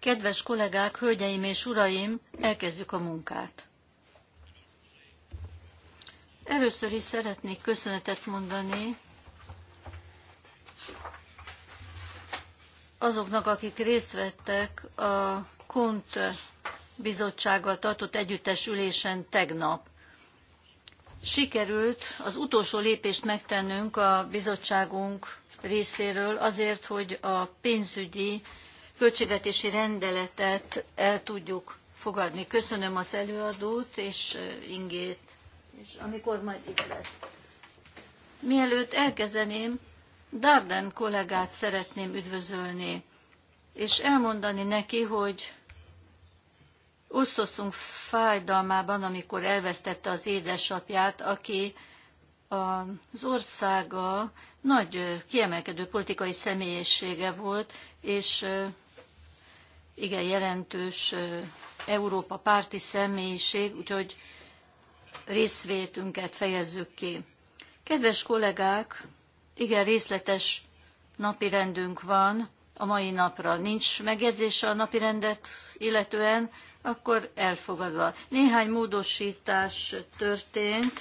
Kedves kollégák, hölgyeim és uraim, elkezdjük a munkát. Először is szeretnék köszönetet mondani azoknak, akik részt vettek a KONT bizottsággal tartott együttes ülésen tegnap sikerült az utolsó lépést megtennünk a bizottságunk részéről azért, hogy a pénzügyi költségvetési rendeletet el tudjuk fogadni. Köszönöm az előadót és uh, Ingét, és amikor majd itt lesz. Mielőtt elkezdeném, Darden kollégát szeretném üdvözölni, és elmondani neki, hogy osztozunk fájdalmában, amikor elvesztette az édesapját, aki az országa nagy kiemelkedő politikai személyisége volt, és igen jelentős Európa párti személyiség, úgyhogy részvétünket fejezzük ki. Kedves kollégák, igen részletes napirendünk van a mai napra. Nincs megjegyzése a napirendet illetően, akkor elfogadva. Néhány módosítás történt.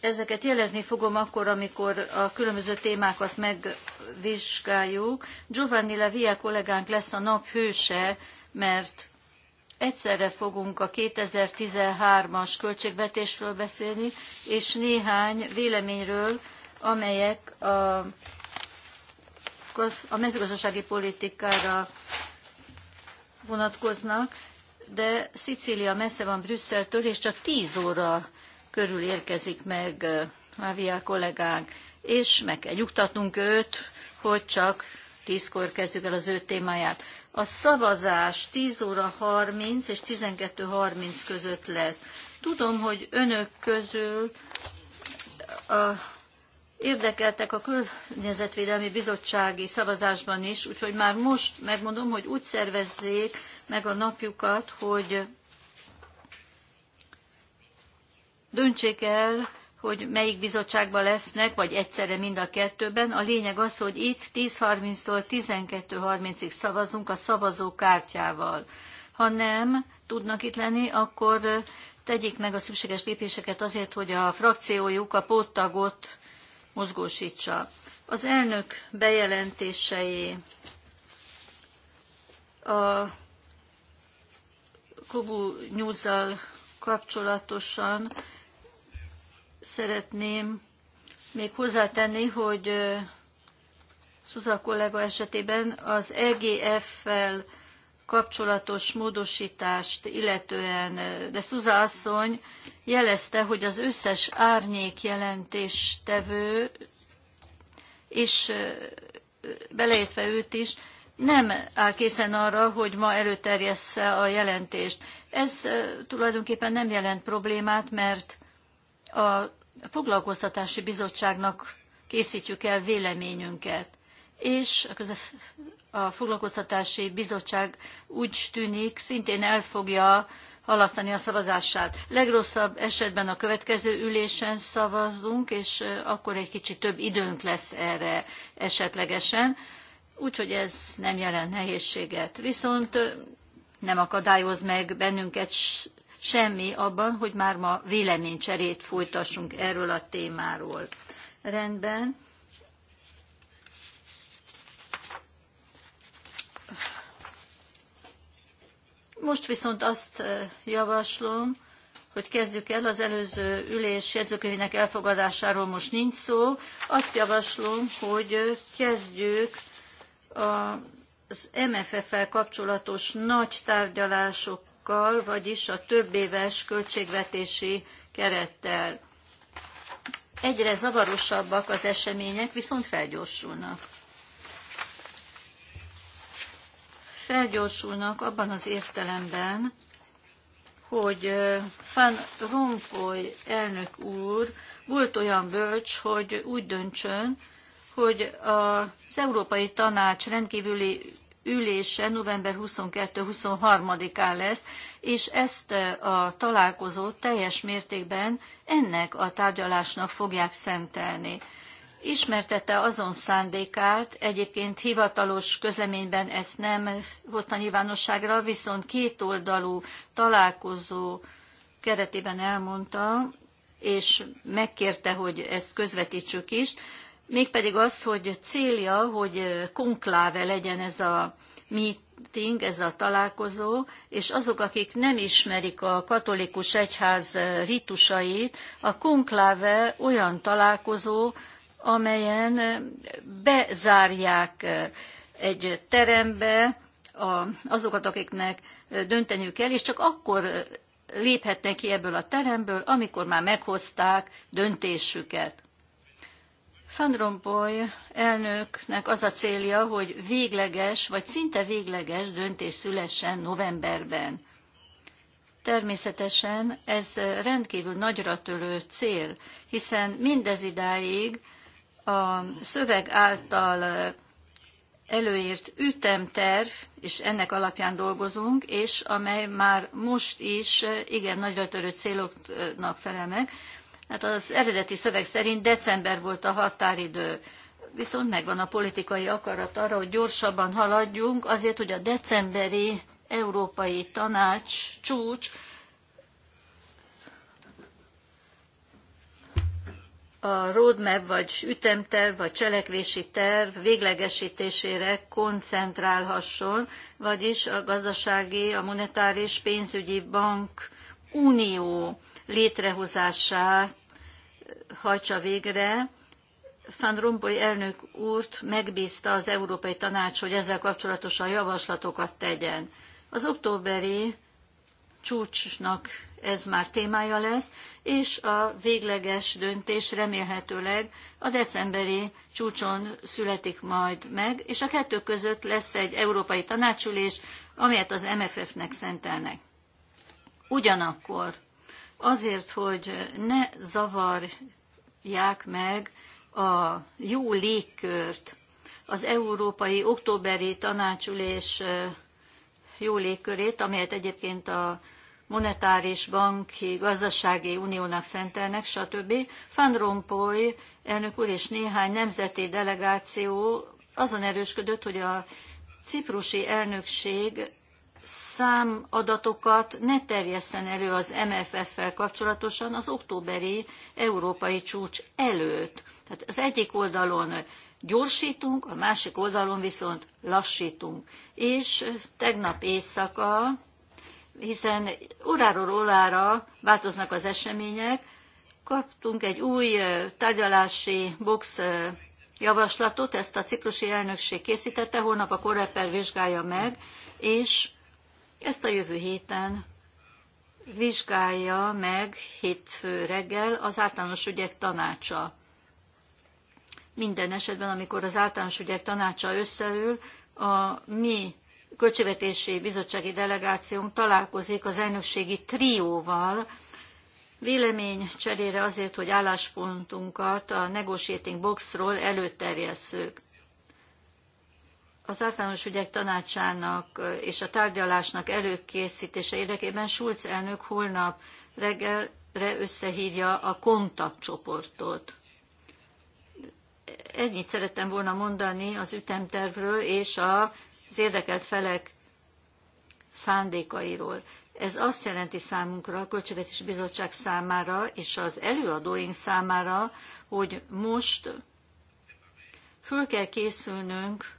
Ezeket jelezni fogom akkor, amikor a különböző témákat megvizsgáljuk. Giovanni Levia kollégánk lesz a nap hőse, mert egyszerre fogunk a 2013-as költségvetésről beszélni, és néhány véleményről, amelyek a, a mezőgazdasági politikára vonatkoznak, de Szicília messze van Brüsszeltől, és csak 10 óra körül érkezik meg Mávia kollégánk, és meg kell nyugtatnunk őt, hogy csak 10-kor kezdjük el az ő témáját. A szavazás 10 óra 30 és 12.30 között lesz. Tudom, hogy önök közül a érdekeltek a Környezetvédelmi Bizottsági szavazásban is, úgyhogy már most megmondom, hogy úgy szervezzék meg a napjukat, hogy döntsék el, hogy melyik bizottságban lesznek, vagy egyszerre mind a kettőben. A lényeg az, hogy itt 10.30-tól 12.30-ig szavazunk a szavazókártyával. Ha nem tudnak itt lenni, akkor tegyék meg a szükséges lépéseket azért, hogy a frakciójuk a póttagot mozgósítsa. Az elnök bejelentései a Kobu news kapcsolatosan szeretném még hozzátenni, hogy Szuza kollega esetében az EGF-fel kapcsolatos módosítást illetően, de Szuza asszony jelezte, hogy az összes árnyék jelentéstevő, és beleértve őt is, nem áll készen arra, hogy ma előterjessze a jelentést. Ez tulajdonképpen nem jelent problémát, mert a foglalkoztatási bizottságnak készítjük el véleményünket és a foglalkoztatási bizottság úgy tűnik szintén el fogja halasztani a szavazását. Legrosszabb esetben a következő ülésen szavazunk, és akkor egy kicsit több időnk lesz erre esetlegesen, úgyhogy ez nem jelent nehézséget. Viszont nem akadályoz meg bennünket semmi abban, hogy már ma véleménycserét folytassunk erről a témáról. Rendben. Most viszont azt javaslom, hogy kezdjük el az előző ülés jegyzőkönyvének elfogadásáról most nincs szó. Azt javaslom, hogy kezdjük az MFF-fel kapcsolatos nagy tárgyalásokkal, vagyis a több éves költségvetési kerettel. Egyre zavarosabbak az események, viszont felgyorsulnak. felgyorsulnak abban az értelemben, hogy Van Rompuy elnök úr volt olyan bölcs, hogy úgy döntsön, hogy az Európai Tanács rendkívüli ülése november 22-23-án lesz, és ezt a találkozót teljes mértékben ennek a tárgyalásnak fogják szentelni ismertette azon szándékát, egyébként hivatalos közleményben ezt nem hozta nyilvánosságra, viszont kétoldalú találkozó keretében elmondta, és megkérte, hogy ezt közvetítsük is, mégpedig az, hogy célja, hogy konkláve legyen ez a meeting, ez a találkozó, és azok, akik nem ismerik a katolikus egyház ritusait, a konkláve olyan találkozó, amelyen bezárják egy terembe azokat, akiknek dönteniük kell, és csak akkor léphetnek ki ebből a teremből, amikor már meghozták döntésüket. Van Rompuy elnöknek az a célja, hogy végleges, vagy szinte végleges döntés szülessen novemberben. Természetesen ez rendkívül nagyra cél, hiszen mindez idáig a szöveg által előírt ütemterv, és ennek alapján dolgozunk, és amely már most is igen nagyra törő céloknak felel meg. Hát az eredeti szöveg szerint december volt a határidő, viszont megvan a politikai akarat arra, hogy gyorsabban haladjunk, azért, hogy a decemberi Európai Tanács csúcs a roadmap, vagy ütemterv, vagy cselekvési terv véglegesítésére koncentrálhasson, vagyis a gazdasági, a monetáris pénzügyi bank unió létrehozását eh, hajtsa végre. Van Rompuy elnök úrt megbízta az Európai Tanács, hogy ezzel kapcsolatosan javaslatokat tegyen. Az októberi csúcsnak ez már témája lesz, és a végleges döntés remélhetőleg a decemberi csúcson születik majd meg, és a kettő között lesz egy európai tanácsülés, amelyet az MFF-nek szentelnek. Ugyanakkor azért, hogy ne zavarják meg a jó légkört, az európai októberi tanácsülés jó légkörét, amelyet egyébként a monetáris, banki, gazdasági uniónak szentelnek, stb. Van Rompuy elnök úr és néhány nemzeti delegáció azon erősködött, hogy a ciprusi elnökség számadatokat ne terjesszen elő az MFF-fel kapcsolatosan az októberi európai csúcs előtt. Tehát az egyik oldalon gyorsítunk, a másik oldalon viszont lassítunk. És tegnap éjszaka hiszen óráról órára változnak az események. Kaptunk egy új tárgyalási box javaslatot, ezt a ciprusi elnökség készítette, holnap a Koreper vizsgálja meg, és ezt a jövő héten vizsgálja meg hétfő reggel az általános ügyek tanácsa. Minden esetben, amikor az általános ügyek tanácsa összeül, a mi költségvetési bizottsági delegációnk találkozik az elnökségi trióval, vélemény cserére azért, hogy álláspontunkat a negotiating boxról előterjesszük. Az általános ügyek tanácsának eh, és a tárgyalásnak előkészítése érdekében Schulz elnök holnap reggelre összehívja a kontaktcsoportot. Ennyit szerettem volna mondani az ütemtervről és a az érdekelt felek szándékairól. Ez azt jelenti számunkra, a Költségvetési Bizottság számára és az előadóink számára, hogy most föl kell készülnünk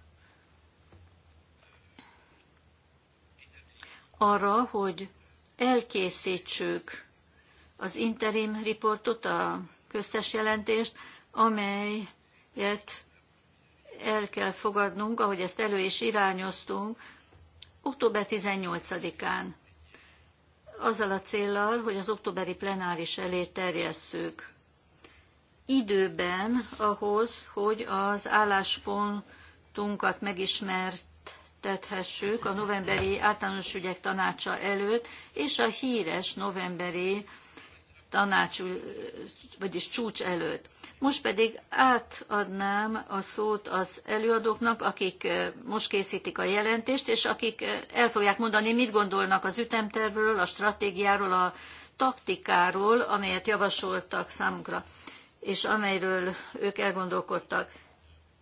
arra, hogy elkészítsük az interim riportot, a köztes jelentést, amelyet el kell fogadnunk, ahogy ezt elő is irányoztunk, október 18-án. Azzal a céllal, hogy az októberi plenáris elé terjesszük. Időben ahhoz, hogy az álláspontunkat megismertethessük a novemberi általános ügyek tanácsa előtt, és a híres novemberi tanács, vagyis csúcs előtt. Most pedig átadnám a szót az előadóknak, akik eh, most készítik a jelentést, és akik eh, el fogják mondani, mit gondolnak az ütemtervről, a stratégiáról, a taktikáról, amelyet javasoltak számunkra, és amelyről ők elgondolkodtak.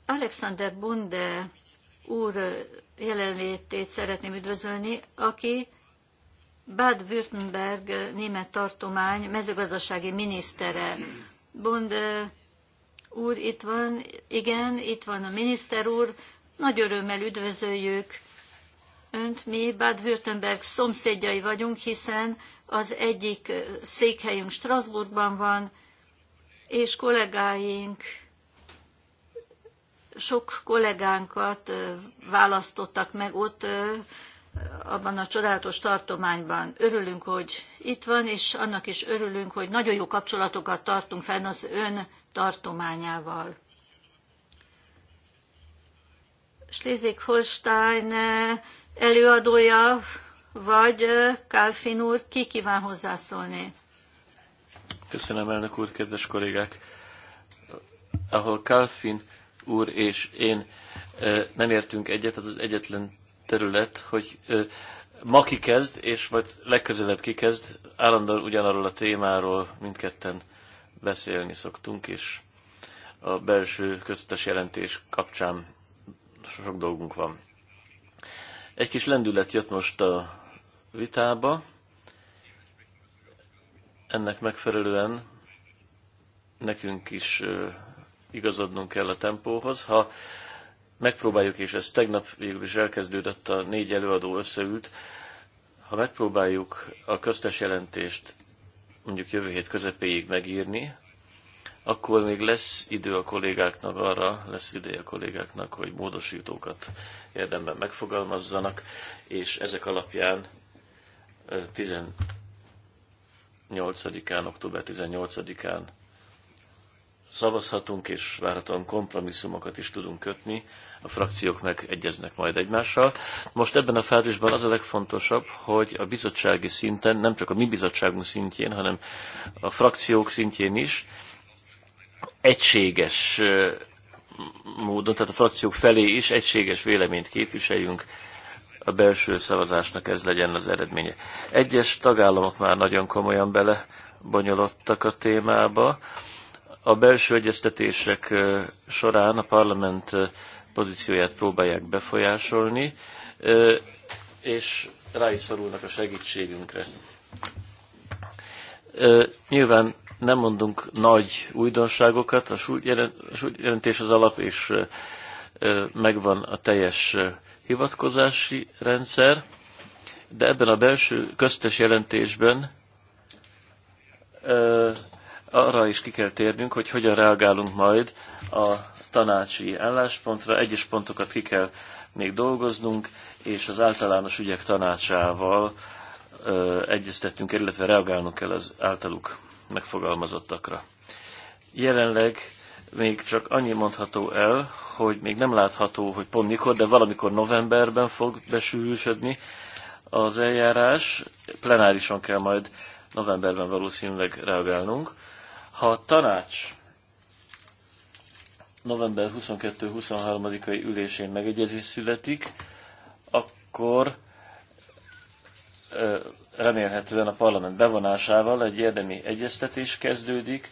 Alexander Bunde úr eh, jelenlétét szeretném üdvözölni, aki Baden-Württemberg német tartomány mezőgazdasági minisztere. Bond úr itt van, igen, itt van a miniszter úr, nagy örömmel üdvözöljük önt, mi Baden-Württemberg szomszédjai vagyunk, hiszen az egyik székhelyünk Strasbourgban van, és kollégáink, sok kollégánkat választottak meg ott abban a csodálatos tartományban. Örülünk, hogy itt van, és annak is örülünk, hogy nagyon jó kapcsolatokat tartunk fenn az ön tartományával. Schleswig-Holstein előadója, vagy Kálfin úr, ki kíván hozzászólni? Köszönöm, elnök úr, kedves kollégák! Ahol Kálfin úr és én eh, nem értünk egyet, az az egyetlen terület, hogy ma kikezd, és majd legközelebb kikezd, állandóan ugyanarról a témáról mindketten beszélni szoktunk, és a belső köztes jelentés kapcsán sok dolgunk van. Egy kis lendület jött most a vitába. Ennek megfelelően nekünk is igazodnunk kell a tempóhoz. Ha megpróbáljuk, és ez tegnap végül is elkezdődött, a négy előadó összeült, ha megpróbáljuk a köztes jelentést mondjuk jövő hét közepéig megírni, akkor még lesz idő a kollégáknak arra, lesz ideje a kollégáknak, hogy módosítókat érdemben megfogalmazzanak, és ezek alapján 18-án, október 18-án szavazhatunk, és várhatóan kompromisszumokat is tudunk kötni, a frakciók meg egyeznek majd egymással. Most ebben a fázisban az a legfontosabb, hogy a bizottsági szinten, nem csak a mi bizottságunk szintjén, hanem a frakciók szintjén is egységes módon, tehát a frakciók felé is egységes véleményt képviseljünk, a belső szavazásnak ez legyen az eredménye. Egyes tagállamok már nagyon komolyan bele bonyolottak a témába, a belső egyeztetések során a parlament pozícióját próbálják befolyásolni, és rá is szorulnak a segítségünkre. Nyilván nem mondunk nagy újdonságokat, a jelentés az alap, és megvan a teljes hivatkozási rendszer, de ebben a belső köztes jelentésben arra is ki kell térnünk, hogy hogyan reagálunk majd a tanácsi álláspontra. Egyes pontokat ki kell még dolgoznunk, és az általános ügyek tanácsával ö, egyeztettünk, illetve reagálnunk kell az általuk megfogalmazottakra. Jelenleg még csak annyi mondható el, hogy még nem látható, hogy pont mikor, de valamikor novemberben fog besűrűsödni az eljárás. Plenárison kell majd novemberben valószínűleg reagálnunk. Ha a tanács november 22-23-ai ülésén megegyezés születik, akkor remélhetően a parlament bevonásával egy érdemi egyeztetés kezdődik,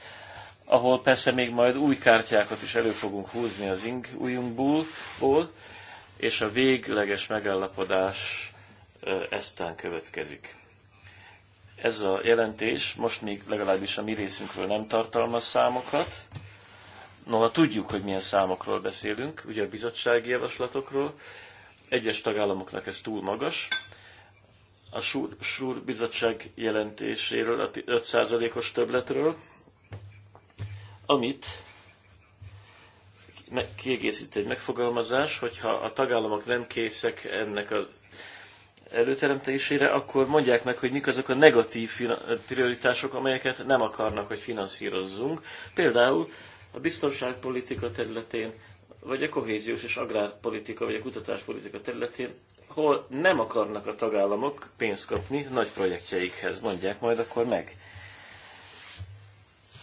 ahol persze még majd új kártyákat is elő fogunk húzni az ing újunkból, és a végleges megállapodás eztán következik ez a jelentés most még legalábbis a mi részünkről nem tartalmaz számokat. Noha tudjuk, hogy milyen számokról beszélünk, ugye a bizottsági javaslatokról, egyes tagállamoknak ez túl magas. A SUR, SUR bizottság jelentéséről, a 5%-os többletről, amit kiegészít egy megfogalmazás, hogyha a tagállamok nem készek ennek a előteremtésére, akkor mondják meg, hogy mik azok a negatív prioritások, amelyeket nem akarnak, hogy finanszírozzunk. Például a biztonságpolitika területén, vagy a kohéziós és agrárpolitika, vagy a kutatáspolitika területén, hol nem akarnak a tagállamok pénzt kapni nagy projektjeikhez. Mondják majd akkor meg,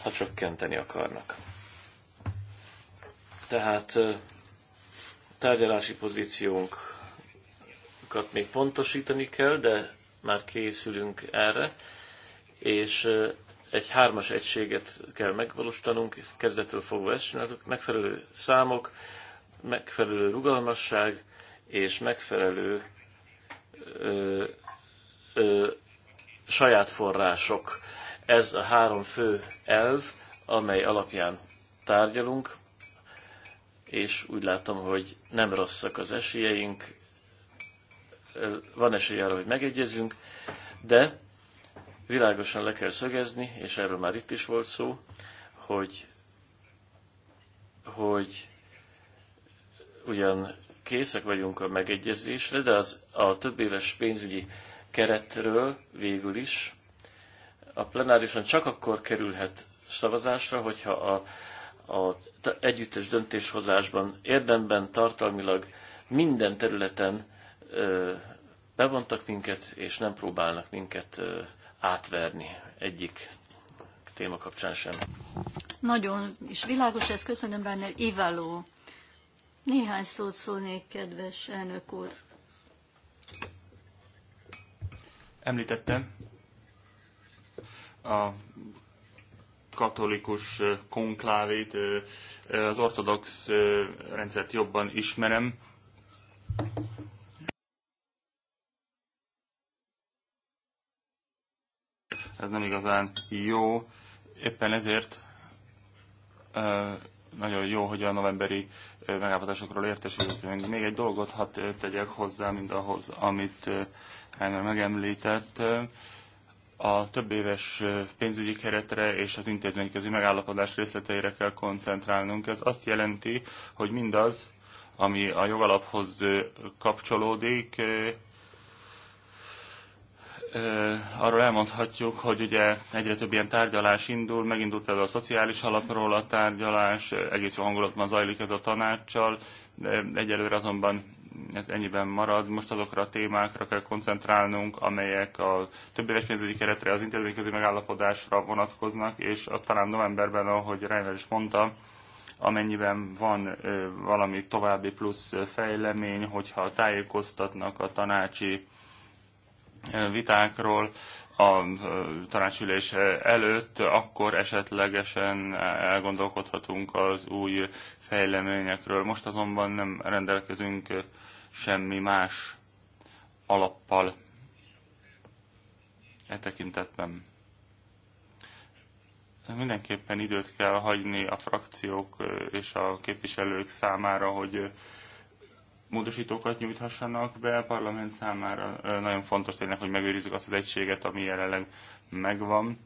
ha csökkenteni akarnak. Tehát tárgyalási pozíciónk dolgokat még pontosítani kell, de már készülünk erre, és egy hármas egységet kell megvalósítanunk, kezdetől fogva ezt csináltuk, megfelelő számok, megfelelő rugalmasság, és megfelelő ö, ö, saját források. Ez a három fő elv, amely alapján tárgyalunk, és úgy látom, hogy nem rosszak az esélyeink, van esély arra, hogy megegyezünk, de világosan le kell szögezni, és erről már itt is volt szó, hogy, hogy ugyan készek vagyunk a megegyezésre, de az, a több éves pénzügyi keretről végül is a plenárison csak akkor kerülhet szavazásra, hogyha a, a együttes döntéshozásban érdemben, tartalmilag minden területen bevontak minket, és nem próbálnak minket átverni egyik téma kapcsán sem. Nagyon, és világos ez, köszönöm benne, Ivaló. Néhány szót szólnék, kedves elnök úr. Említettem a katolikus konklávét, az ortodox rendszert jobban ismerem, ez nem igazán jó. Éppen ezért nagyon jó, hogy a novemberi megállapodásokról értesültünk. Még egy dolgot hadd tegyek hozzá ahhoz, amit Heimer megemlített. A több éves pénzügyi keretre és az intézményközi megállapodás részleteire kell koncentrálnunk. Ez azt jelenti, hogy mindaz, ami a jogalaphoz kapcsolódik, arról elmondhatjuk, hogy ugye egyre több ilyen tárgyalás indul, megindult például a szociális alapról a tárgyalás, egész jó hangulatban zajlik ez a tanácssal, de egyelőre azonban ez ennyiben marad. Most azokra a témákra kell koncentrálnunk, amelyek a több éves pénzügyi keretre, az intézményközi megállapodásra vonatkoznak, és a, talán novemberben, ahogy Reiner is mondta, amennyiben van valami további plusz fejlemény, hogyha tájékoztatnak a tanácsi vitákról a tanácsülés előtt, akkor esetlegesen elgondolkodhatunk az új fejleményekről. Most azonban nem rendelkezünk semmi más alappal e tekintetben. Mindenképpen időt kell hagyni a frakciók és a képviselők számára, hogy módosítókat nyújthassanak be. A parlament számára nagyon fontos tényleg, hogy megőrizzük azt az egységet, ami jelenleg megvan.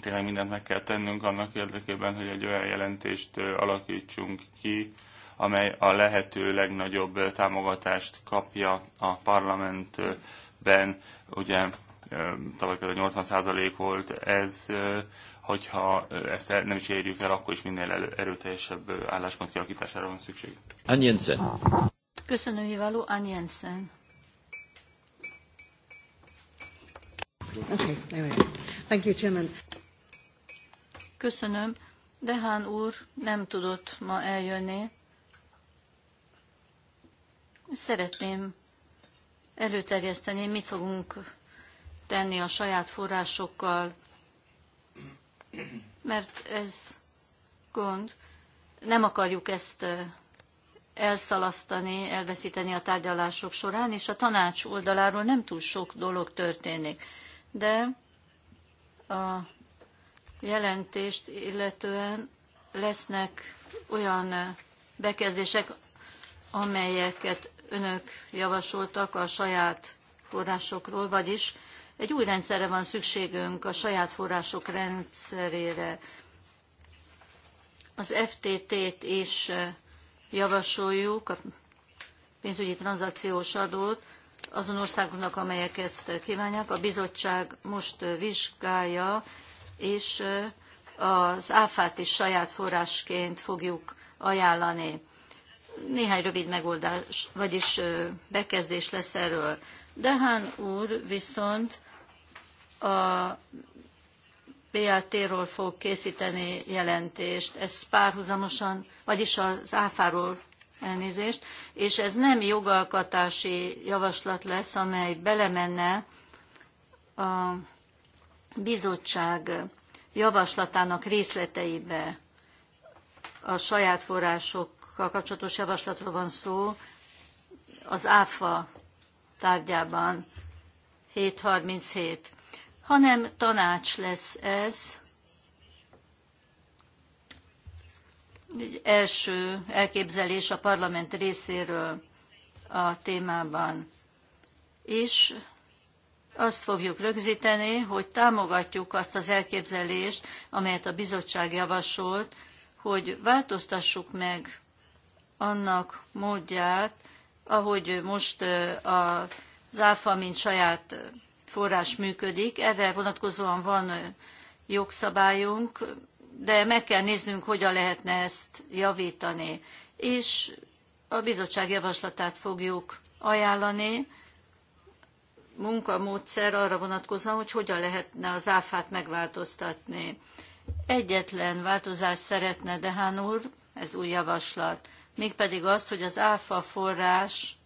Tényleg mindent meg kell tennünk annak érdekében, hogy egy olyan jelentést alakítsunk ki, amely a lehető legnagyobb támogatást kapja a parlamentben. Ugye tavaly például 80% volt ez, hogyha ezt nem is érjük el, akkor is minél erőteljesebb álláspont kialakítására van szükség. Anjensen. Köszönöm, Ivaló Anjensen. Okay, anyway. Thank you, Chairman. Köszönöm. Dehán úr nem tudott ma eljönni. Szeretném előterjeszteni, mit fogunk tenni a saját forrásokkal mert ez gond. Nem akarjuk ezt elszalasztani, elveszíteni a tárgyalások során, és a tanács oldaláról nem túl sok dolog történik. De a jelentést illetően lesznek olyan bekezdések, amelyeket önök javasoltak a saját forrásokról, vagyis egy új rendszerre van szükségünk, a saját források rendszerére. Az FTT-t is javasoljuk, a pénzügyi tranzakciós adót, azon országoknak, amelyek ezt kívánják. A bizottság most vizsgálja, és az áfát is saját forrásként fogjuk ajánlani. Néhány rövid megoldás, vagyis bekezdés lesz erről. Dehán úr viszont a BAT-ról fog készíteni jelentést. Ez párhuzamosan, vagyis az áfáról elnézést, és ez nem jogalkatási javaslat lesz, amely belemenne a bizottság javaslatának részleteibe. A saját forrásokkal kapcsolatos javaslatról van szó, az ÁFA tárgyában 737 hanem tanács lesz ez. Egy első elképzelés a parlament részéről a témában. És azt fogjuk rögzíteni, hogy támogatjuk azt az elképzelést, amelyet a bizottság javasolt, hogy változtassuk meg annak módját, ahogy most az áfa, mint saját forrás működik. Erre vonatkozóan van jogszabályunk, de meg kell néznünk, hogyan lehetne ezt javítani. És a bizottság javaslatát fogjuk ajánlani, munkamódszer arra vonatkozóan, hogy hogyan lehetne az áfát megváltoztatni. Egyetlen változás szeretne Dehán úr, ez új javaslat, mégpedig az, hogy az áfa forrás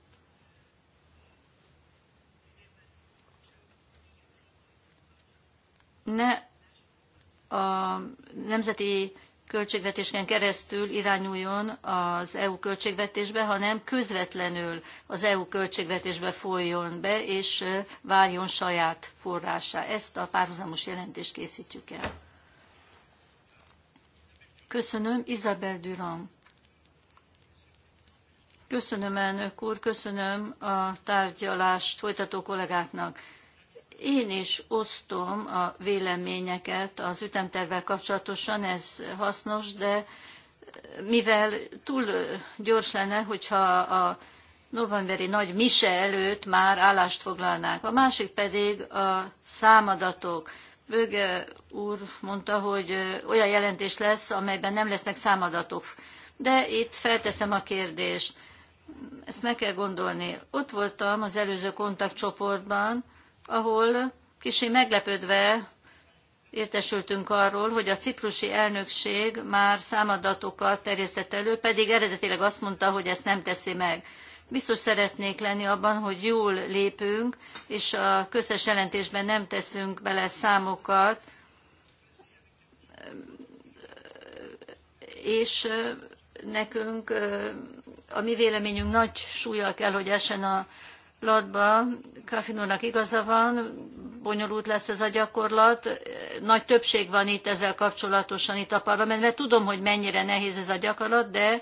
ne a nemzeti költségvetésen keresztül irányuljon az EU költségvetésbe, hanem közvetlenül az EU költségvetésbe folyjon be, és váljon saját forrásá. Ezt a párhuzamos jelentést készítjük el. Köszönöm, Isabel Durand. Köszönöm, elnök úr, köszönöm a tárgyalást folytató kollégáknak. Én is osztom a véleményeket az ütemtervel kapcsolatosan, ez hasznos, de eh, mivel túl eh, gyors lenne, hogyha a novemberi nagy mise előtt már állást foglalnánk. A másik pedig a számadatok. Böge úr mondta, hogy eh, olyan jelentés lesz, amelyben nem lesznek számadatok. De itt felteszem a kérdést. Ezt meg kell gondolni. Ott voltam az előző kontaktcsoportban, ahol kicsi meglepődve értesültünk arról, hogy a ciprusi elnökség már számadatokat terjesztett elő, pedig eredetileg azt mondta, hogy ezt nem teszi meg. Biztos szeretnék lenni abban, hogy jól lépünk, és a közös jelentésben nem teszünk bele számokat, és nekünk a mi véleményünk nagy súlya kell, hogy essen a gyakorlatba Kafinónak igaza van, bonyolult lesz ez a gyakorlat. Nagy többség van itt ezzel kapcsolatosan itt a parlamentben. Tudom, hogy mennyire nehéz ez a gyakorlat, de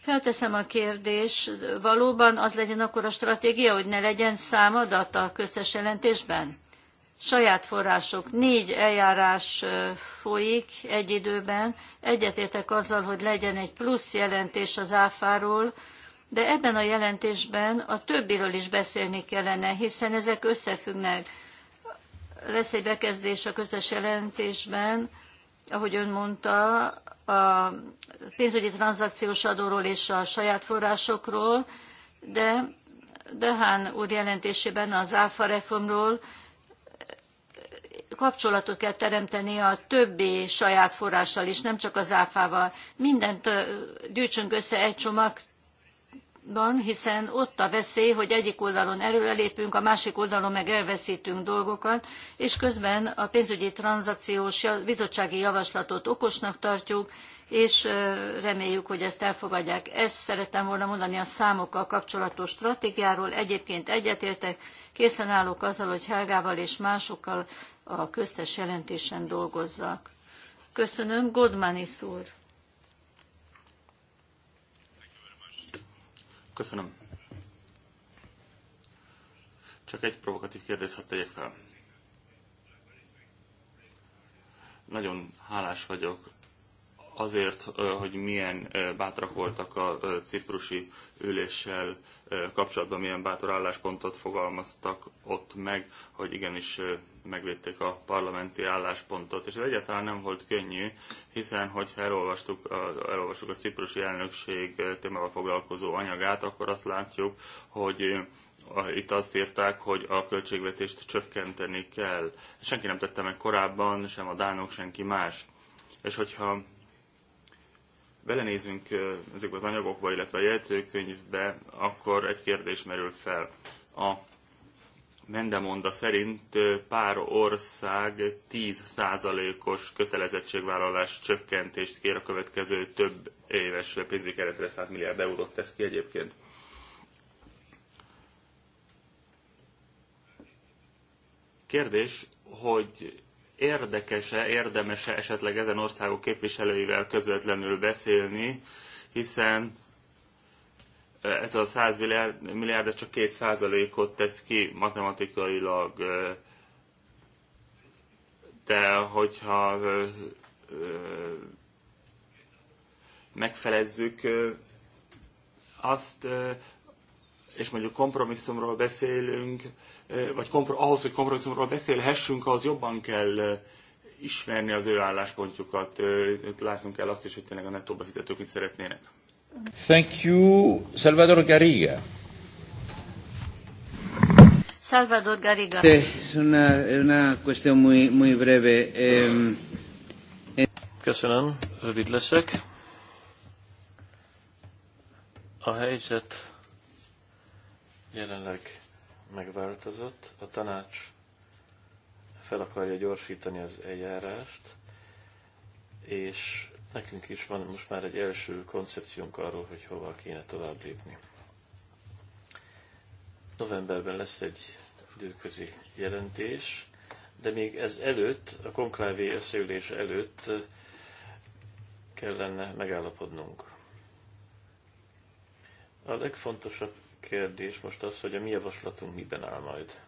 felteszem a kérdés, valóban az legyen akkor a stratégia, hogy ne legyen számadat a köztes jelentésben? Saját források. Négy eljárás folyik egy időben. Egyetértek azzal, hogy legyen egy plusz jelentés az áfáról, de ebben a jelentésben a többiről is beszélni kellene, hiszen ezek összefüggnek. Lesz egy bekezdés a közös jelentésben, ahogy ön mondta, a pénzügyi tranzakciós adóról és a saját forrásokról, de Dehán úr jelentésében az áfa reformról kapcsolatot kell teremteni a többi saját forrással is, nem csak az áfával. Mindent gyűjtsünk össze egy csomag Ban, hiszen ott a veszély, hogy egyik oldalon előrelépünk, a másik oldalon meg elvesztünk dolgokat, és közben a pénzügyi tranzakciós bizottsági javaslatot okosnak tartjuk, és reméljük, hogy ezt elfogadják. Ezt szerettem volna mondani a számokkal kapcsolatos stratégiáról. Egyébként egyetértek, készen állok azzal, hogy Helgával és másokkal a köztes jelentésen dolgozzak. Köszönöm, Godmanis úr! Köszönöm. Csak egy provokatív kérdést hadd tegyek fel. Nagyon hálás vagyok azért, hogy milyen bátrak voltak a ciprusi üléssel kapcsolatban, milyen bátor álláspontot fogalmaztak ott meg, hogy igenis megvédték a parlamenti álláspontot. És ez egyáltalán nem volt könnyű, hiszen hogyha elolvastuk elolvastuk a ciprusi elnökség témával foglalkozó anyagát, akkor azt látjuk, hogy itt azt írták, hogy a költségvetést csökkenteni kell. Senki nem tette meg korábban, sem a dánok, senki más. És hogyha belenézünk ezekbe az anyagokba, illetve a jegyzőkönyvbe, akkor egy kérdés merül fel. A Mendemonda szerint pár ország 10%-os kötelezettségvállalás csökkentést kér a következő több éves pénzügyi keretre 100 milliárd eurót tesz ki egyébként. Kérdés, hogy érdekese, érdemese esetleg ezen országok képviselőivel közvetlenül beszélni, hiszen ez a 100 milliárd, milliárd ez csak 2 százalékot tesz ki matematikailag, de hogyha megfelezzük azt, és mondjuk kompromisszumról beszélünk, vagy kompro, ahhoz, hogy kompromisszumról beszélhessünk, ahhoz jobban kell ismerni az ő álláspontjukat, látnunk kell azt is, hogy tényleg a nettó befizetők mit szeretnének. Thank you, Salvador Garriga. Salvador Garriga. Es una, una cuestión muy, muy breve. Um, Köszönöm, rövid leszek. A helyzet jelenleg megváltozott. A tanács fel akarja gyorsítani az eljárást, és nekünk is van most már egy első koncepciónk arról, hogy hova kéne tovább lépni. Novemberben lesz egy időközi jelentés, de még ez előtt, a konklávé összeülés előtt kellene megállapodnunk. A legfontosabb kérdés most az, hogy a mi javaslatunk miben áll majd.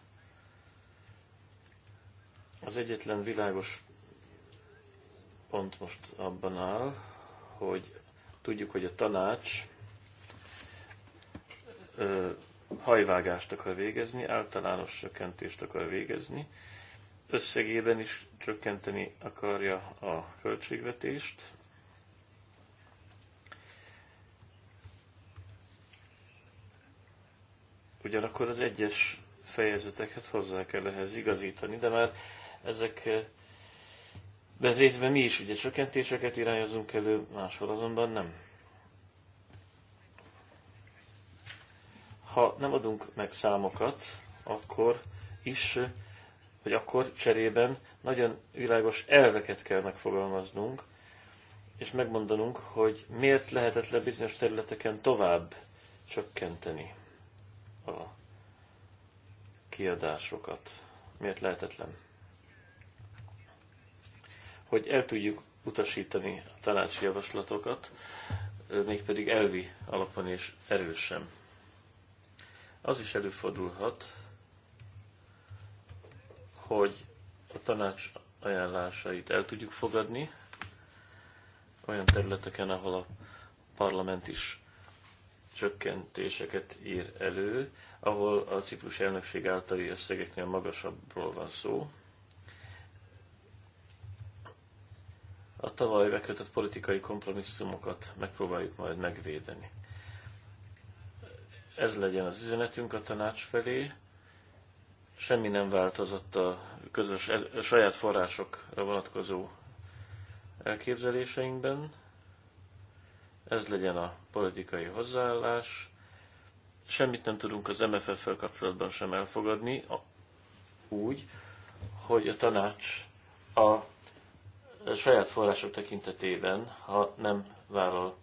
Az egyetlen világos pont most abban áll, hogy tudjuk, hogy a tanács ö, hajvágást akar végezni, általános csökkentést akar végezni, összegében is csökkenteni akarja a költségvetést, Ugyanakkor az egyes fejezeteket hozzá kell ehhez igazítani, de már ezek eh, de ez részben mi is ugye csökkentéseket irányozunk elő, máshol azonban nem. Ha nem adunk meg számokat, akkor is, hogy eh, akkor cserében nagyon világos elveket kell megfogalmaznunk, és megmondanunk, hogy miért lehetetlen bizonyos területeken tovább csökkenteni a kiadásokat. Miért lehetetlen? Hogy el tudjuk utasítani a tanácsi javaslatokat, mégpedig elvi alapon és erősen. Az is előfordulhat, hogy a tanács ajánlásait el tudjuk fogadni olyan területeken, ahol a parlament is csökkentéseket ír elő, ahol a ciprus elnökség általi összegeknél magasabbról van szó. A tavaly bekötött politikai kompromisszumokat megpróbáljuk majd megvédeni. Ez legyen az üzenetünk a tanács felé. Semmi nem változott a közös a saját forrásokra vonatkozó elképzeléseinkben ez legyen a politikai hozzáállás. Semmit nem tudunk az MFF-fel kapcsolatban sem elfogadni, úgy, hogy a tanács a saját források tekintetében, ha nem vállal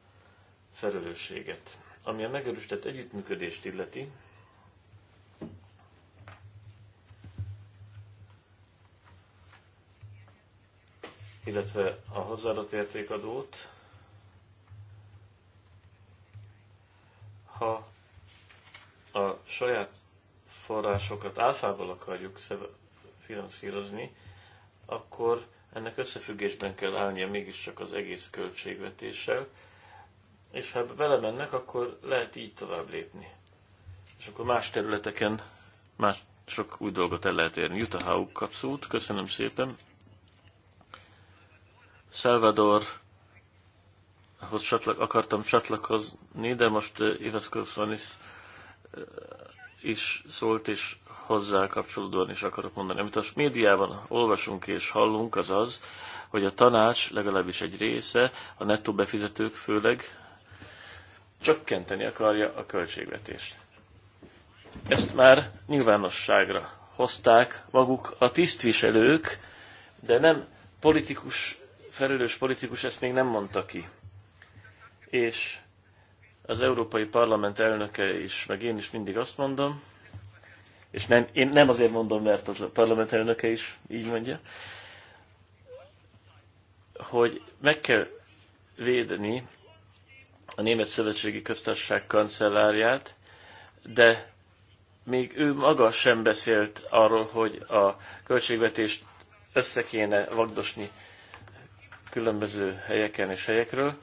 felelősséget. Ami a megerősített együttműködést illeti, illetve a hozzáadott értékadót, ha a saját forrásokat álfával akarjuk finanszírozni, akkor ennek összefüggésben kell állnia mégiscsak az egész költségvetéssel, és ha belemennek, akkor lehet így tovább lépni. És akkor más területeken más sok új dolgot el lehet érni. Jutta Hauk kapszót, köszönöm szépen. Salvador ahhoz csatlak, akartam csatlakozni, de most eh, Ives Kofanis eh, is szólt, és hozzá kapcsolódóan is akarok mondani. Amit a médiában olvasunk és hallunk, az az, hogy a tanács legalábbis egy része, a nettó befizetők főleg, csökkenteni akarja a költségvetést. Ezt már nyilvánosságra hozták maguk a tisztviselők, de nem politikus, felelős politikus ezt még nem mondta ki és az Európai Parlament elnöke is, meg én is mindig azt mondom, és nem, én nem azért mondom, mert az a parlament elnöke is így mondja, hogy meg kell védeni a Német Szövetségi Köztársaság kancellárját, de még ő maga sem beszélt arról, hogy a költségvetést össze kéne vagdosni különböző helyeken és helyekről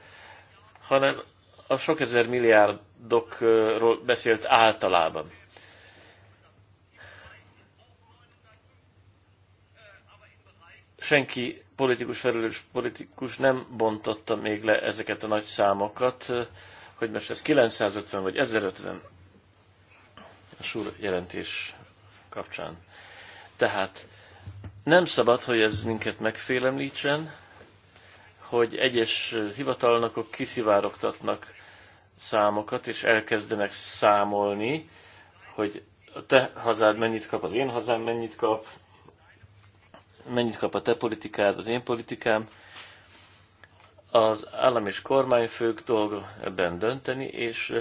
hanem a sok ezer milliárdokról beszélt általában. Senki politikus felelős politikus nem bontotta még le ezeket a nagy számokat, hogy most ez 950 vagy 1050 a súr jelentés kapcsán. Tehát nem szabad, hogy ez minket megfélemlítsen, hogy egyes hivatalnokok kiszivárogtatnak számokat, és elkezdenek számolni, hogy a te hazád mennyit kap, az én hazám mennyit kap, mennyit kap a te politikád, az én politikám. Az állam és kormányfők dolga ebben dönteni, és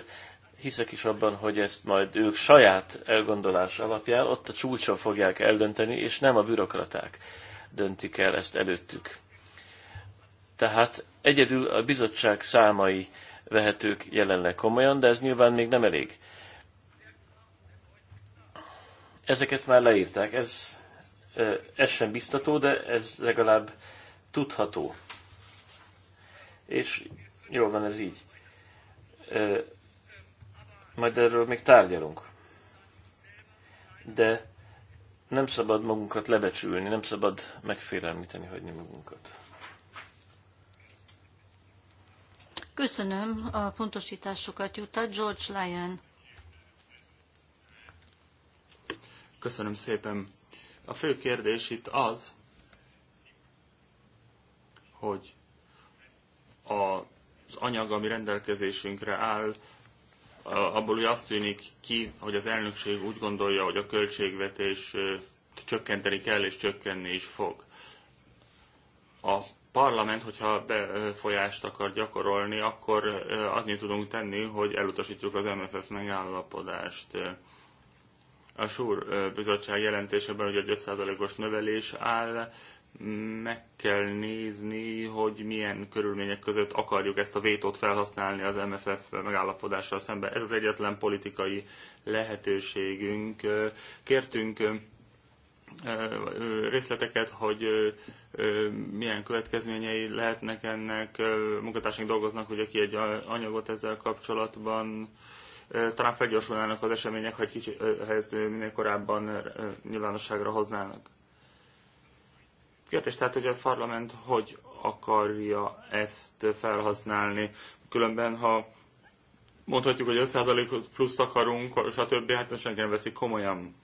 hiszek is abban, hogy ezt majd ők saját elgondolás alapján ott a csúcson fogják eldönteni, és nem a bürokraták döntik el ezt előttük. Tehát egyedül a bizottság számai vehetők jelenleg komolyan, de ez nyilván még nem elég. Ezeket már leírták, ez, ez sem biztató, de ez legalább tudható. És jól van ez így. Majd erről még tárgyalunk. De nem szabad magunkat lebecsülni, nem szabad megfélemlíteni hagyni magunkat. Köszönöm a pontosításokat, Jutta. George Lyon. Köszönöm szépen. A fő kérdés itt az, hogy az anyag, ami rendelkezésünkre áll, abból ugye azt tűnik ki, hogy az elnökség úgy gondolja, hogy a költségvetés csökkenteni kell és csökkenni is fog. A parlament, hogyha befolyást akar gyakorolni, akkor adni tudunk tenni, hogy elutasítjuk az MFF megállapodást. A SUR bizottság jelentéseben hogy a 5%-os növelés áll, meg kell nézni, hogy milyen körülmények között akarjuk ezt a vétót felhasználni az MFF megállapodással szemben. Ez az egyetlen politikai lehetőségünk. Kértünk részleteket, hogy milyen következményei lehetnek ennek. Munkatársaink dolgoznak, hogy aki egy anyagot ezzel kapcsolatban talán felgyorsulnának az események, ha egy ha ezt minél korábban nyilvánosságra hoznának. Kérdés tehát, hogy a parlament hogy akarja ezt felhasználni. Különben, ha mondhatjuk, hogy 5% pluszt akarunk, stb., hát senki nem veszik komolyan.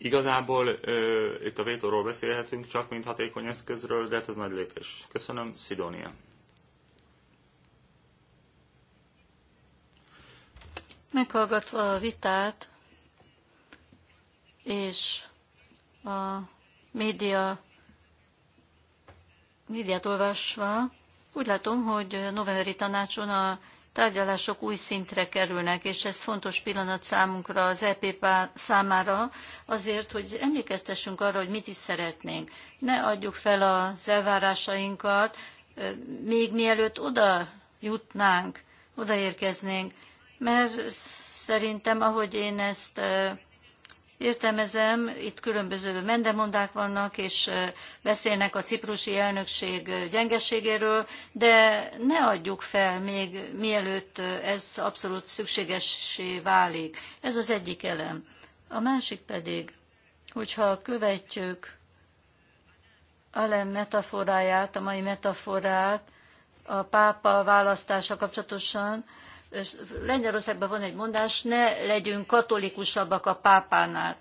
Igazából ö, itt a vétóról beszélhetünk csak, mint hatékony eszközről, de hát ez nagy lépés. Köszönöm, Szidónia. Meghallgatva a vitát és a média, médiát olvasva, úgy látom, hogy novemberi tanácson a tárgyalások új szintre kerülnek, és ez fontos pillanat számunkra, az EP számára, azért, hogy emlékeztessünk arra, hogy mit is szeretnénk. Ne adjuk fel az elvárásainkat, még mielőtt oda jutnánk, odaérkeznénk, mert szerintem, ahogy én ezt értelmezem, itt különböző mendemondák vannak, és beszélnek a ciprusi elnökség gyengeségéről, de ne adjuk fel még mielőtt ez abszolút szükségessé válik. Ez az egyik elem. A másik pedig, hogyha követjük Alem metaforáját, a mai metaforát, a pápa választása kapcsolatosan, Lengyelországban van egy mondás, ne legyünk katolikusabbak a pápánál.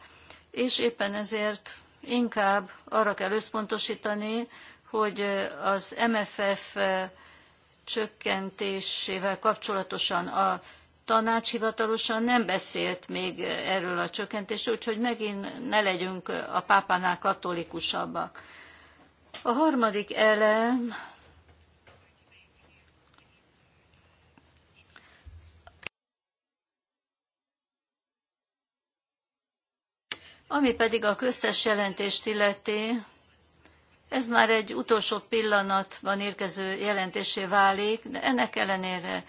És éppen ezért inkább arra kell összpontosítani, hogy az MFF csökkentésével kapcsolatosan a tanács hivatalosan nem beszélt még erről a csökkentésről, úgyhogy megint ne legyünk a pápánál katolikusabbak. A harmadik elem Ami pedig a köztes jelentést illeti, ez már egy utolsó pillanatban érkező jelentésé válik, de ennek ellenére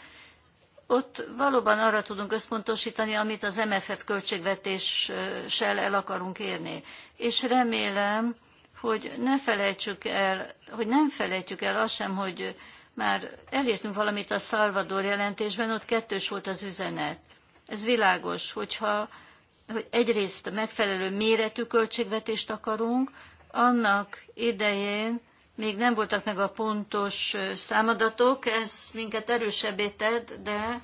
ott valóban arra tudunk összpontosítani, amit az MFF költségvetéssel el akarunk érni. És remélem, hogy ne felejtsük el, hogy nem felejtjük el azt sem, hogy már elértünk valamit a Salvador jelentésben, ott kettős volt az üzenet. Ez világos, hogyha hogy egyrészt a megfelelő méretű költségvetést akarunk, annak idején még nem voltak meg a pontos számadatok, ez minket erősebbé tett, de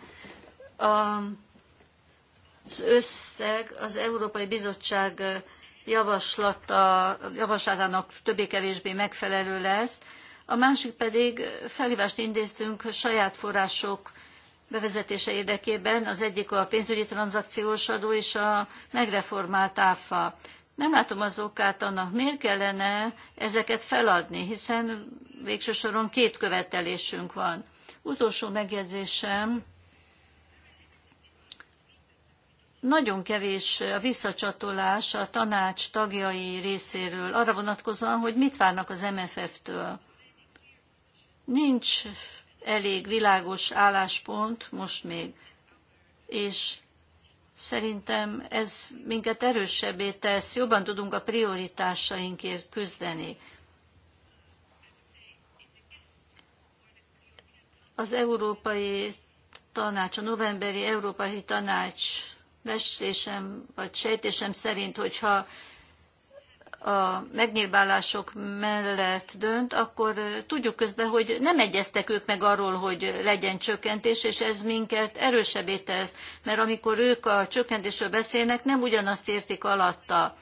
a, az összeg az Európai Bizottság javaslata, javaslatának többé-kevésbé megfelelő lesz. A másik pedig felhívást intéztünk saját források bevezetése érdekében. Az egyik a pénzügyi tranzakciós adó és a megreformált áfa. Nem látom az okát annak, miért kellene ezeket feladni, hiszen végső soron két követelésünk van. Utolsó megjegyzésem, nagyon kevés a visszacsatolás a tanács tagjai részéről arra vonatkozóan, hogy mit várnak az MFF-től. Nincs elég világos álláspont most még, és szerintem ez minket erősebbé tesz, jobban tudunk a prioritásainkért küzdeni. Az Európai Tanács, a novemberi Európai Tanács beszélésem vagy sejtésem szerint, hogyha a megnyilvánulások mellett dönt, akkor tudjuk közben, hogy nem egyeztek ők meg arról, hogy legyen csökkentés, és ez minket erősebbé tesz, mert amikor ők a csökkentésről beszélnek, nem ugyanazt értik alatta.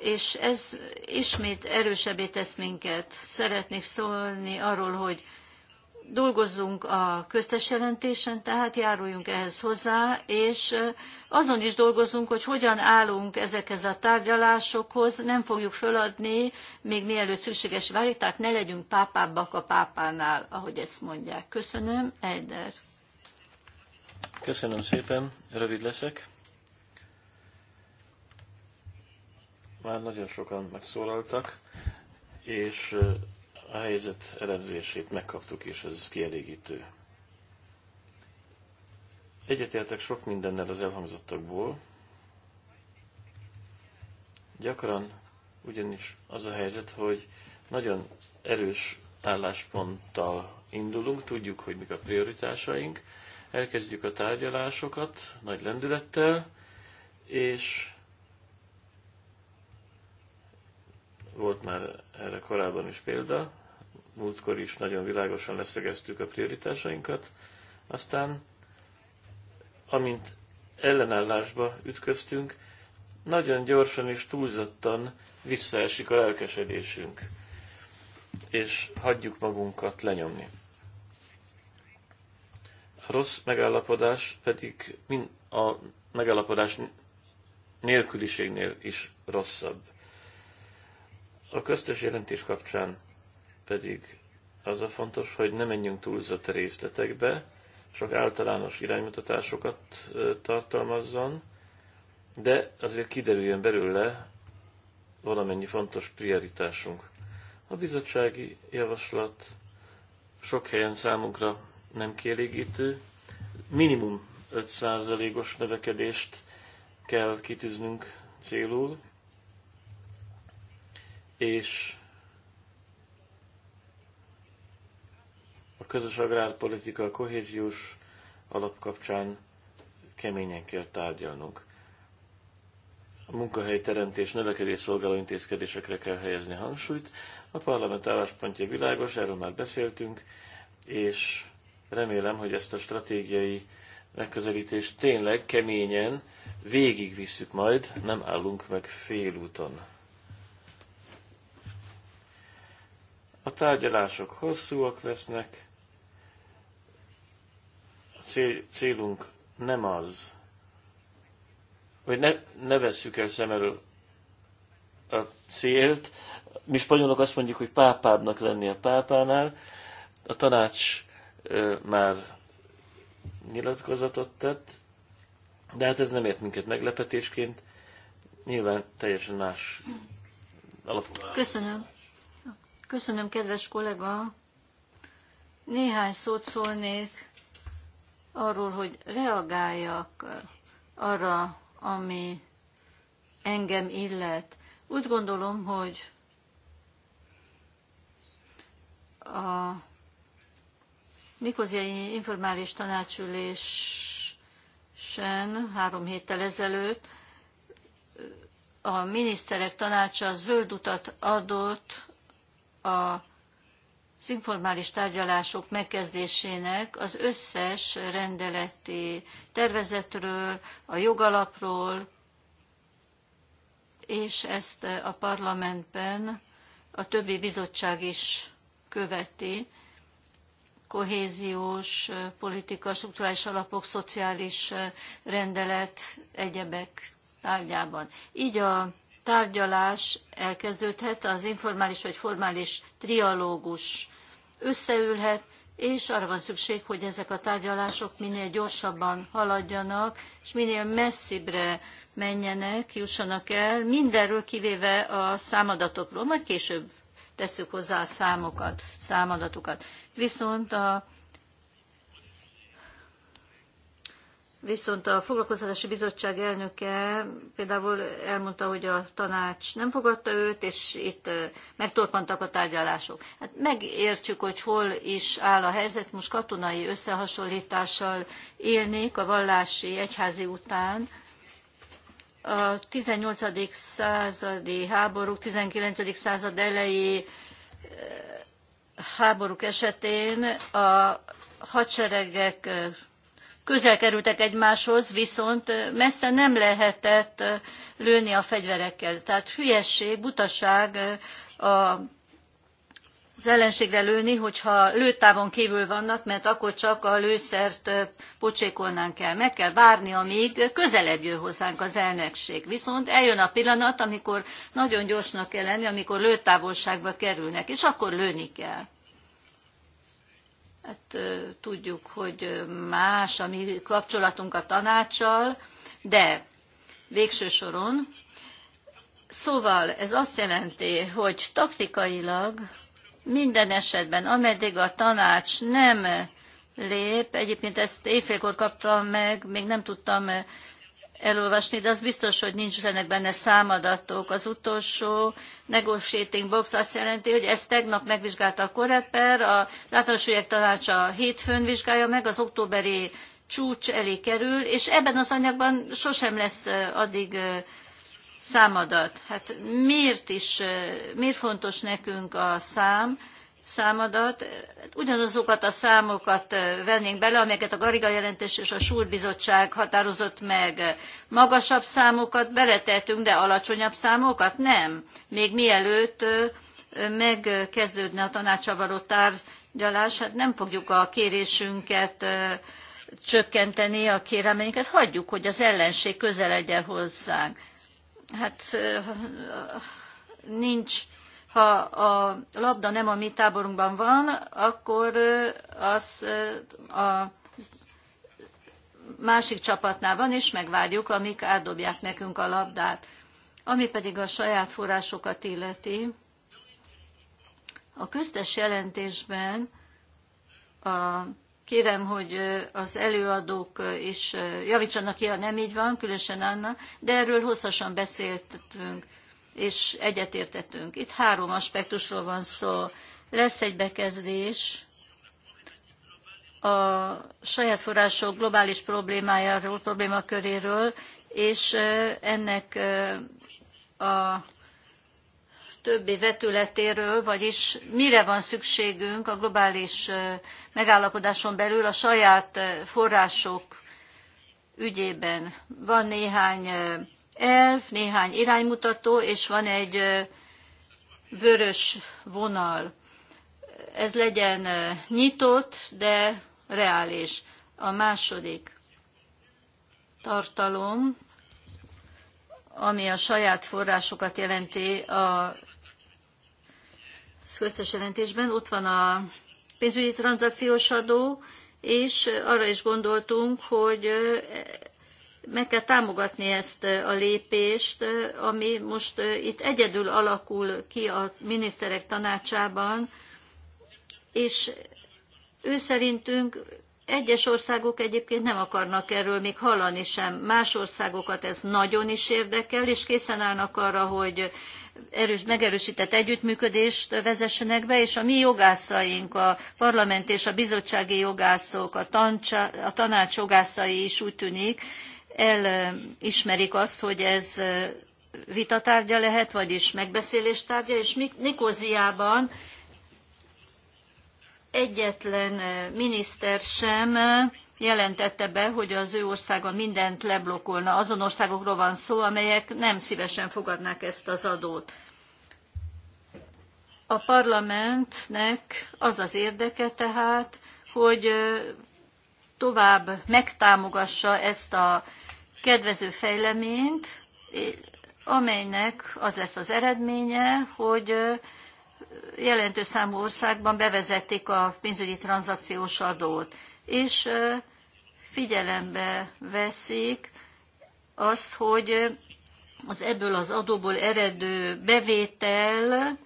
És ez ismét erősebbé tesz minket. Szeretnék szólni arról, hogy dolgozzunk a köztes jelentésen, tehát járuljunk ehhez hozzá, és azon is dolgozunk, hogy hogyan állunk ezekhez a tárgyalásokhoz, nem fogjuk föladni, még mielőtt szükséges válik, tehát ne legyünk pápábbak a pápánál, ahogy ezt mondják. Köszönöm, Eider. Köszönöm szépen, rövid leszek. Már nagyon sokan megszólaltak, és a helyzet elemzését megkaptuk, és ez kielégítő. Egyetértek sok mindennel az elhangzottakból. Gyakran ugyanis az a helyzet, hogy nagyon erős állásponttal indulunk, tudjuk, hogy mik a prioritásaink, elkezdjük a tárgyalásokat nagy lendülettel, és volt már erre korábban is példa, múltkor is nagyon világosan leszögeztük a prioritásainkat. Aztán, amint ellenállásba ütköztünk, nagyon gyorsan és túlzottan visszaesik a lelkesedésünk, és hagyjuk magunkat lenyomni. A rossz megállapodás pedig a megállapodás nélküliségnél is rosszabb. A köztes jelentés kapcsán pedig az a fontos, hogy ne menjünk túlzott részletekbe, sok általános iránymutatásokat tartalmazzon, de azért kiderüljön belőle valamennyi fontos prioritásunk. A bizottsági javaslat sok helyen számunkra nem kielégítő, minimum 5%-os növekedést kell kitűznünk célul, és közös agrárpolitika a kohéziós alap kapcsán keményen kell tárgyalnunk. A munkahelyteremtés növekedés szolgáló intézkedésekre kell helyezni hangsúlyt. A parlament álláspontja világos, erről már beszéltünk, és remélem, hogy ezt a stratégiai megközelítést tényleg keményen végigvisszük majd, nem állunk meg félúton. A tárgyalások hosszúak lesznek, cél, célunk nem az, hogy ne, ne vesszük el szem elől a célt. Mi spanyolok azt mondjuk, hogy pápábbnak lenni a pápánál. A tanács ö, már nyilatkozatot tett, de hát ez nem ért minket meglepetésként. Nyilván teljesen más alapú. Köszönöm. Köszönöm, kedves kollega. Néhány szót szólnék arról, hogy reagáljak arra, ami engem illet. Úgy gondolom, hogy a Nikoziai Informális Tanácsülésen három héttel ezelőtt a miniszterek tanácsa zöld utat adott a az informális tárgyalások megkezdésének az összes rendeleti tervezetről, a jogalapról, és ezt a parlamentben a többi bizottság is követi, kohéziós politika, strukturális alapok, szociális rendelet, egyebek tárgyában. Így a tárgyalás elkezdődhet, az informális vagy formális trialógus összeülhet, és arra van szükség, hogy ezek a tárgyalások minél gyorsabban haladjanak, és minél messzibbre menjenek, jussanak el, mindenről kivéve a számadatokról, majd később tesszük hozzá a számokat, számadatokat. Viszont a Viszont a Foglalkoztatási Bizottság elnöke például elmondta, hogy a tanács nem fogadta őt, és itt megtorpantak a tárgyalások. Hát megértjük, hogy hol is áll a helyzet. Most katonai összehasonlítással élnék a vallási egyházi után. A 18. századi háborúk, 19. század elejé háborúk esetén a hadseregek közel kerültek egymáshoz, viszont messze nem lehetett lőni a fegyverekkel. Tehát hülyesség, butaság a az ellenségre lőni, hogyha lőtávon kívül vannak, mert akkor csak a lőszert pocsékolnánk kell. Meg kell várni, amíg közelebb jön hozzánk az elnökség. Viszont eljön a pillanat, amikor nagyon gyorsnak kell lenni, amikor lőtávolságba kerülnek, és akkor lőni kell. Hát tudjuk, hogy más a mi kapcsolatunk a tanácssal, de végső soron. Szóval ez azt jelenti, hogy taktikailag minden esetben, ameddig a tanács nem lép, egyébként ezt éjfélkor kaptam meg, még nem tudtam elolvasni, de az biztos, hogy nincsenek benne számadatok. Az utolsó negotiating box azt jelenti, hogy ezt tegnap megvizsgálta a Koreper, a általános ügyek tanácsa hétfőn vizsgálja meg, az októberi csúcs elé kerül, és ebben az anyagban sosem lesz addig számadat. Hát miért is, miért fontos nekünk a szám? számadat, ugyanazokat a számokat vennénk bele, amelyeket a Gariga jelentés és a Súr bizottság határozott meg. Magasabb számokat beletettünk, de alacsonyabb számokat nem. Még mielőtt megkezdődne a tanácsavaró tárgyalás, hát nem fogjuk a kérésünket csökkenteni a kéreményeket, hagyjuk, hogy az ellenség közeledjen hozzánk. Hát nincs ha a labda nem a mi táborunkban van, akkor az a másik csapatnál van, és megvárjuk, amik átdobják nekünk a labdát. Ami pedig a saját forrásokat illeti, a köztes jelentésben a, kérem, hogy az előadók is javítsanak ki, ha nem így van, különösen Anna, de erről hosszasan beszéltünk és egyetértettünk. Itt három aspektusról van szó. Lesz egy bekezdés a saját források globális problémájáról, problémaköréről, és ennek a többi vetületéről, vagyis mire van szükségünk a globális megállapodáson belül a saját források ügyében. Van néhány elf néhány iránymutató, és van egy vörös vonal. Ez legyen nyitott, de reális. A második tartalom, ami a saját forrásokat jelenti a köztes jelentésben, ott van a pénzügyi tranzakciós adó, és arra is gondoltunk, hogy meg kell támogatni ezt a lépést, ami most itt egyedül alakul ki a miniszterek tanácsában, és ő szerintünk egyes országok egyébként nem akarnak erről még hallani sem. Más országokat ez nagyon is érdekel, és készen állnak arra, hogy erős, megerősített együttműködést vezessenek be, és a mi jogászaink, a parlament és a bizottsági jogászok, a, tancsa, a tanács jogászai is úgy tűnik, elismerik azt, hogy ez vitatárgya lehet, vagyis megbeszéléstárgya, és Nikóziában egyetlen miniszter sem jelentette be, hogy az ő országa mindent leblokkolna. Azon országokról van szó, amelyek nem szívesen fogadnák ezt az adót. A parlamentnek az az érdeke tehát, hogy tovább megtámogassa ezt a kedvező fejleményt, amelynek az lesz az eredménye, hogy jelentős számú országban bevezették a pénzügyi tranzakciós adót, és figyelembe veszik azt, hogy az ebből az adóból eredő bevétel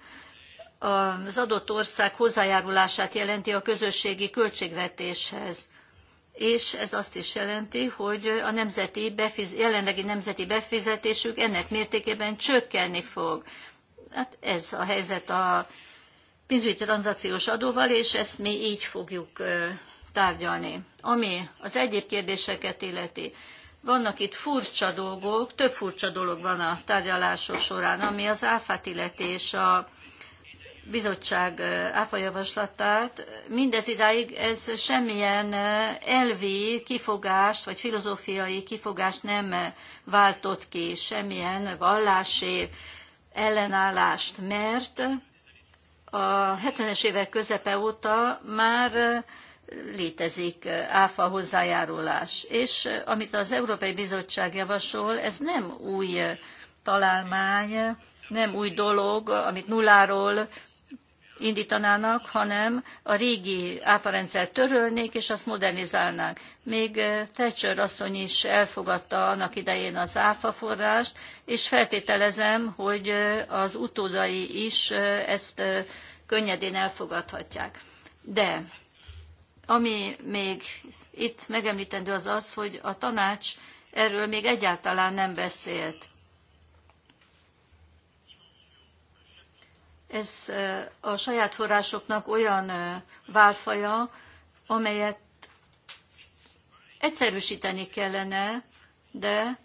az adott ország hozzájárulását jelenti a közösségi költségvetéshez és ez azt is jelenti, hogy a nemzeti befiz- jelenlegi nemzeti befizetésük ennek mértékében csökkenni fog. Hát ez a helyzet a pénzügyi tranzakciós adóval, és ezt mi így fogjuk tárgyalni. Ami az egyéb kérdéseket illeti, vannak itt furcsa dolgok, több furcsa dolog van a tárgyalások során, ami az áfát illeti és a bizottság áfajavaslatát. Mindez idáig ez semmilyen elvi kifogást, vagy filozófiai kifogást nem váltott ki, semmilyen vallási ellenállást, mert a 70-es évek közepe óta már létezik áfa hozzájárulás. És amit az Európai Bizottság javasol, ez nem új találmány, nem új dolog, amit nulláról indítanának, hanem a régi áfarendszert törölnék, és azt modernizálnák. Még eh, Thatcher asszony is elfogadta annak idején az áfa forrást, és feltételezem, hogy eh, az utódai is eh, ezt könnyedén elfogadhatják. De ami még itt megemlítendő az az, hogy a tanács erről még egyáltalán nem beszélt. Ez a saját forrásoknak olyan válfaja, amelyet egyszerűsíteni kellene, de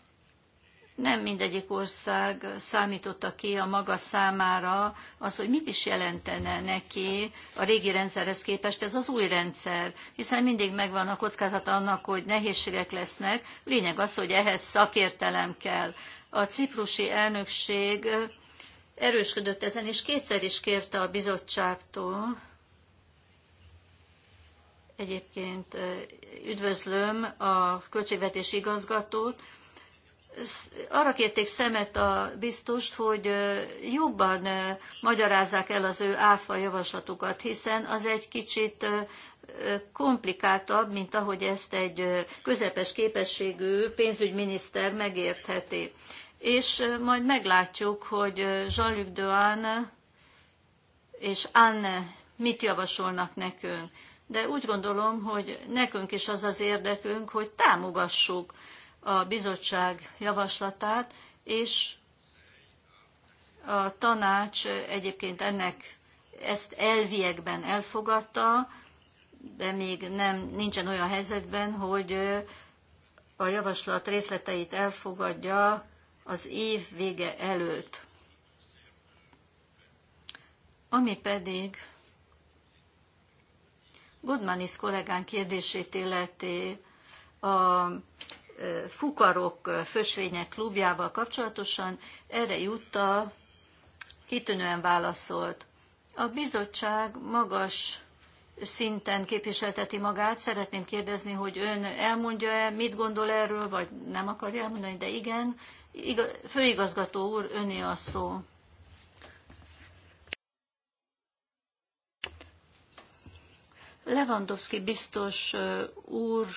nem mindegyik ország számította ki a maga számára az, hogy mit is jelentene neki a régi rendszerhez képest ez az új rendszer, hiszen mindig megvan a kockázat annak, hogy nehézségek lesznek. Lényeg az, hogy ehhez szakértelem kell. A ciprusi elnökség erősködött ezen, és kétszer is kérte a bizottságtól, egyébként üdvözlöm a költségvetési igazgatót, arra kérték szemet a biztost, hogy jobban magyarázzák el az ő áfa javaslatukat, hiszen az egy kicsit komplikáltabb, mint ahogy ezt egy közepes képességű pénzügyminiszter megértheti és majd meglátjuk, hogy Jean-Luc Doan és Anne mit javasolnak nekünk. De úgy gondolom, hogy nekünk is az az érdekünk, hogy támogassuk a bizottság javaslatát, és a tanács egyébként ennek ezt elviekben elfogadta, de még nem, nincsen olyan helyzetben, hogy a javaslat részleteit elfogadja az év vége előtt. Ami pedig Godmanis kollégán kérdését illeti a e, fukarok e, fösvények klubjával kapcsolatosan, erre Jutta kitűnően válaszolt. A bizottság magas szinten képviselteti magát. Szeretném kérdezni, hogy ön elmondja-e, mit gondol erről, vagy nem akarja elmondani, de igen, Főigazgató úr, öné a szó. Lewandowski biztos úr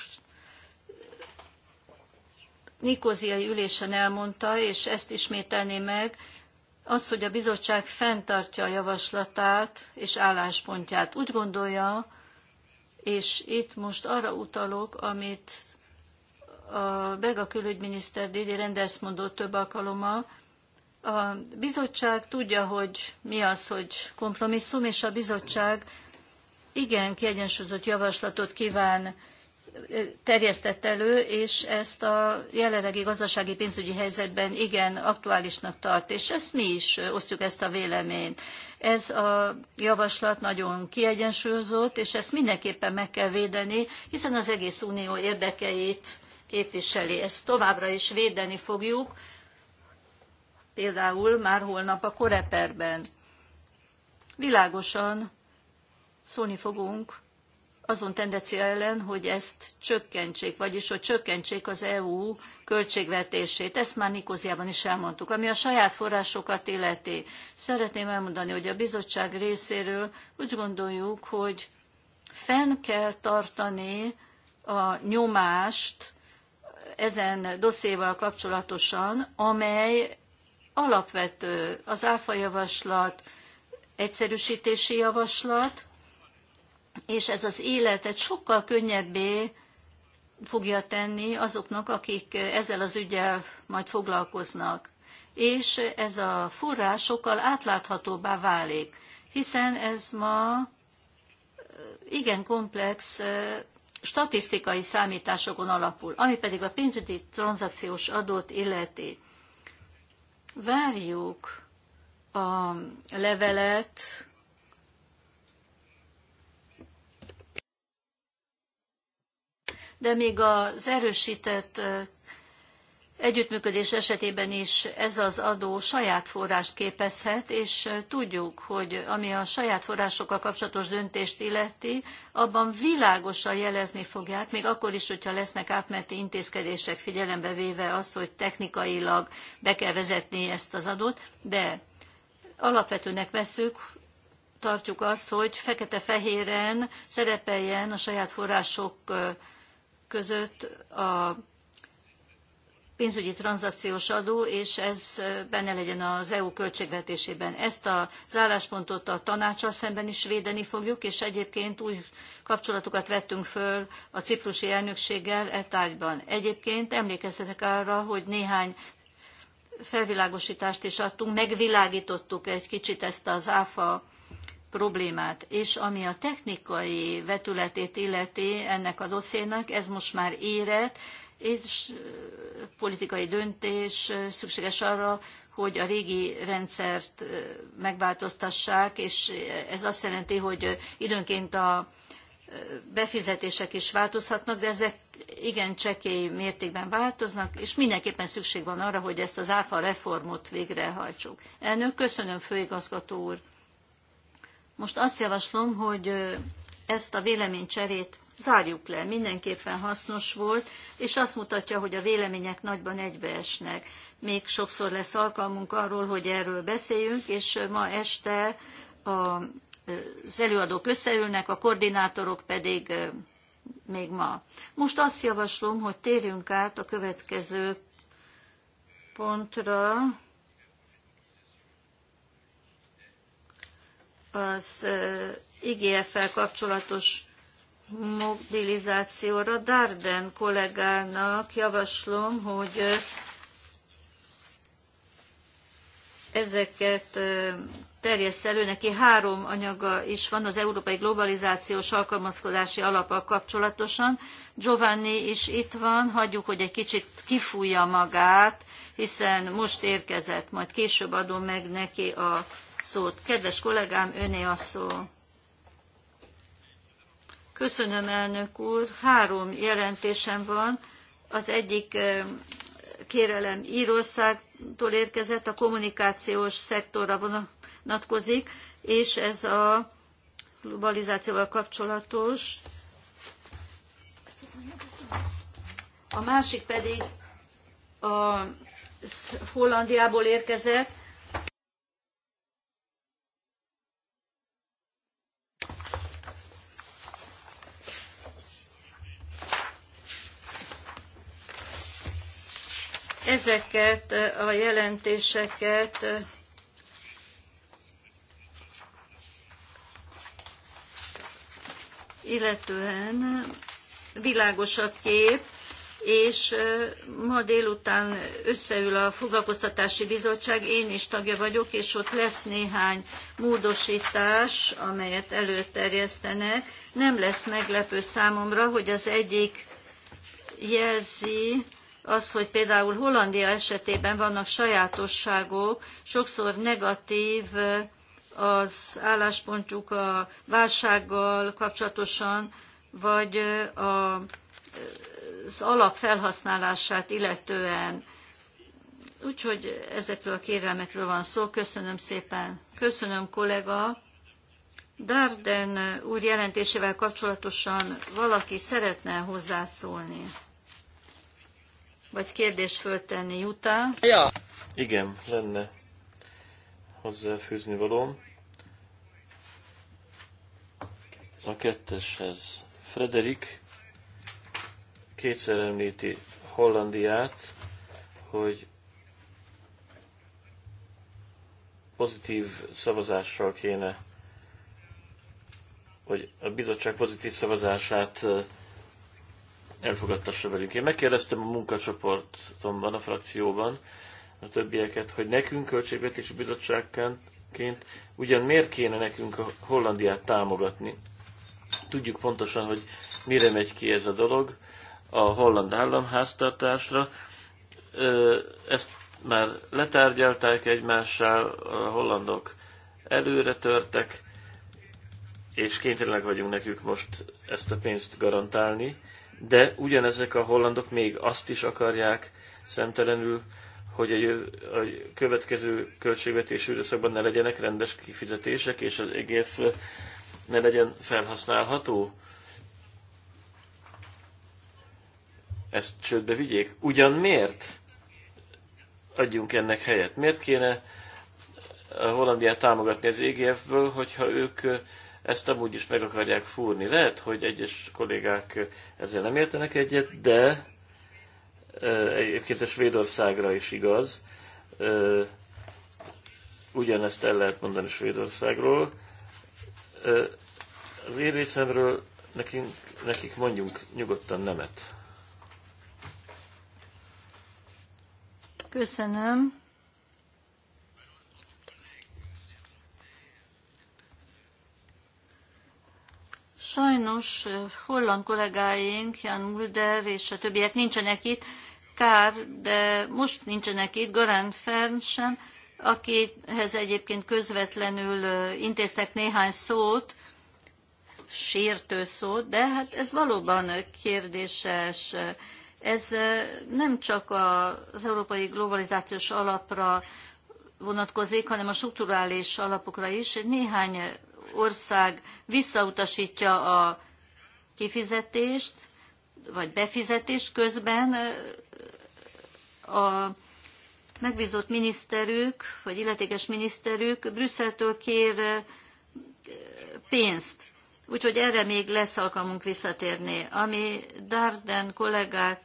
Nikóziai ülésen elmondta, és ezt ismételné meg, az, hogy a bizottság fenntartja a javaslatát és álláspontját. Úgy gondolja, és itt most arra utalok, amit a belga külügyminiszter Didi Renders mondott több alkalommal, a bizottság tudja, hogy mi az, hogy kompromisszum, és a bizottság igen kiegyensúlyozott javaslatot kíván e, terjesztett elő, és ezt a jelenlegi gazdasági pénzügyi helyzetben igen aktuálisnak tart, és ezt mi is osztjuk ezt a véleményt. Ez a javaslat nagyon kiegyensúlyozott, és ezt mindenképpen meg kell védeni, hiszen az egész unió érdekeit képviseli. Ezt továbbra is védeni fogjuk, például már holnap a koreperben. Világosan szólni fogunk azon tendencia ellen, hogy ezt csökkentsék, vagyis hogy csökkentsék az EU költségvetését. Ezt már Nikóziában is elmondtuk. Ami a saját forrásokat illeti, szeretném elmondani, hogy a bizottság részéről úgy gondoljuk, hogy fenn kell tartani a nyomást ezen dosszéval kapcsolatosan, amely alapvető az áfa javaslat, egyszerűsítési javaslat, és ez az életet sokkal könnyebbé fogja tenni azoknak, akik ezzel az ügyel majd foglalkoznak. És ez a forrás sokkal átláthatóbbá válik, hiszen ez ma igen komplex statisztikai számításokon alapul, ami pedig a pénzügyi tranzakciós adót illeti. Várjuk a levelet, de még az erősített együttműködés esetében is ez az adó saját forrást képezhet, és tudjuk, hogy ami a saját forrásokkal kapcsolatos döntést illeti, abban világosan jelezni fogják, még akkor is, hogyha lesznek átmeneti intézkedések figyelembe véve az, hogy technikailag be kell vezetni ezt az adót, de alapvetőnek veszük, tartjuk azt, hogy fekete-fehéren szerepeljen a saját források között a pénzügyi tranzakciós adó, és ez benne legyen az EU költségvetésében. Ezt az álláspontot a tanácsal szemben is védeni fogjuk, és egyébként új kapcsolatokat vettünk föl a ciprusi elnökséggel e tárgyban. Egyébként emlékeztetek arra, hogy néhány felvilágosítást is adtunk, megvilágítottuk egy kicsit ezt az áfa problémát, és ami a technikai vetületét illeti ennek a dosszénak, ez most már érett, és politikai döntés szükséges arra, hogy a régi rendszert megváltoztassák, és ez azt jelenti, hogy időnként a befizetések is változhatnak, de ezek igen csekély mértékben változnak, és mindenképpen szükség van arra, hogy ezt az áfa reformot végrehajtsuk. Elnök, köszönöm, főigazgató úr. Most azt javaslom, hogy ezt a véleménycserét zárjuk le. Mindenképpen hasznos volt, és azt mutatja, hogy a vélemények nagyban egybeesnek. Még sokszor lesz alkalmunk arról, hogy erről beszéljünk, és ma este a, az előadók összeülnek, a koordinátorok pedig még ma. Most azt javaslom, hogy térjünk át a következő pontra. Az IGF-fel kapcsolatos mobilizációra. Darden kollégának javaslom, hogy ezeket terjessz elő. Neki három anyaga is van az Európai Globalizációs Alkalmazkodási Alappal kapcsolatosan. Giovanni is itt van, hagyjuk, hogy egy kicsit kifújja magát, hiszen most érkezett, majd később adom meg neki a szót. Kedves kollégám, öné a szó. Köszönöm, elnök úr. Három jelentésem van. Az egyik kérelem Írországtól érkezett, a kommunikációs szektorra vonatkozik, és ez a globalizációval kapcsolatos. A másik pedig a Hollandiából érkezett, ezeket eh, a jelentéseket eh, illetően eh, világosabb kép, és ma délután összeül a Foglalkoztatási Bizottság, én is tagja vagyok, és ott lesz néhány módosítás, amelyet előterjesztenek. Nem lesz meglepő számomra, hogy az egyik jelzi az, hogy például Hollandia esetében vannak sajátosságok, sokszor negatív az álláspontjuk a válsággal kapcsolatosan, vagy a, az alap felhasználását illetően. Úgyhogy ezekről a kérelmekről van szó. Köszönöm szépen. Köszönöm, kollega. Darden úr jelentésével kapcsolatosan valaki szeretne hozzászólni vagy kérdés föltenni Juta. Ja. Igen, lenne hozzáfűzni valóm. A ketteshez. Frederik kétszer említi Hollandiát, hogy pozitív szavazással kéne, hogy a bizottság pozitív szavazását elfogadtassa velünk. Én megkérdeztem a munkacsoportomban, a frakcióban a többieket, hogy nekünk költségvetési bizottságként ugyan miért kéne nekünk a Hollandiát támogatni. Tudjuk pontosan, hogy mire megy ki ez a dolog, a holland államháztartásra. Ezt már letárgyalták egymással, a hollandok előre törtek, és kénytelenek vagyunk nekük most ezt a pénzt garantálni de ugyanezek a hollandok még azt is akarják szemtelenül, hogy a, jöv, a következő költségvetési időszakban ne legyenek rendes kifizetések, és az EGF ne legyen felhasználható. Ezt csődbe vigyék. Ugyan miért adjunk ennek helyet? Miért kéne Hollandiát támogatni az EGF-ből, hogyha ők ezt amúgy is meg akarják fúrni. Lehet, hogy egyes kollégák ezzel nem értenek egyet, de egyébként a Svédországra is igaz. Ugyanezt el lehet mondani Svédországról. Az én részemről nekünk, nekik mondjunk nyugodtan nemet. Köszönöm. Sajnos holland kollégáink, Jan Mulder és a többiek nincsenek itt, kár, de most nincsenek itt, Garant Fern sem, akihez egyébként közvetlenül intéztek néhány szót, sértő szót, de hát ez valóban kérdéses. Ez nem csak az európai globalizációs alapra vonatkozik, hanem a strukturális alapokra is. Néhány ország visszautasítja a kifizetést, vagy befizetést közben a megbízott miniszterük, vagy illetékes miniszterük Brüsszeltől kér pénzt. Úgyhogy erre még lesz alkalmunk visszatérni. Ami Darden kollégát,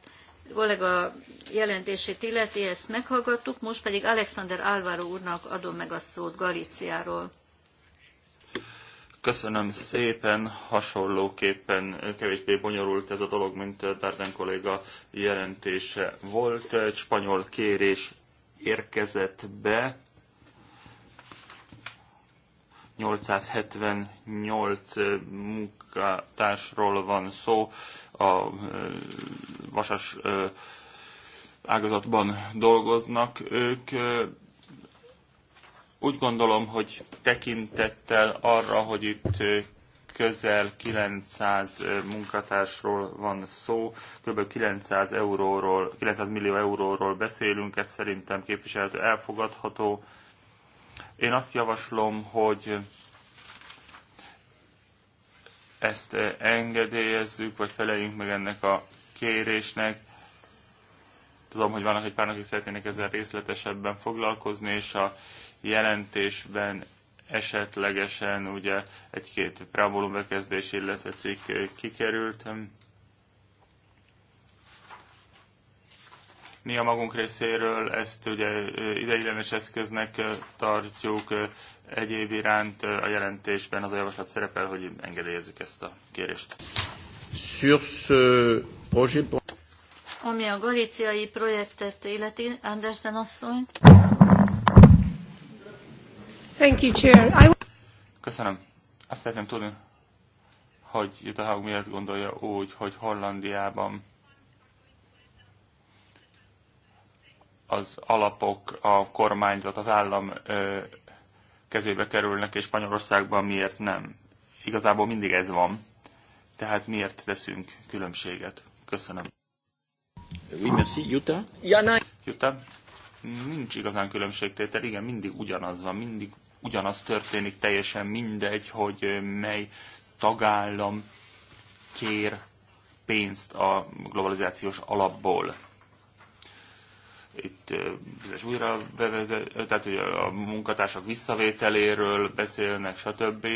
kollega jelentését illeti, ezt meghallgattuk, most pedig Alexander Álvaro úrnak adom meg a szót Galíciáról. Köszönöm szépen, hasonlóképpen kevésbé bonyolult ez a dolog, mint Darden kolléga jelentése volt. Egy spanyol kérés érkezett be. 878 munkatársról van szó a vasas ágazatban dolgoznak ők. Úgy gondolom, hogy tekintettel arra, hogy itt közel 900 munkatársról van szó, kb. 900, euróról, 900 millió euróról beszélünk, ez szerintem képviselhető elfogadható. Én azt javaslom, hogy ezt engedélyezzük, vagy feleljünk meg ennek a kérésnek. Tudom, hogy vannak egy pár, akik szeretnének ezzel részletesebben foglalkozni, és a jelentésben esetlegesen ugye egy-két prabolum bekezdés, illetve cikk kikerült. Mi a magunk részéről ezt ugye ideiglenes eszköznek tartjuk, egyéb iránt a jelentésben az a javaslat szerepel, hogy engedélyezzük ezt a kérést. Sur ce projet... Ami a galiciai projektet illeti, Andersen asszony. Thank you, Chair. I... Köszönöm. Azt szeretném tudni, hogy Jutta Haug miért gondolja úgy, hogy Hollandiában az alapok, a kormányzat, az állam ö, kezébe kerülnek, és Spanyolországban miért nem. Igazából mindig ez van. Tehát miért teszünk különbséget? Köszönöm. Oui, merci. Jutta? Jutta? Nincs igazán különbségtétel, igen, mindig ugyanaz van, mindig ugyanaz történik teljesen mindegy, hogy mely tagállam kér pénzt a globalizációs alapból. Itt bizonyos újra bevezető, tehát hogy a munkatársak visszavételéről beszélnek, stb.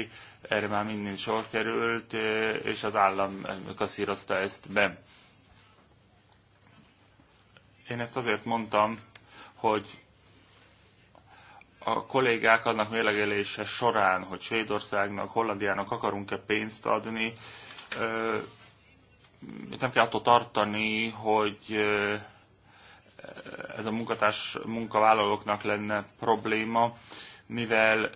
Erre már mind sor került, és az állam kaszírozta ezt be. Én ezt azért mondtam, hogy a kollégák annak mérlegelése során, hogy Svédországnak, Hollandiának akarunk-e pénzt adni, nem kell attól tartani, hogy ez a munkatárs munkavállalóknak lenne probléma, mivel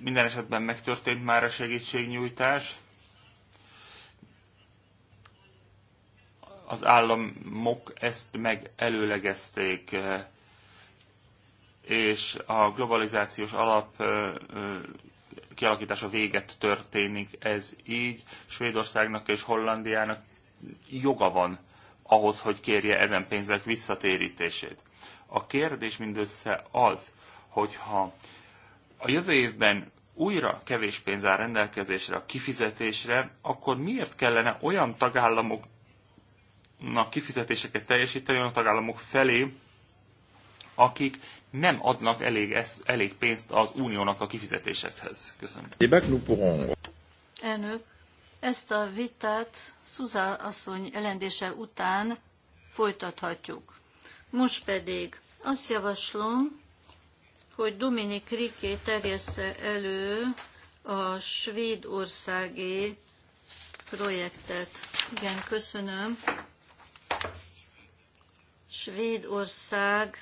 minden esetben megtörtént már a segítségnyújtás, az államok ezt megelőlegezték. előlegezték és a globalizációs alap kialakítása véget történik. Ez így Svédországnak és Hollandiának joga van ahhoz, hogy kérje ezen pénzek visszatérítését. A kérdés mindössze az, hogyha a jövő évben újra kevés pénz áll rendelkezésre a kifizetésre, akkor miért kellene olyan tagállamoknak kifizetéseket teljesíteni, olyan tagállamok felé, akik nem adnak elég, esz, elég pénzt az uniónak a kifizetésekhez. Köszönöm. Elnök, ezt a vitát Szuza asszony elendése után folytathatjuk. Most pedig azt javaslom, hogy Dominik Riké terjessze elő a svédországi projektet. Igen, köszönöm. Svédország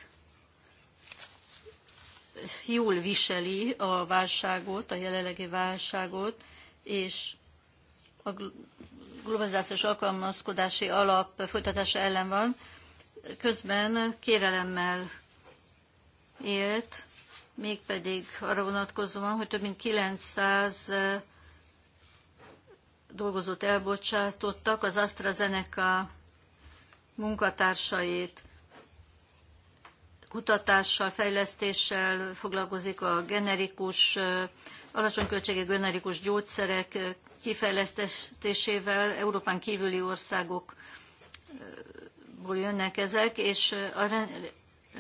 jól viseli a válságot, a jelenlegi válságot, és a globalizációs alkalmazkodási alap folytatása ellen van, közben kérelemmel élt, mégpedig arra vonatkozóan, hogy több mint 900 dolgozót elbocsátottak, az AstraZeneca munkatársait kutatással, fejlesztéssel foglalkozik a generikus, alacsony költségű generikus gyógyszerek kifejlesztésével, Európán kívüli országokból jönnek ezek, és a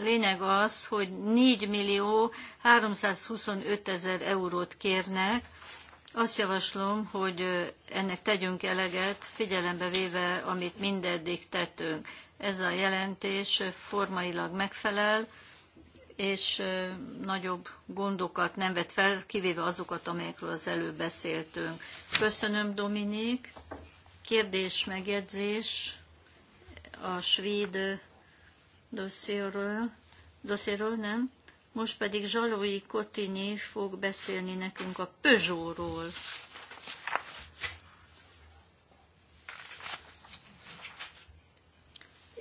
lényeg az, hogy 4 millió 325 ezer eurót kérnek, azt javaslom, hogy ennek tegyünk eleget, figyelembe véve, amit mindeddig tettünk ez a jelentés formailag megfelel, és nagyobb gondokat nem vett fel, kivéve azokat, amelyekről az előbb beszéltünk. Köszönöm, Dominik. Kérdés, megjegyzés a svéd dosszéről, dosszéről nem? Most pedig Zsalói Kotinyi fog beszélni nekünk a Peugeotról.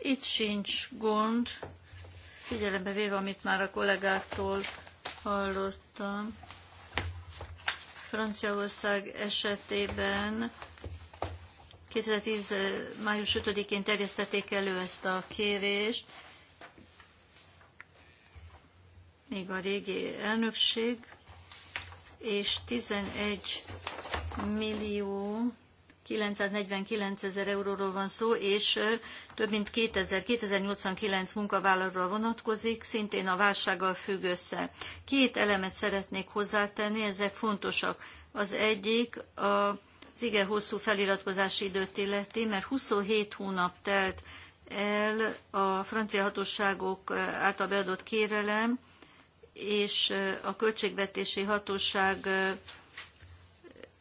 Itt sincs gond, figyelembe véve, amit már a kollégáktól hallottam. Franciaország esetében 2010. Eh, május 5-én terjesztették elő ezt a kérést, még a régi elnökség, és 11 millió 949 ezer euróról van szó, és több mint 2000, 2089 munkavállalóra vonatkozik, szintén a válsággal függ össze. Két elemet szeretnék hozzátenni, ezek fontosak. Az egyik az igen hosszú feliratkozási időt illeti, mert 27 hónap telt el a francia hatóságok által beadott kérelem, és a költségvetési hatóság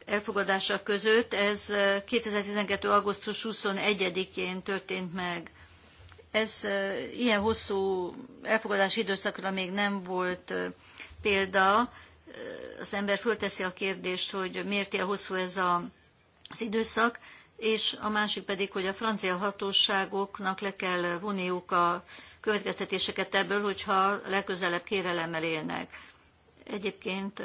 elfogadása között. Ez 2012. augusztus 21-én történt meg. Ez ilyen hosszú elfogadási időszakra még nem volt példa. Az ember fölteszi a kérdést, hogy miért ilyen hosszú ez a, az időszak, és a másik pedig, hogy a francia hatóságoknak le kell vonniuk a következtetéseket ebből, hogyha legközelebb kérelemmel élnek. Egyébként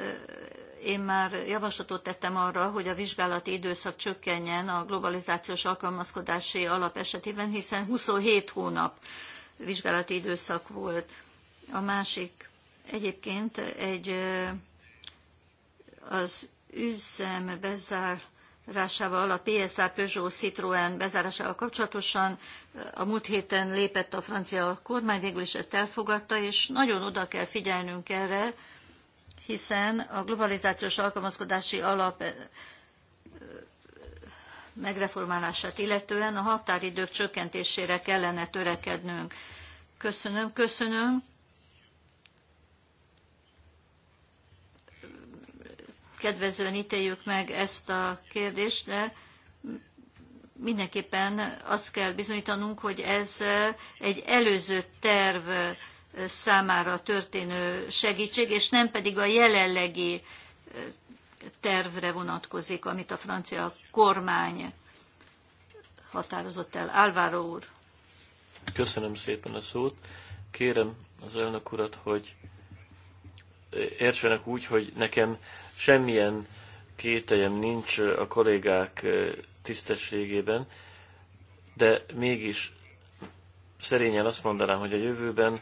én már javaslatot tettem arra, hogy a vizsgálati időszak csökkenjen a globalizációs alkalmazkodási alap esetében, hiszen 27 hónap vizsgálati időszak volt. A másik egyébként egy az üzem bezárásával, a PSA Peugeot Citroën bezárásával kapcsolatosan a múlt héten lépett a francia kormány, végül is ezt elfogadta, és nagyon oda kell figyelnünk erre, hiszen a globalizációs alkalmazkodási alap eh, megreformálását illetően a határidők csökkentésére kellene törekednünk. Köszönöm, köszönöm. Kedvezően ítéljük meg ezt a kérdést, de mindenképpen azt kell bizonyítanunk, hogy ez eh, egy előző terv számára történő segítség, és nem pedig a jelenlegi tervre vonatkozik, amit a francia kormány határozott el. Álvaro úr. Köszönöm szépen a szót. Kérem az elnök urat, hogy értsenek úgy, hogy nekem semmilyen kételjem nincs a kollégák tisztességében, de mégis szerényen azt mondanám, hogy a jövőben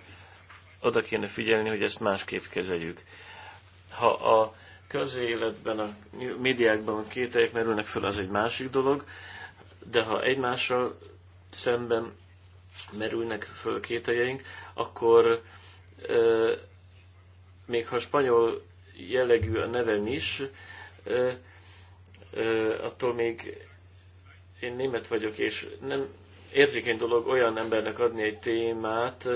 oda kéne figyelni, hogy ezt másképp kezeljük. Ha a közéletben, a médiákban kételyek merülnek föl, az egy másik dolog, de ha egymással szemben merülnek föl kételjeink, akkor e, még ha spanyol jellegű a nevem is, e, e, attól még én német vagyok, és nem érzékeny dolog olyan embernek adni egy témát,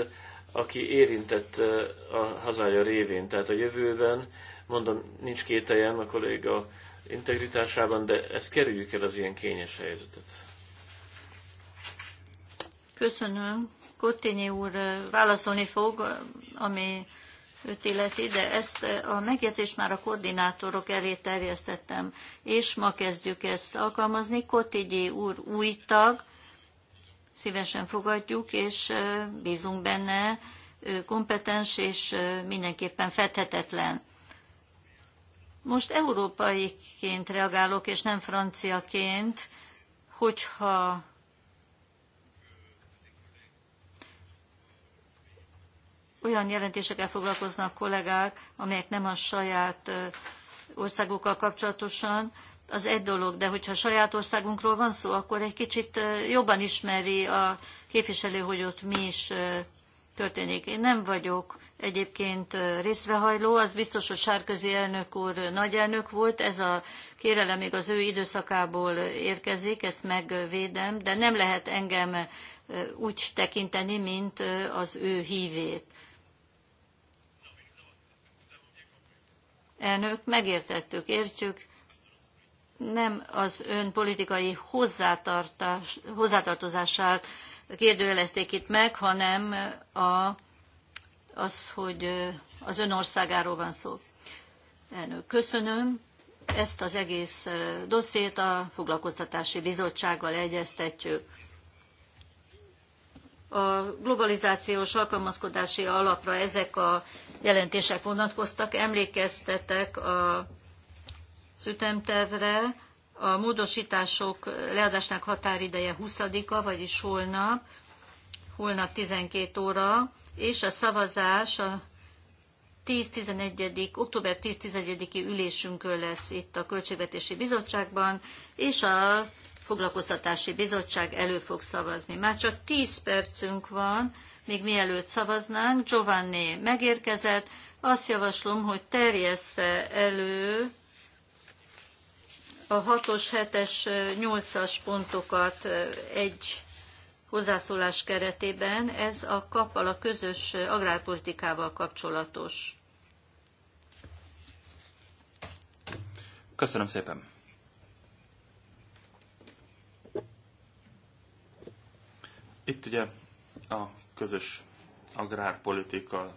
aki érintett eh, a hazája révén, tehát a jövőben, mondom, nincs kételjem a kolléga integritásában, de ezt kerüljük el az ilyen kényes helyzetet. Köszönöm. Kottényi úr eh, válaszolni fog, eh, ami őt illeti, de ezt a megjegyzést már a koordinátorok elé terjesztettem, és ma kezdjük ezt alkalmazni. Kottényi úr új tag, szívesen fogadjuk, és bízunk benne, ő kompetens és mindenképpen fedhetetlen. Most európaiként reagálok, és nem franciaként, hogyha olyan jelentésekkel foglalkoznak kollégák, amelyek nem a saját országokkal kapcsolatosan, az egy dolog, de hogyha saját országunkról van szó, akkor egy kicsit jobban ismeri a képviselő, hogy ott mi is történik. Én nem vagyok egyébként részrehajló, az biztos, hogy Sárközi elnök úr nagyelnök volt, ez a kérelem még az ő időszakából érkezik, ezt megvédem, de nem lehet engem úgy tekinteni, mint az ő hívét. Elnök, megértettük, értjük nem az ön politikai hozzátartozását kérdőjelezték itt meg, hanem a, az, hogy az ön országáról van szó. Elnök, köszönöm. Ezt az egész dossziét a foglalkoztatási bizottsággal egyeztetjük. A globalizációs alkalmazkodási alapra ezek a jelentések vonatkoztak. Emlékeztetek a az A módosítások leadásnak határideje 20-a, vagyis holnap, holnap 12 óra, és a szavazás a 10-11. október 10-11-i ülésünkön lesz itt a Költségvetési Bizottságban, és a Foglalkoztatási Bizottság elő fog szavazni. Már csak 10 percünk van, még mielőtt szavaznánk. Giovanni megérkezett, azt javaslom, hogy terjessze elő a 6-os, 7-es, 8-as pontokat egy hozzászólás keretében. Ez a kappal a közös agrárpolitikával kapcsolatos. Köszönöm szépen! Itt ugye a közös agrárpolitika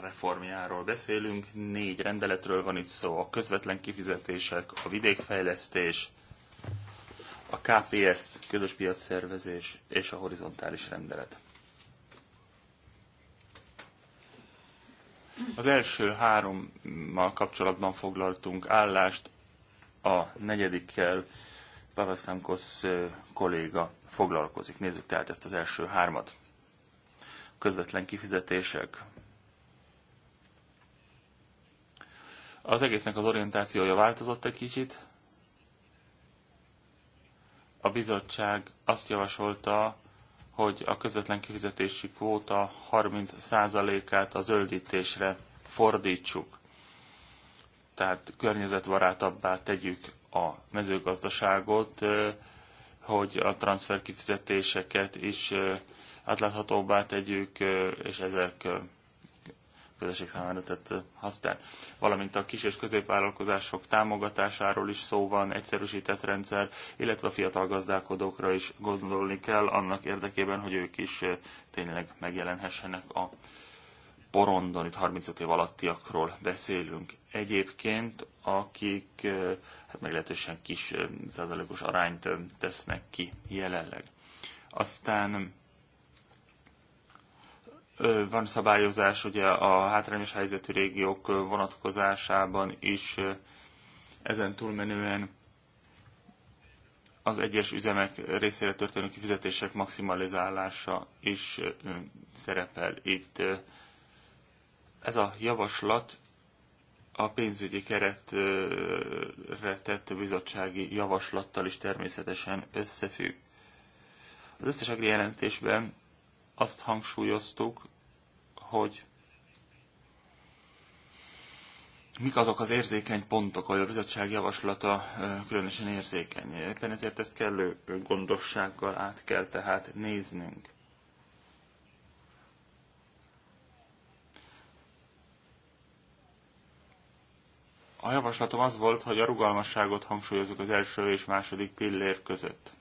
reformjáról beszélünk. Négy rendeletről van itt szó. A közvetlen kifizetések, a vidékfejlesztés, a KPS, közös piac szervezés és a horizontális rendelet. Az első hárommal kapcsolatban foglaltunk állást, a negyedikkel Pavasztámkosz kolléga foglalkozik. Nézzük tehát ezt az első hármat. Közvetlen kifizetések, Az egésznek az orientációja változott egy kicsit. A bizottság azt javasolta, hogy a közvetlen kifizetési kvóta 30%-át a zöldítésre fordítsuk. Tehát környezetbarátabbá tegyük a mezőgazdaságot, hogy a transferkifizetéseket is átláthatóbbá tegyük, és ezek közösség számára tett használ. Valamint a kis és középvállalkozások támogatásáról is szó van, egyszerűsített rendszer, illetve a fiatal gazdálkodókra is gondolni kell annak érdekében, hogy ők is tényleg megjelenhessenek a porondon, itt 35 év alattiakról beszélünk. Egyébként, akik hát meglehetősen kis százalékos arányt tesznek ki jelenleg. Aztán van szabályozás ugye a hátrányos helyzetű régiók vonatkozásában is ezen túlmenően az egyes üzemek részére történő kifizetések maximalizálása is szerepel itt. Ez a javaslat a pénzügyi keretre tett bizottsági javaslattal is természetesen összefügg. Az összes agri jelentésben azt hangsúlyoztuk, hogy mik azok az érzékeny pontok, ahol a bizottság javaslata különösen érzékeny. Éppen ezért ezt kellő gondossággal át kell tehát néznünk. A javaslatom az volt, hogy a rugalmasságot hangsúlyozunk az első és második pillér között.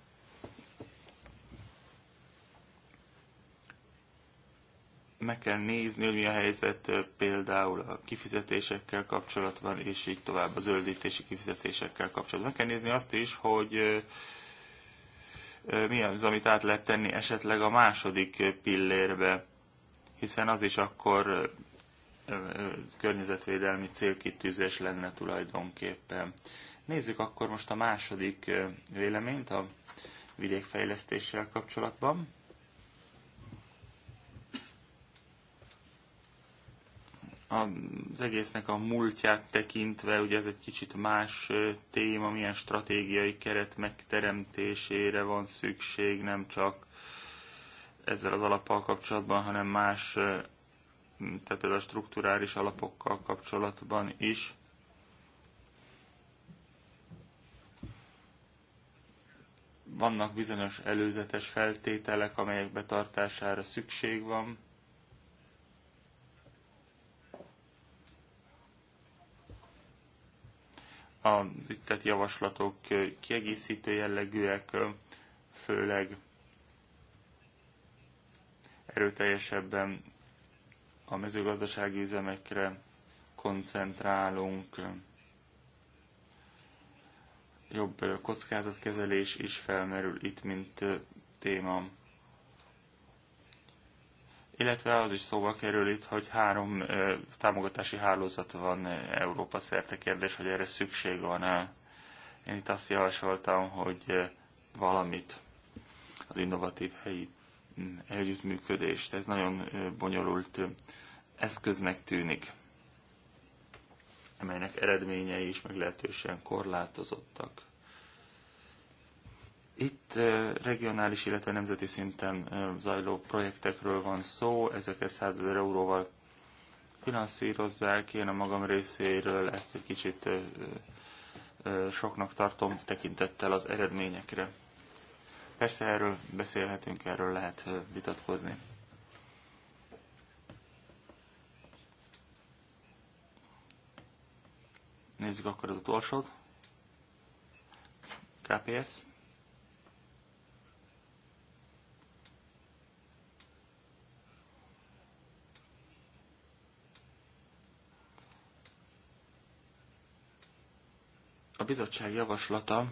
meg kell nézni, hogy mi a helyzet például a kifizetésekkel kapcsolatban, és így tovább a zöldítési kifizetésekkel kapcsolatban. Meg kell nézni azt is, hogy mi az, amit át lehet tenni esetleg a második pillérbe, hiszen az is akkor környezetvédelmi célkitűzés lenne tulajdonképpen. Nézzük akkor most a második véleményt a vidékfejlesztéssel kapcsolatban. az egésznek a múltját tekintve, ugye ez egy kicsit más téma, milyen stratégiai keret megteremtésére van szükség, nem csak ezzel az alappal kapcsolatban, hanem más, tehát például a strukturális alapokkal kapcsolatban is. Vannak bizonyos előzetes feltételek, amelyek betartására szükség van. az itt tett javaslatok kiegészítő jellegűek, főleg erőteljesebben a mezőgazdasági üzemekre koncentrálunk, jobb kockázatkezelés is felmerül itt, mint téma illetve az is szóba kerül itt, hogy három támogatási hálózat van Európa szerte kérdés, hogy erre szükség van-e. Én itt azt javasoltam, hogy valamit az innovatív helyi együttműködést. Ez nagyon bonyolult eszköznek tűnik, amelynek eredményei is meglehetősen korlátozottak. Itt regionális, illetve nemzeti szinten zajló projektekről van szó, ezeket 100 ezer euróval finanszírozzák, én a magam részéről ezt egy kicsit soknak tartom tekintettel az eredményekre. Persze erről beszélhetünk, erről lehet vitatkozni. Nézzük akkor az utolsót. KPS. A bizottság javaslata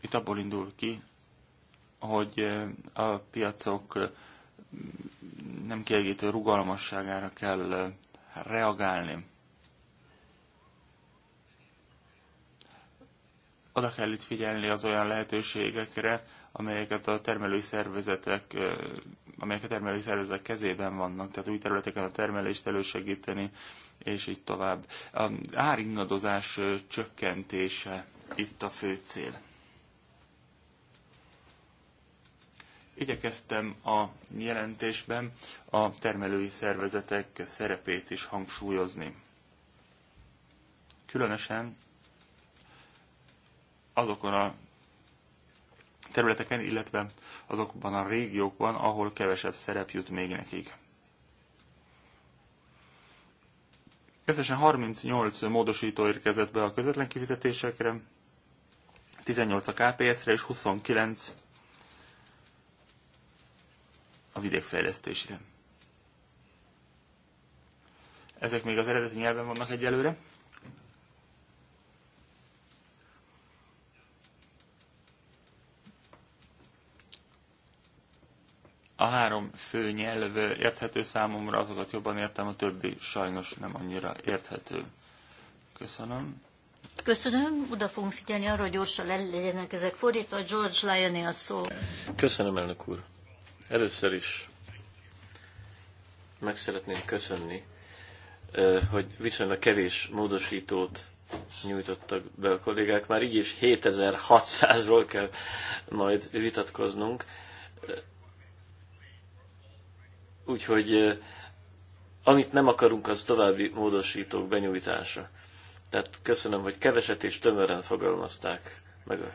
itt abból indul ki, hogy a piacok nem kiegítő rugalmasságára kell reagálni. Oda kell itt figyelni az olyan lehetőségekre, amelyeket a termelői szervezetek, amelyek a termelői szervezetek kezében vannak, tehát új területeken a termelést elősegíteni, és így tovább. A áringadozás csökkentése itt a fő cél. Igyekeztem a jelentésben a termelői szervezetek szerepét is hangsúlyozni. Különösen azokon a területeken, illetve azokban a régiókban, ahol kevesebb szerep jut még nekik. Összesen 38 módosító érkezett be a közvetlen kifizetésekre, 18 a KPS-re és 29 a vidékfejlesztésre. Ezek még az eredeti nyelven vannak egyelőre. a három fő nyelv érthető számomra, azokat jobban értem, a többi sajnos nem annyira érthető. Köszönöm. Köszönöm, oda fogunk figyelni arra, hogy gyorsan legyenek ezek fordítva. George Lyoné a szó. Köszönöm, elnök úr. Először is meg szeretném köszönni, hogy viszonylag kevés módosítót nyújtottak be a kollégák. Már így is 7600-ról kell majd vitatkoznunk Úgyhogy amit nem akarunk, az további módosítók benyújtása. Tehát köszönöm, hogy keveset és tömören fogalmazták meg a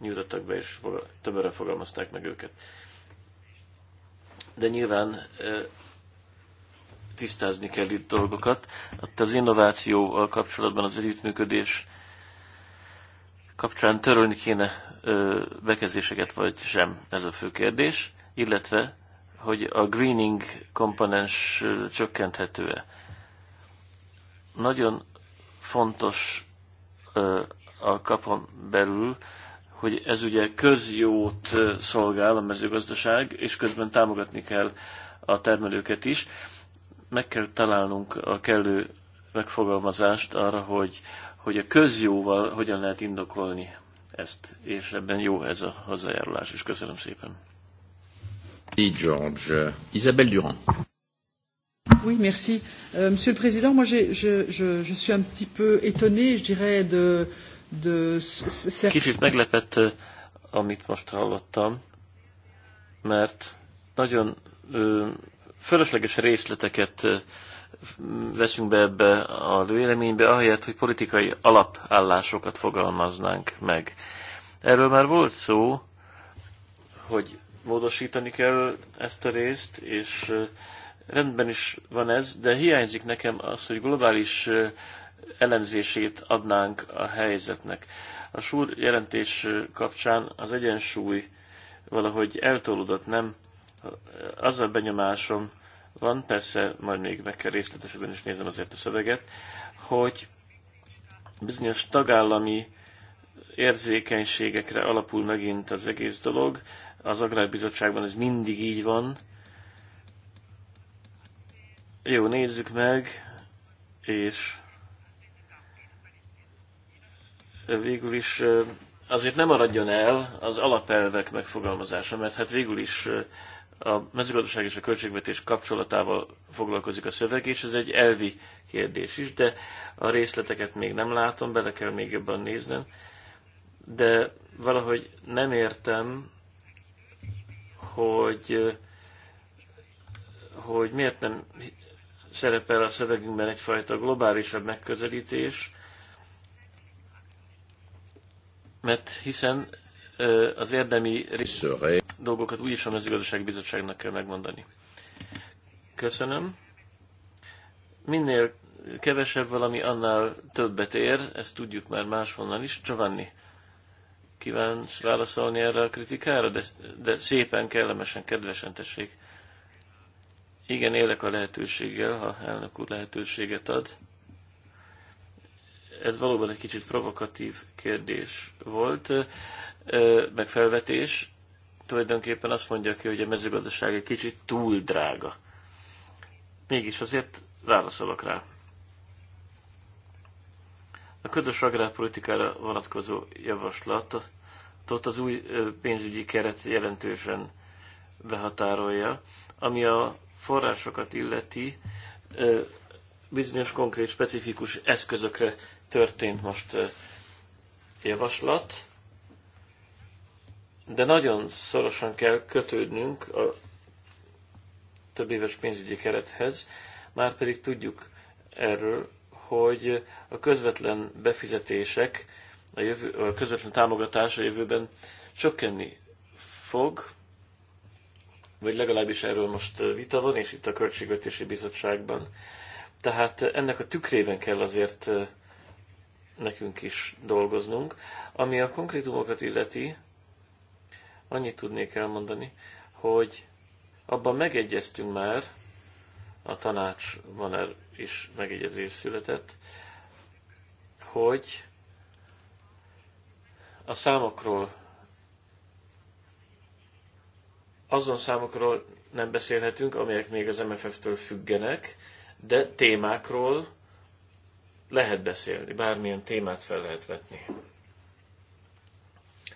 nyújtottak be, és tömören fogalmazták meg őket. De nyilván tisztázni kell itt dolgokat. Hát az innovációval kapcsolatban az együttműködés kapcsán törölni kéne bekezdéseket, vagy sem, ez a fő kérdés, illetve hogy a greening komponens csökkenthető-e. Nagyon fontos a kapon belül, hogy ez ugye közjót szolgál a mezőgazdaság, és közben támogatni kell a termelőket is. Meg kell találnunk a kellő megfogalmazást arra, hogy, hogy a közjóval hogyan lehet indokolni ezt, és ebben jó ez a hozzájárulás is. Köszönöm szépen. Merci, George. Isabelle Durand. Oui, merci. Euh, Monsieur le Président, moi je, je, je suis un petit peu étonné, je dirais, de... de Kicsit meglepett, euh, amit most hallottam, mert nagyon ö, fölösleges részleteket ö, veszünk be ebbe a véleménybe, ahelyett, hogy politikai alapállásokat fogalmaznánk meg. Erről már volt szó, hogy módosítani kell ezt a részt, és rendben is van ez, de hiányzik nekem az, hogy globális elemzését adnánk a helyzetnek. A súr jelentés kapcsán az egyensúly valahogy eltolódott, nem? Az a benyomásom van, persze majd még meg kell részletesebben is nézem azért a szöveget, hogy bizonyos tagállami érzékenységekre alapul megint az egész dolog, az Agrárbizottságban ez mindig így van. Jó, nézzük meg, és végül is azért nem maradjon el az alapelvek megfogalmazása, mert hát végül is a mezőgazdaság és a költségvetés kapcsolatával foglalkozik a szöveg, és ez egy elvi kérdés is, de a részleteket még nem látom, bele kell még jobban néznem, de valahogy nem értem, hogy, hogy miért nem szerepel a szövegünkben egyfajta globálisabb megközelítés, mert hiszen az érdemi dolgokat úgyis a az bizottságnak kell megmondani. Köszönöm. Minél kevesebb valami, annál többet ér, ezt tudjuk már máshonnan is. Giovanni kívánsz válaszolni erre a kritikára, de, de szépen, kellemesen, kedvesen tessék. Igen, élek a lehetőséggel, ha elnök úr lehetőséget ad. Ez valóban egy kicsit provokatív kérdés volt, meg felvetés. Tulajdonképpen azt mondja ki, hogy a mezőgazdaság egy kicsit túl drága. Mégis azért válaszolok rá. A közös agrárpolitikára vonatkozó javaslatot az új pénzügyi keret jelentősen behatárolja, ami a forrásokat illeti, bizonyos konkrét, specifikus eszközökre történt most javaslat, de nagyon szorosan kell kötődnünk a több éves pénzügyi kerethez, már pedig tudjuk erről, hogy a közvetlen befizetések, a, jövő, a közvetlen támogatás a jövőben csökkenni fog, vagy legalábbis erről most vita van, és itt a Költségvetési Bizottságban. Tehát ennek a tükrében kell azért nekünk is dolgoznunk. Ami a konkrétumokat illeti, annyit tudnék elmondani, hogy abban megegyeztünk már, a tanács van er- is megegyezés született, hogy a számokról, azon számokról nem beszélhetünk, amelyek még az MFF-től függenek, de témákról lehet beszélni, bármilyen témát fel lehet vetni.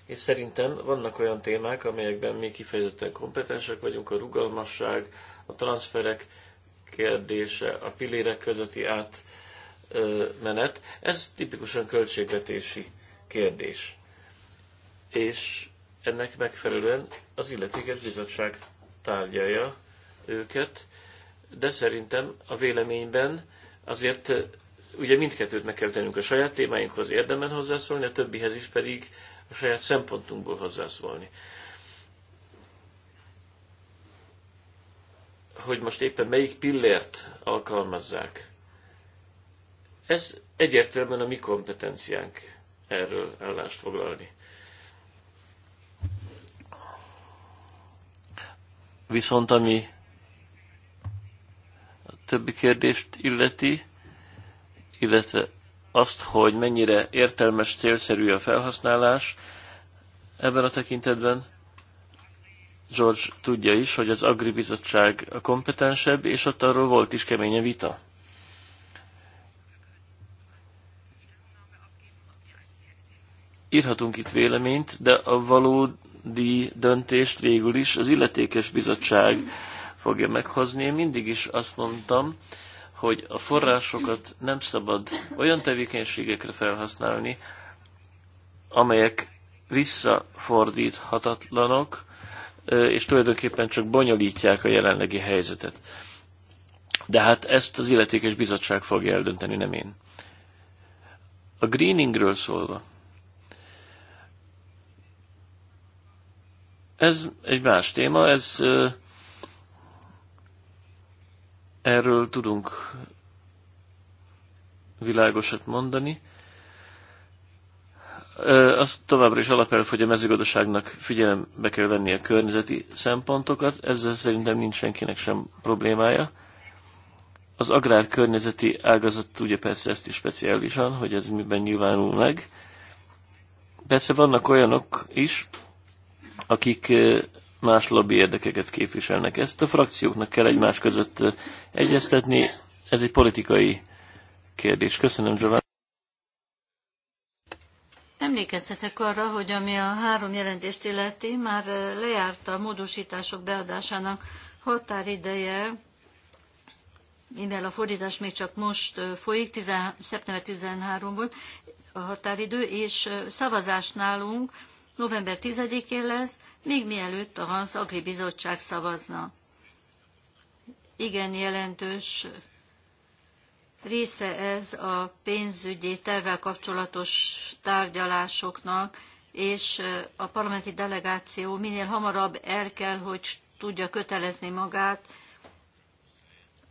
És szerintem vannak olyan témák, amelyekben mi kifejezetten kompetensek vagyunk, a rugalmasság, a transferek, kérdése, a pillérek közötti átmenet, ez tipikusan költségvetési kérdés. És ennek megfelelően az illetékes bizottság tárgyalja őket, de szerintem a véleményben azért ugye mindkettőt meg kell tennünk a saját témáinkhoz érdemben hozzászólni, a többihez is pedig a saját szempontunkból hozzászólni. hogy most éppen melyik pillért alkalmazzák. Ez egyértelműen a mi kompetenciánk erről állást foglalni. Viszont ami a többi kérdést illeti, illetve azt, hogy mennyire értelmes, célszerű a felhasználás ebben a tekintetben, George tudja is, hogy az Agri Bizottság a kompetensebb, és ott arról volt is keménye vita. Írhatunk itt véleményt, de a valódi döntést végül is az illetékes bizottság fogja meghozni. Én mindig is azt mondtam, hogy a forrásokat nem szabad olyan tevékenységekre felhasználni, amelyek visszafordíthatatlanok, és tulajdonképpen csak bonyolítják a jelenlegi helyzetet. De hát ezt az illetékes bizottság fogja eldönteni, nem én. A greeningről szólva, ez egy más téma, ez erről tudunk világosat mondani az továbbra is alapelv, hogy a mezőgazdaságnak figyelembe kell venni a környezeti szempontokat, ezzel szerintem nincs senkinek sem problémája. Az agrárkörnyezeti ágazat ugye persze ezt is speciálisan, hogy ez miben nyilvánul meg. Persze vannak olyanok is, akik más lobby érdekeket képviselnek. Ezt a frakcióknak kell egymás között egyeztetni, ez egy politikai kérdés. Köszönöm, Giovanni. Emlékeztetek arra, hogy ami a három jelentést illeti, már lejárt a módosítások beadásának határideje, mivel a fordítás még csak most folyik, 10, szeptember 13 volt a határidő, és szavazás nálunk november 10-én lesz, még mielőtt a Hans Agri Bizottság szavazna. Igen jelentős része ez a pénzügyi tervvel kapcsolatos tárgyalásoknak, és a parlamenti delegáció minél hamarabb el kell, hogy tudja kötelezni magát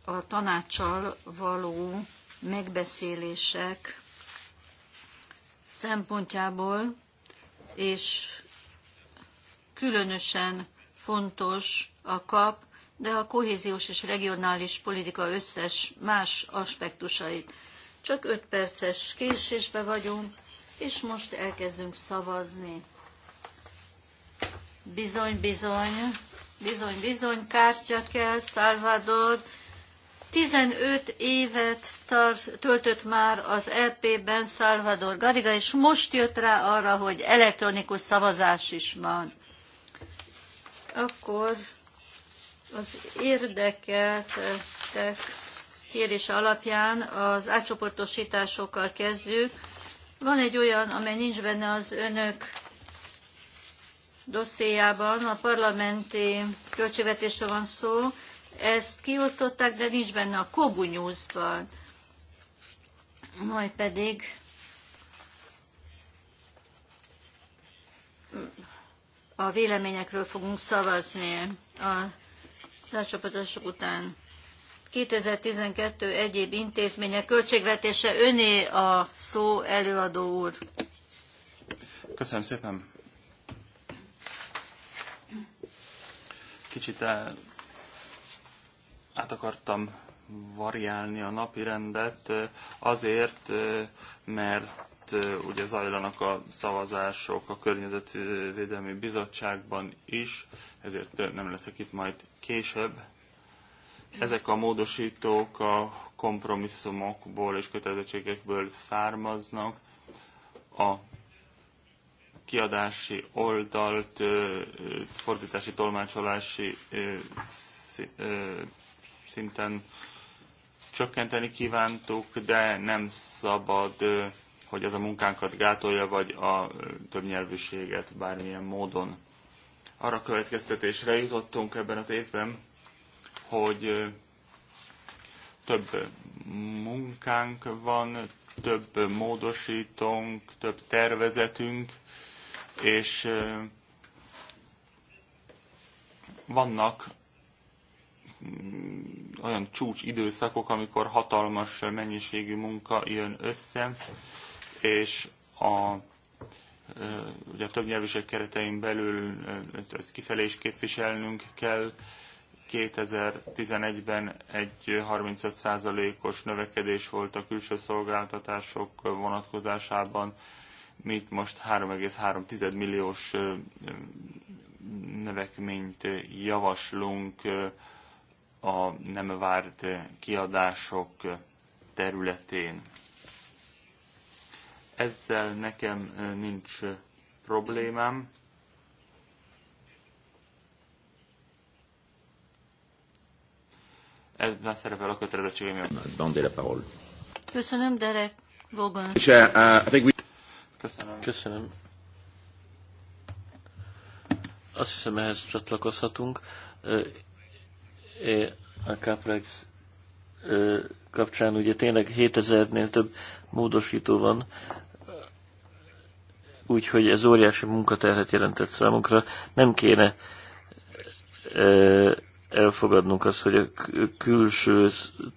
a tanácssal való megbeszélések szempontjából, és különösen fontos a kap de a kohéziós és regionális politika összes más aspektusait. Csak öt perces késésbe vagyunk, és most elkezdünk szavazni. Bizony, bizony, bizony, bizony, kártya kell, Salvador. 15 évet tart, töltött már az EP-ben Salvador Gariga, és most jött rá arra, hogy elektronikus szavazás is van. Akkor az érdekeltek kérése alapján az átcsoportosításokkal kezdjük. Van egy olyan, amely nincs benne az önök dosszéjában, a parlamenti költségvetésre van szó, ezt kiosztották, de nincs benne a Kobu News-ban. Majd pedig a véleményekről fogunk szavazni. A lecsapatások után. 2012 egyéb intézmények költségvetése öné a szó előadó úr. Köszönöm szépen. Kicsit el, át akartam variálni a napi rendet azért, mert ugye zajlanak a szavazások a Környezetvédelmi Bizottságban is, ezért nem leszek itt majd később ezek a módosítók a kompromisszumokból és kötelezettségekből származnak. A kiadási oldalt, fordítási, tolmácsolási szinten csökkenteni kívántuk, de nem szabad, hogy ez a munkánkat gátolja, vagy a többnyelvűséget bármilyen módon arra következtetésre jutottunk ebben az évben, hogy több munkánk van, több módosítónk, több tervezetünk, és vannak mm, olyan csúcs időszakok, amikor hatalmas mennyiségű munka jön össze, és a ugye a többnyelvűség keretein belül ezt kifelé is képviselnünk kell. 2011-ben egy 35%-os növekedés volt a külső szolgáltatások vonatkozásában, mit most 3,3 milliós növekményt javaslunk a nem várt kiadások területén. Ezzel nekem nincs problémám. Ebben szerepel a kötelezettségem. Köszönöm, Derek Vogan. Köszönöm. Köszönöm. Azt hiszem, ehhez csatlakozhatunk. A Caprex kapcsán ugye tényleg 7000-nél több módosító van, úgyhogy ez óriási munkaterhet jelentett számunkra. Nem kéne elfogadnunk azt, hogy a külső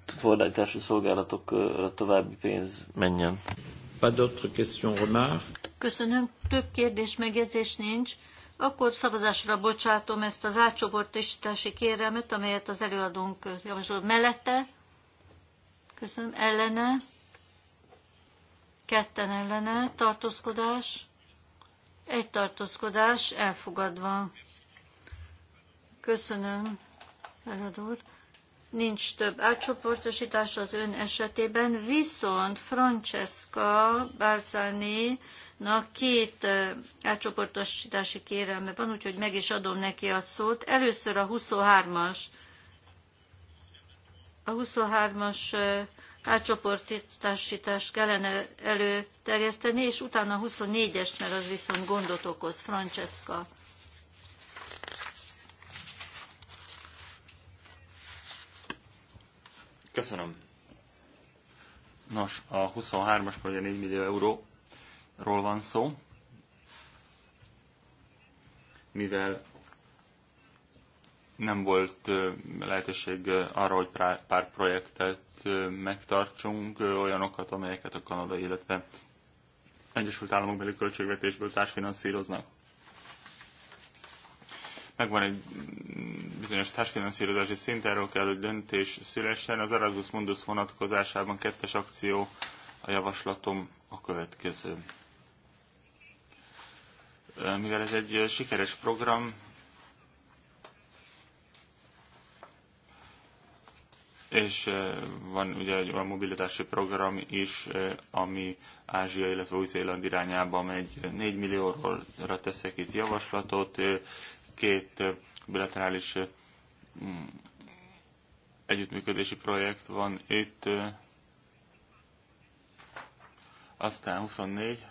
fordítási szolgálatokra további pénz menjen. Köszönöm, több kérdés, megjegyzés nincs. Akkor szavazásra bocsátom ezt az átcsoportosítási kérelmet, amelyet az előadónk javasol mellette. Köszönöm, ellene ketten ellene tartózkodás, egy tartózkodás elfogadva. Köszönöm, előadó úr. Nincs több átcsoportosítás az ön esetében, viszont Francesca balzani na két átcsoportosítási kérelme van, úgyhogy meg is adom neki a szót. Először a 23-as. A 23-as átcsoportosítást kellene előterjeszteni, és utána 24-est, mert az viszont gondot okoz, Francesca. Köszönöm. Nos, a 23-as vagy a 4 millió euróról van szó, mivel nem volt lehetőség arra, hogy pár projektet megtartsunk, olyanokat, amelyeket a Kanada, illetve Egyesült Államok beli költségvetésből társfinanszíroznak. Megvan egy bizonyos társfinanszírozási szint, erről kell, hogy döntés szülessen. Az Erasmus Mundus vonatkozásában kettes akció a javaslatom a következő. Mivel ez egy sikeres program, És van ugye egy olyan mobilitási program is, ami Ázsia, illetve Új-Zéland irányába megy. 4 millióról teszek itt javaslatot, két bilaterális együttműködési projekt van itt, aztán 24,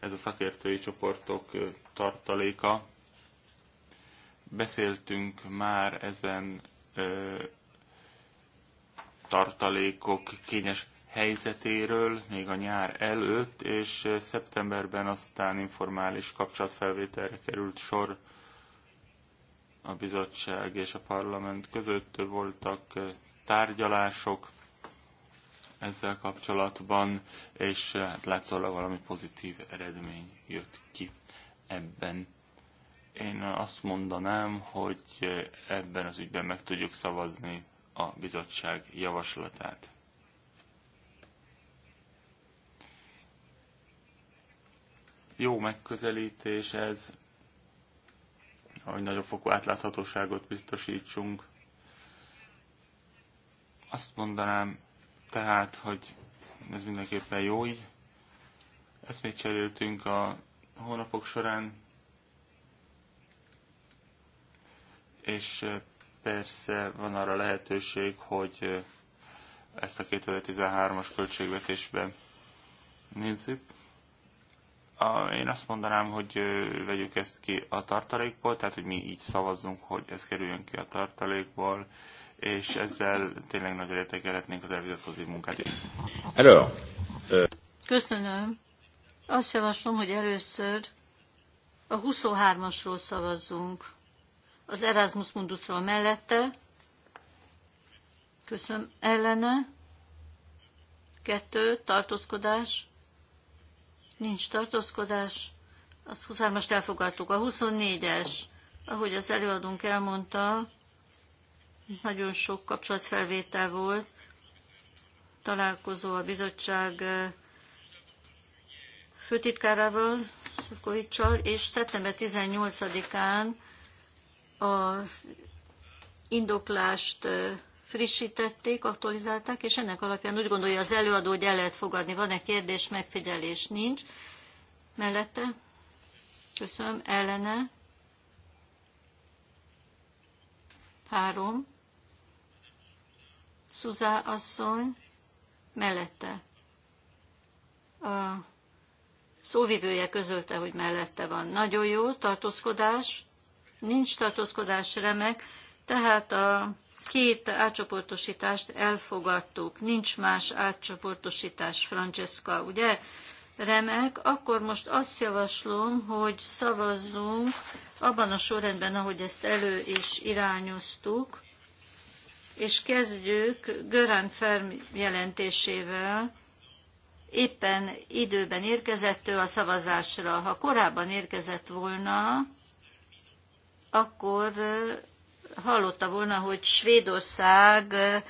ez a szakértői csoportok tartaléka, Beszéltünk már ezen ö, tartalékok kényes helyzetéről még a nyár előtt, és szeptemberben aztán informális kapcsolatfelvételre került sor a bizottság és a parlament között. Voltak tárgyalások ezzel kapcsolatban, és hát látszólag valami pozitív eredmény jött ki ebben. Én azt mondanám, hogy ebben az ügyben meg tudjuk szavazni a bizottság javaslatát. Jó megközelítés ez, hogy nagyobb fokú átláthatóságot biztosítsunk. Azt mondanám tehát, hogy ez mindenképpen jó így. Ezt még cseréltünk a hónapok során, és persze van arra lehetőség, hogy ezt a 2013-as költségvetésben nézzük. A, én azt mondanám, hogy vegyük ezt ki a tartalékból, tehát hogy mi így szavazzunk, hogy ez kerüljön ki a tartalékból, és ezzel tényleg nagyra értékelhetnénk az elvizetkozó munkát. Hello. Köszönöm. Azt javaslom, hogy először a 23-asról szavazzunk az Erasmus Mundusról mellette, köszönöm, ellene, kettő, tartózkodás, nincs tartózkodás, az 23-ast elfogadtuk. A 24-es, ahogy az előadónk elmondta, nagyon sok kapcsolatfelvétel volt, találkozó a bizottság főtitkárával, Sofkovicsal, és szeptember 18-án az indoklást frissítették, aktualizálták, és ennek alapján úgy gondolja az előadó, hogy el lehet fogadni. Van-e kérdés, megfigyelés? Nincs. Mellette? Köszönöm. Ellene? Három. Szuzá asszony? Mellette. A szóvivője közölte, hogy mellette van. Nagyon jó, tartózkodás nincs tartózkodás remek, tehát a két átcsoportosítást elfogadtuk, nincs más átcsoportosítás, Francesca, ugye? Remek, akkor most azt javaslom, hogy szavazzunk abban a sorrendben, ahogy ezt elő is irányoztuk, és kezdjük Görán Ferm jelentésével, éppen időben érkezett ő a szavazásra. Ha korábban érkezett volna, akkor hallotta volna, hogy Svédországot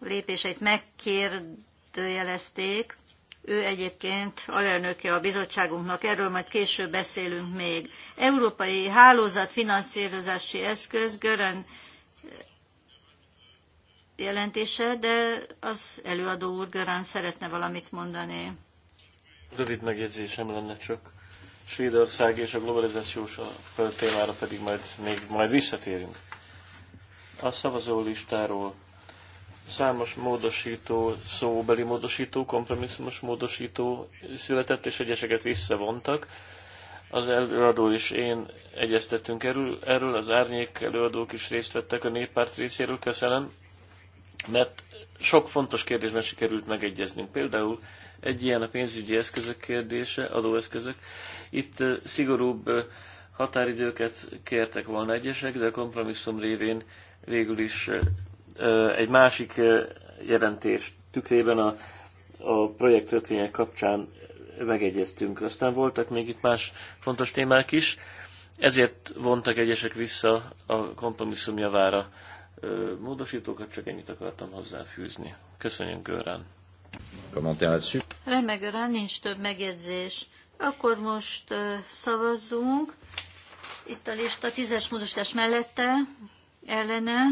lépéseit megkérdőjelezték. Ő egyébként alelnöke a bizottságunknak, erről majd később beszélünk még. Európai Hálózat finanszírozási eszköz, Görön jelentése, de az előadó úr Görön szeretne valamit mondani. Rövid megjegyzésem lenne csak Svédország és a globalizációs témára pedig majd, még majd visszatérünk. A szavazólistáról számos módosító, szóbeli módosító, kompromisszumos módosító született, és egyeseket visszavontak. Az előadó és én egyeztettünk erről, erről az árnyék előadók is részt vettek a néppárt részéről, köszönöm, mert sok fontos kérdésben sikerült megegyeznünk. Például egy ilyen a pénzügyi eszközök kérdése, adóeszközök. Itt szigorúbb határidőket kértek volna egyesek, de a kompromisszum révén végül is egy másik jelentés tükrében a, a projektkötvények kapcsán megegyeztünk. Aztán voltak még itt más fontos témák is, ezért vontak egyesek vissza a kompromisszum javára módosítókat, csak ennyit akartam hozzáfűzni. Köszönjük, Görán! Remegőre nincs több megjegyzés. Akkor most szavazzunk. Itt a lista tízes módosítás mellette, ellene.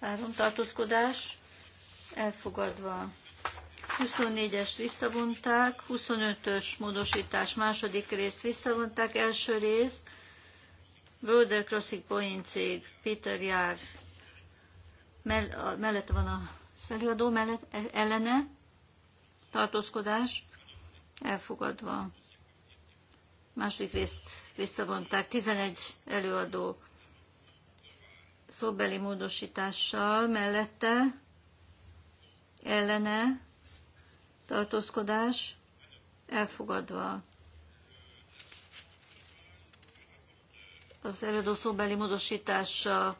Három tartózkodás elfogadva. 24-est visszavonták, 25-ös módosítás második részt visszavonták, első rész Border Crossing cég, Peter jár mell- a, mellette van a előadó mellett, e, ellene tartózkodás elfogadva. Második részt visszavonták. 11 előadó szóbeli módosítással mellette ellene tartózkodás elfogadva. Az előadó szóbeli módosítása,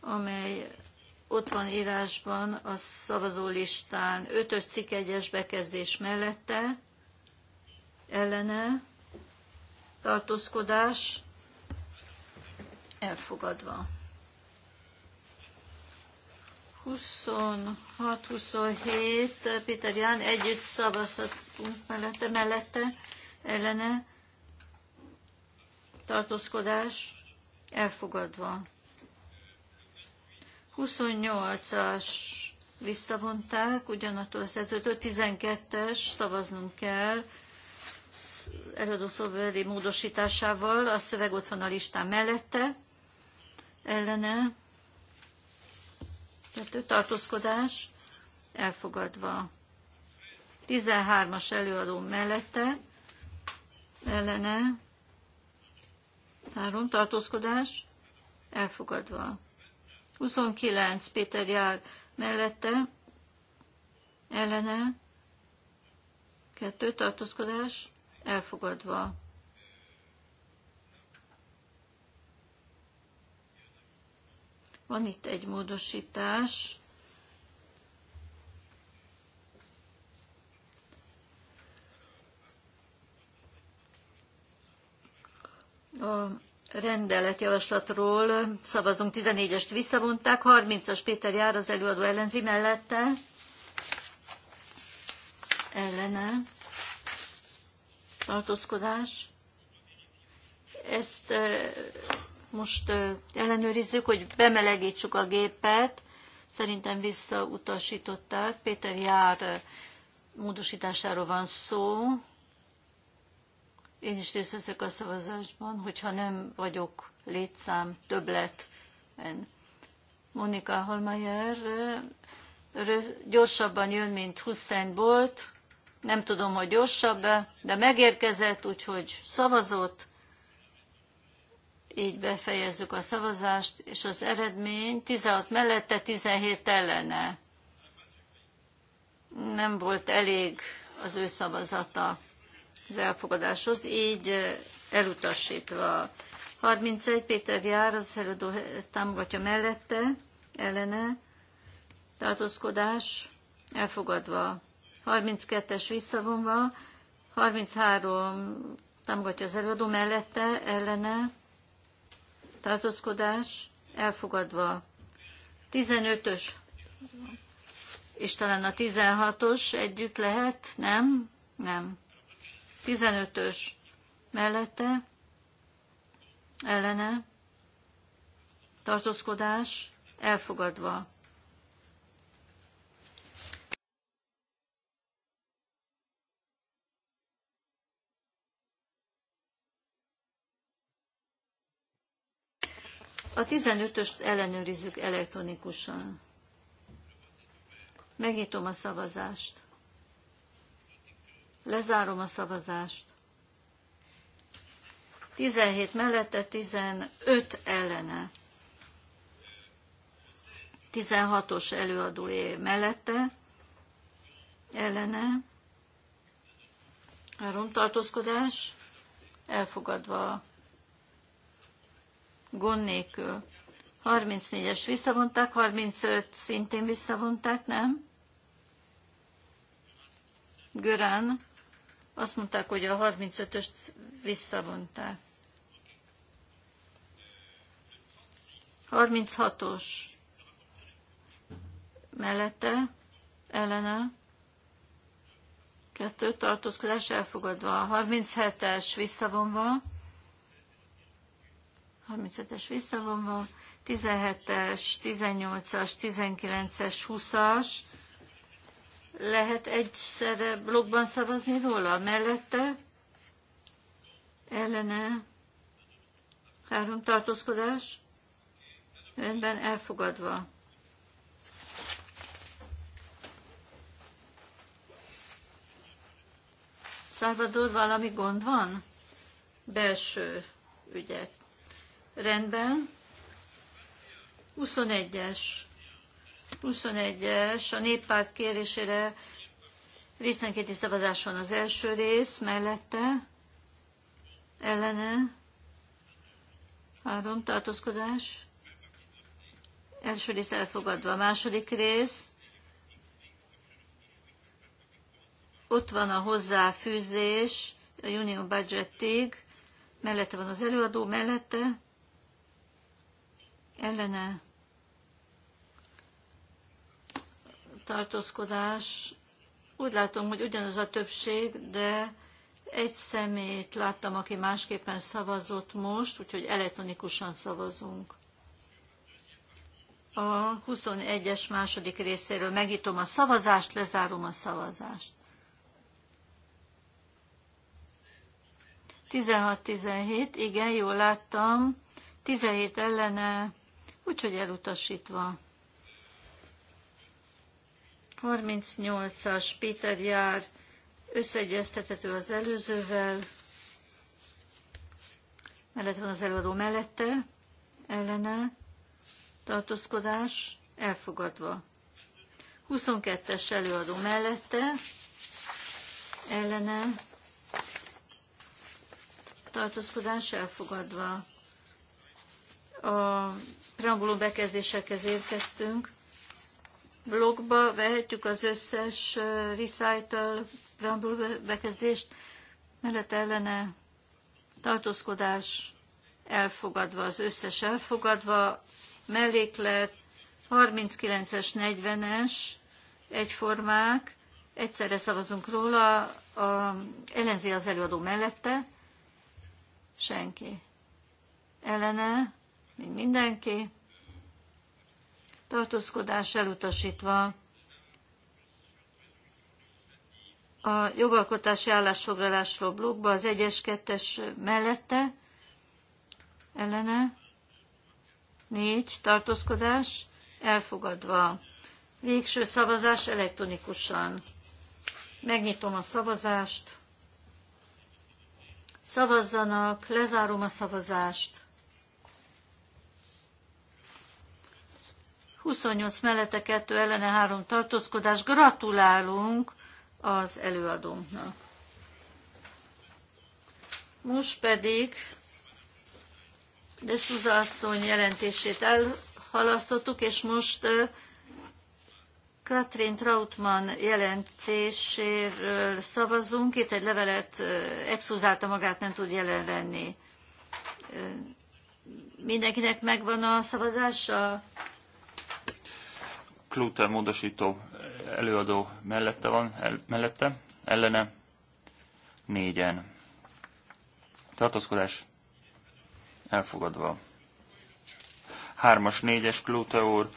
amely ott van írásban a szavazólistán 5-ös cikk 1 bekezdés mellette, ellene, tartózkodás, elfogadva. 26-27, Péter Ján, együtt szavazhatunk mellette, mellette, ellene, tartózkodás, elfogadva. 28-as visszavonták, ugyanattól a szerzőtől 12-es szavaznunk kell eladó módosításával. A szöveg ott van a listán mellette, ellene, kettő tartózkodás, elfogadva. 13-as előadó mellette, ellene, három tartózkodás, elfogadva. 29 Péter jár mellette, ellene, kettő tartózkodás, elfogadva. Van itt egy módosítás. A rendeletjavaslatról szavazunk. 14-est visszavonták, 30-as Péter Jár az előadó ellenzi mellette. Ellene. Tartózkodás. Ezt most ellenőrizzük, hogy bemelegítsük a gépet. Szerintem visszautasították. Péter Jár módosításáról van szó. Én is részt veszek a szavazásban, hogyha nem vagyok létszám többlet. Monika Halmayer gyorsabban jön, mint Hussein Bolt. Nem tudom, hogy gyorsabb-e, de megérkezett, úgyhogy szavazott. Így befejezzük a szavazást, és az eredmény 16 mellette, 17 ellene. Nem volt elég az ő szavazata az elfogadáshoz, így elutasítva. 31 Péter jár, az előadó támogatja mellette, ellene, tartózkodás, elfogadva. 32-es visszavonva, 33 támogatja az előadó mellette, ellene, tartózkodás, elfogadva. 15-ös és talán a 16-os együtt lehet, nem? Nem. 15-ös mellette ellene tartózkodás elfogadva. A 15-öst ellenőrizzük elektronikusan. Megnyitom a szavazást. Lezárom a szavazást. 17 mellette, 15 ellene. 16-os előadóé mellette, ellene. Három tartózkodás, elfogadva gond nélkül. 34-es visszavonták, 35 szintén visszavonták, nem? Görán azt mondták, hogy a 35-öst visszavonták. 36-os mellette, ellene, kettő tartózkodás elfogadva, 37-es visszavonva, 37-es visszavonva, 17-es, 18-as, 19-es, 20-as, lehet egyszerre blogban szavazni róla? Mellette? Ellene? Három tartózkodás? Rendben, elfogadva. Szálvador, valami gond van? Belső ügyek. Rendben. 21-es 21-es a néppárt kérésére részenkéti szavazás van az első rész, mellette, ellene, három tartózkodás, első rész elfogadva, a második rész, ott van a hozzáfűzés a Union Budgetig, mellette van az előadó, mellette, ellene, tartózkodás. Úgy látom, hogy ugyanaz a többség, de egy szemét láttam, aki másképpen szavazott most, úgyhogy elektronikusan szavazunk. A 21-es második részéről megítom a szavazást, lezárom a szavazást. 16-17, igen, jól láttam, 17 ellene, úgyhogy elutasítva. 38-as Péter Jár összeegyeztethető az előzővel, mellett van az előadó mellette, ellene, tartózkodás, elfogadva. 22-es előadó mellette, ellene, tartózkodás elfogadva. A preambuló bekezdésekhez érkeztünk blogba vehetjük az összes recital preambul bekezdést, mellett ellene tartózkodás elfogadva, az összes elfogadva, melléklet 39-es, 40-es egyformák, egyszerre szavazunk róla, a, ellenzi az előadó mellette, senki. Ellene, mint mindenki, tartózkodás elutasítva. A jogalkotási állásfoglalásról blokkba az 1-es, 2-es mellette, ellene, 4 tartózkodás elfogadva. Végső szavazás elektronikusan. Megnyitom a szavazást. Szavazzanak, lezárom a szavazást. 28 mellette 2 ellene 3 tartózkodás. Gratulálunk az előadónknak. Most pedig de Szuza asszony jelentését elhalasztottuk, és most Katrin Trautmann jelentéséről szavazunk. Itt egy levelet exúzálta magát, nem tud jelen lenni. Mindenkinek megvan a szavazása? Klute módosító előadó mellette van, el, mellette, ellene, négyen. Tartózkodás elfogadva. Hármas, négyes Klute úr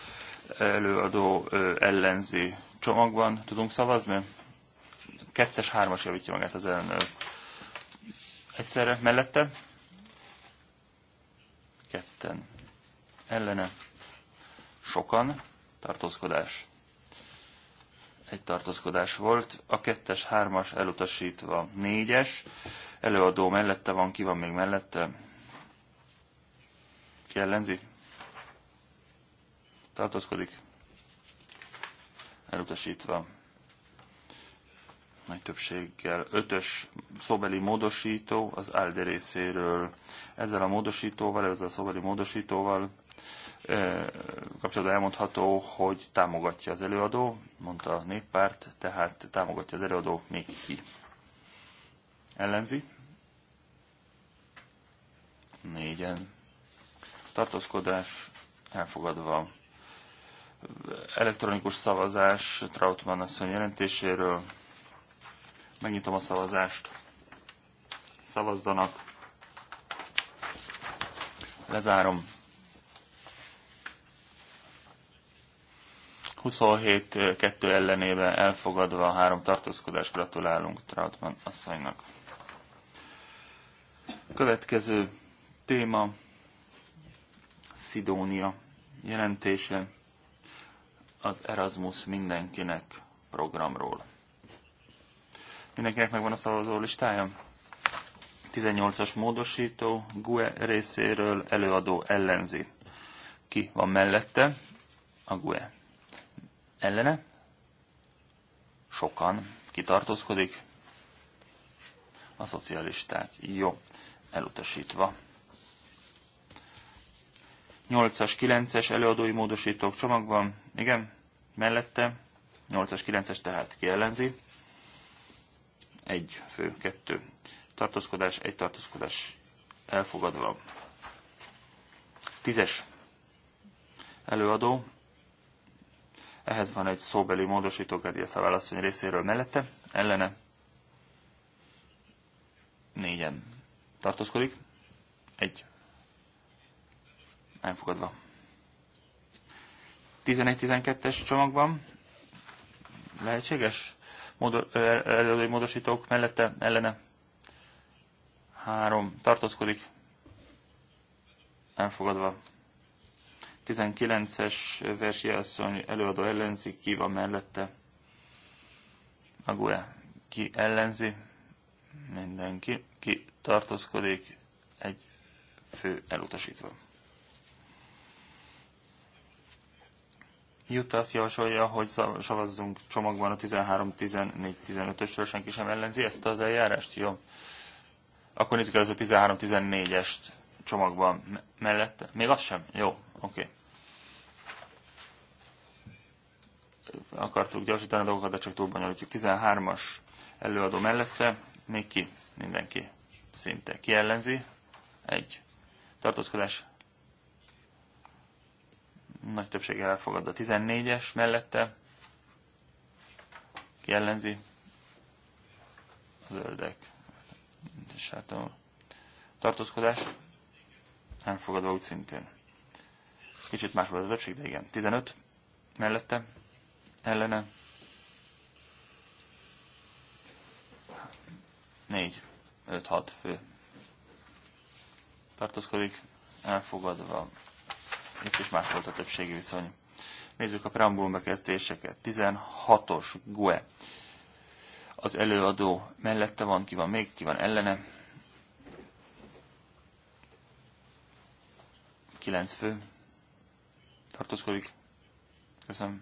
előadó ellenzi csomagban. Tudunk szavazni? Kettes, hármas javítja magát az elnök. Egyszerre mellette? Ketten. Ellene? Sokan tartózkodás. Egy tartózkodás volt, a kettes, hármas elutasítva, négyes, előadó mellette van, ki van még mellette? Ki ellenzi? Tartózkodik. Elutasítva. Nagy többséggel. Ötös szobeli módosító az ALDE részéről. Ezzel a módosítóval, ezzel a szobeli módosítóval kapcsolatban elmondható, hogy támogatja az előadó, mondta a néppárt, tehát támogatja az előadó, még ki ellenzi. Négyen. Tartózkodás elfogadva. Elektronikus szavazás Trautmann asszony jelentéséről. Megnyitom a szavazást. Szavazzanak. Lezárom. 27-2 ellenében elfogadva a három tartózkodás gratulálunk Trautmann asszonynak. Következő téma Szidónia jelentése az Erasmus mindenkinek programról. Mindenkinek megvan a szavazó listája? 18-as módosító, GUE részéről előadó ellenzi. Ki van mellette? A GUE ellene, sokan, kitartózkodik, a szocialisták, jó, elutasítva. 8-as, 9-es előadói módosítók csomagban, igen, mellette, 8-as, 9-es tehát kiellenzi, egy fő, kettő, tartózkodás, egy tartózkodás elfogadva. 10-es előadó ehhez van egy szóbeli módosító Gadia Faválasszony részéről mellette, ellene. Négyen tartózkodik. Egy. Elfogadva. 11-12-es csomagban lehetséges előadói módosítók mellette ellene. Három tartózkodik. Elfogadva. 19-es asszony előadó ellenzi, ki van mellette. Ague, ki ellenzi? Mindenki. Ki tartózkodik? Egy fő elutasítva. Jutta azt javasolja, hogy szavazzunk csomagban a 13, 14, 15-ösről, senki sem ellenzi ezt az eljárást? Jó. Akkor nézzük el az a 13, 14-est csomagban mellette. Még az sem? Jó, oké. Okay. akartuk gyorsítani a dolgokat, de csak túl bonyolítjuk. 13-as előadó mellette, még ki? Mindenki. Szinte. kiellenzi Egy. Tartózkodás. Nagy többséggel a 14-es mellette. Kiellenzi. ellenzi? Zöldek. Hát tartózkodás. Elfogadva úgy szintén. Kicsit más volt a többség, de igen. 15 mellette ellene. Négy, öt, hat fő tartózkodik, elfogadva. Itt is más volt a többségi viszony. Nézzük a preambulum bekezdéseket. 16-os GUE. Az előadó mellette van, ki van még, ki van ellene. 9 fő tartózkodik. Köszönöm.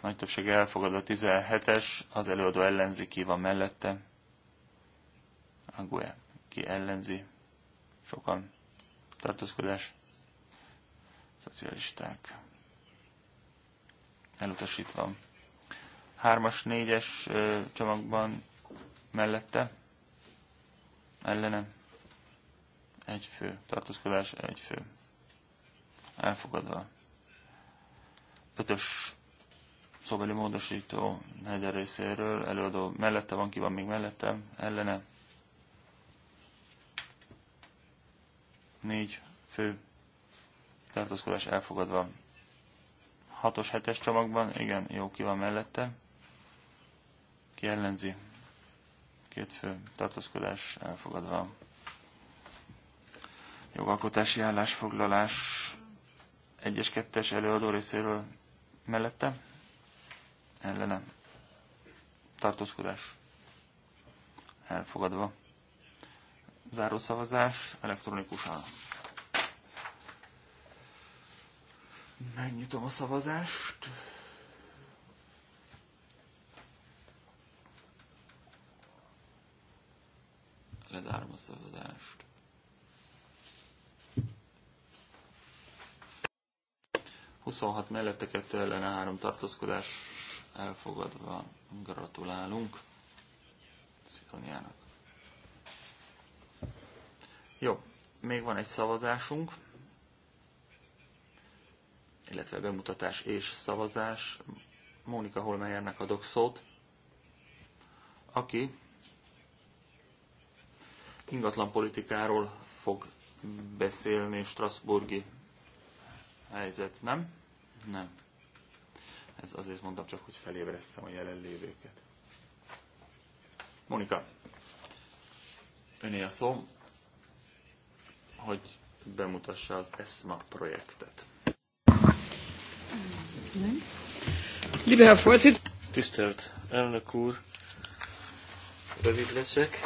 Nagy többség a 17-es, az előadó ellenzi, ki van mellette. Ague, ki ellenzi. Sokan. Tartózkodás. Szocialisták. Elutasítva. 3-as, 4-es csomagban mellette. Ellenem. Egy fő. Tartózkodás, egy fő. Elfogadva. 5-ös szóbeli módosító Hegyer részéről, előadó mellette van, ki van még mellette, ellene. Négy fő tartózkodás elfogadva. 6-os, 7-es csomagban, igen, jó, ki van mellette. Ki ellenzi? Két fő tartózkodás elfogadva. Jogalkotási állásfoglalás 1-es, 2-es előadó részéről mellette ellene tartózkodás elfogadva. Záró szavazás elektronikusan. Megnyitom a szavazást. Lezárom a szavazást. Huszonhat mellette kettő ellene három tartózkodás elfogadva. Gratulálunk Szitoniának. Jó, még van egy szavazásunk, illetve bemutatás és szavazás. Mónika Holmeyernek adok szót, aki ingatlan politikáról fog beszélni, Strasburgi helyzet, nem? Nem. Ez azért mondtam csak, hogy felébresszem a jelenlévőket. Monika, öné a szó, hogy bemutassa az ESMA projektet. Tisztelt elnök úr, rövid leszek,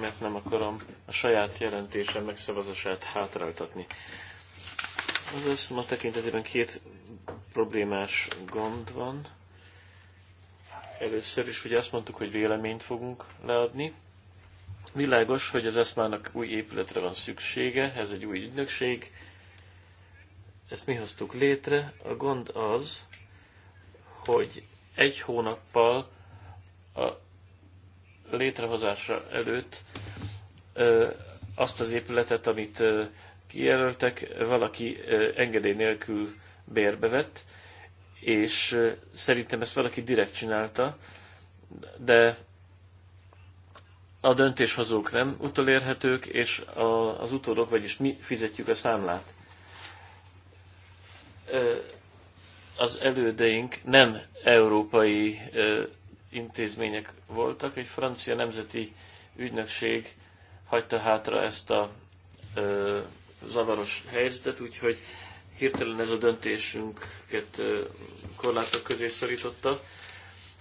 mert nem akarom a saját jelentésem megszavazását hátráltatni. Az ESMA tekintetében két problémás gond van. Először is ugye azt mondtuk, hogy véleményt fogunk leadni. Világos, hogy az eszmának új épületre van szüksége, ez egy új ügynökség. Ezt mi hoztuk létre. A gond az, hogy egy hónappal a létrehozása előtt ö, azt az épületet, amit ö, kijelöltek, valaki engedély nélkül bérbe vett, és szerintem ezt valaki direkt csinálta, de a döntéshozók nem utolérhetők, és a, az utódok, vagyis mi fizetjük a számlát. Az elődeink nem európai intézmények voltak, egy francia nemzeti ügynökség hagyta hátra ezt a zavaros helyzetet, úgyhogy hirtelen ez a döntésünket korlátok közé szorította.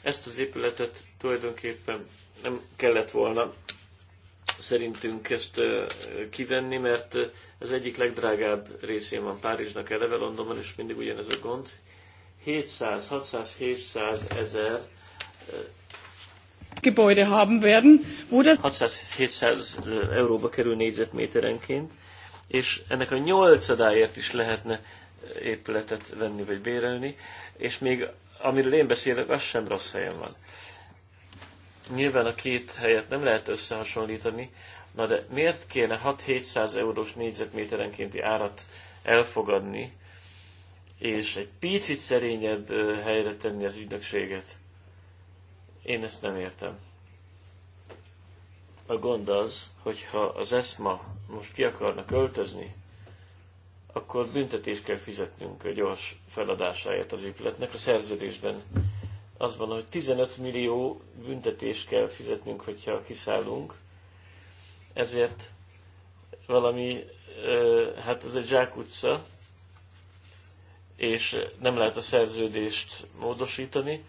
Ezt az épületet tulajdonképpen nem kellett volna szerintünk ezt kivenni, mert ez egyik legdrágább részén van Párizsnak, eleve Londonban is mindig ugyanez a gond. 700, 600, 700 ezer Gebäude haben werden, wo das 600-700 Euro kerül négyzetméterenként, és ennek a nyolcadáért is lehetne eh, épületet venni vagy bérelni, és még amiről én beszélek, az sem rossz helyen van. Nyilván a két helyet nem lehet összehasonlítani, na de miért kéne 6-700 eurós négyzetméterenkénti árat elfogadni, és egy picit szerényebb eh, helyre tenni az ügynökséget? Én ezt nem értem. A gond az, hogyha az ESMA most ki akarna költözni, akkor büntetést kell fizetnünk a gyors feladásáért az épületnek. A szerződésben az van, hogy 15 millió büntetést kell fizetnünk, hogyha kiszállunk. Ezért valami, hát ez egy zsákutca, és nem lehet a szerződést módosítani.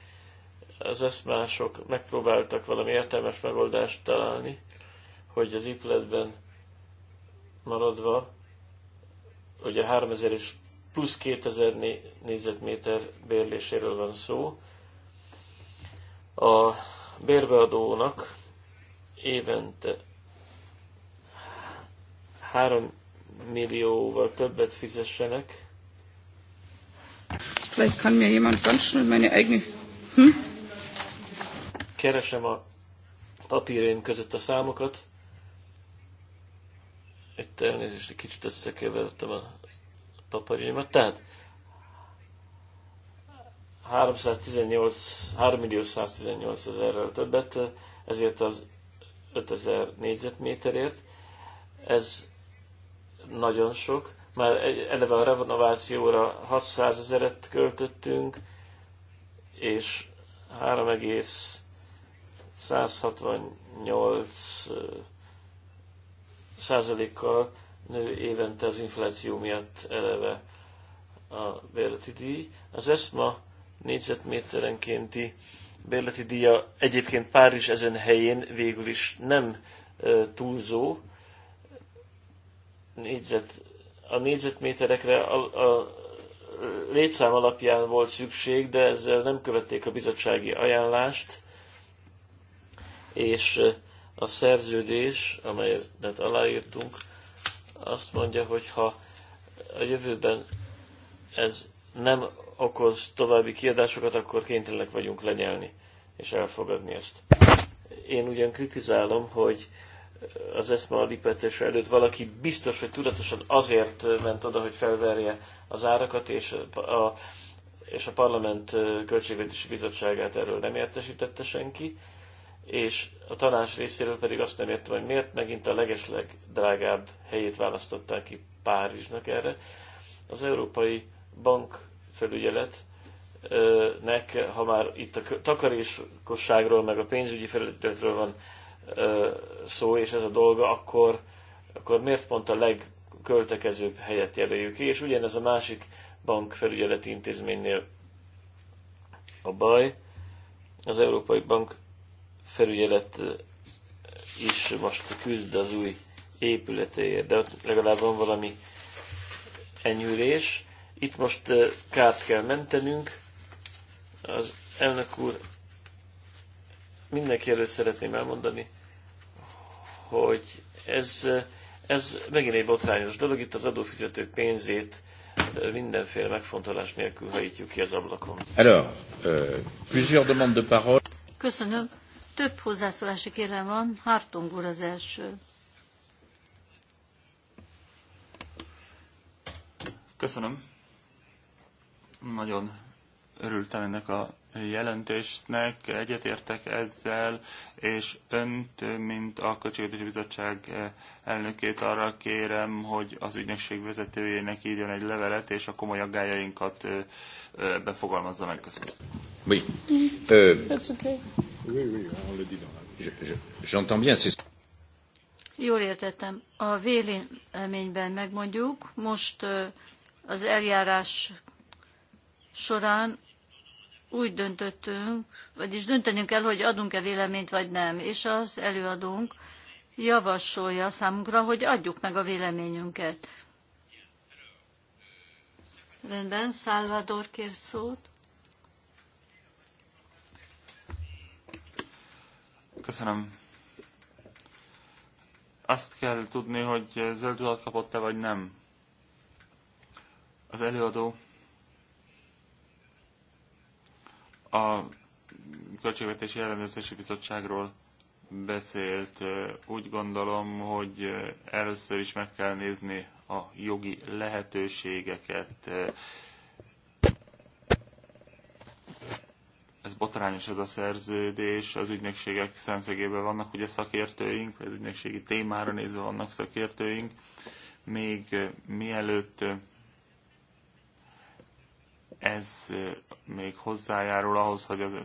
Az eszmások megpróbáltak valami értelmes megoldást találni, hogy az épületben maradva, ugye 3000 és plusz 2000 négyzetméter bérléséről van szó, a bérbeadónak évente 3 millióval többet fizessenek. Vielleicht kann mir jemand ganz schnell meine eigene... Hm? Keresem a papírén között a számokat itt elnézést, egy kicsit összekevertem a paparjaimat. Tehát 318, 3 millió ezerrel többet, ezért az 5000 négyzetméterért. Ez nagyon sok. Már eleve a renovációra 600 ezeret költöttünk, és 3,168 százalékkal nő évente az infláció miatt eleve a bérleti díj. Az ESMA négyzetméterenkénti bérleti díja egyébként Párizs ezen helyén végül is nem túlzó. Négyzet, a négyzetméterekre a, a létszám alapján volt szükség, de ezzel nem követték a bizottsági ajánlást, és a szerződés, amelyet aláírtunk, azt mondja, hogy ha a jövőben ez nem okoz további kiadásokat, akkor kénytelenek vagyunk lenyelni és elfogadni ezt. Én ugyan kritizálom, hogy az eszme a előtt valaki biztos, hogy tudatosan azért ment oda, hogy felverje az árakat, és a, és a parlament költségvetési bizottságát erről nem értesítette senki, és a tanács részéről pedig azt nem értem, hogy miért megint a legesleg drágább helyét választották ki Párizsnak erre. Az Európai Bank felügyeletnek, ha már itt a takarékosságról, meg a pénzügyi felügyeletről van szó, és ez a dolga, akkor, akkor miért pont a legköltekezőbb helyet jelöljük ki, és ugyanez a másik bank felügyeleti intézménynél a baj. Az Európai Bank felügyelet is most küzd az új épületéért, de legalább van valami enyhülés. Itt most kárt kell mentenünk. Az elnök úr mindenki előtt szeretném elmondani, hogy ez, ez megint egy botrányos dolog, itt az adófizetők pénzét mindenféle megfontolás nélkül hajítjuk ki az ablakon. Alors, euh, plusieurs demandes de parole. Köszönöm. Több hozzászólási kérem van. Hartung úr az első. Köszönöm. Nagyon örültem ennek a jelentésnek, egyetértek ezzel, és önt, mint a Költségvetési Bizottság elnökét arra kérem, hogy az ügynökség vezetőjének írjon egy levelet, és a komoly aggájainkat befogalmazza meg. Köszönöm. Oui. Mm. Euh, That's okay. Oui, oui, on le dit dans la... J'entends bien, c'est... Jól értettem. A véleményben megmondjuk, most az eljárás során úgy döntöttünk, vagyis döntenünk kell, hogy adunk-e véleményt, vagy nem. És az előadónk javasolja számunkra, hogy adjuk meg a véleményünket. Rendben, Szálvador kér szót. Köszönöm. Azt kell tudni, hogy zöld utat kapott-e vagy nem. Az előadó a Költségvetési Ellenőrzési Bizottságról beszélt. Úgy gondolom, hogy először is meg kell nézni a jogi lehetőségeket, botrányos ez a szerződés, az ügynökségek szemszögében vannak ugye szakértőink, az ügynökségi témára nézve vannak szakértőink. Még eh, mielőtt eh, ez eh, még hozzájárul ahhoz, hogy az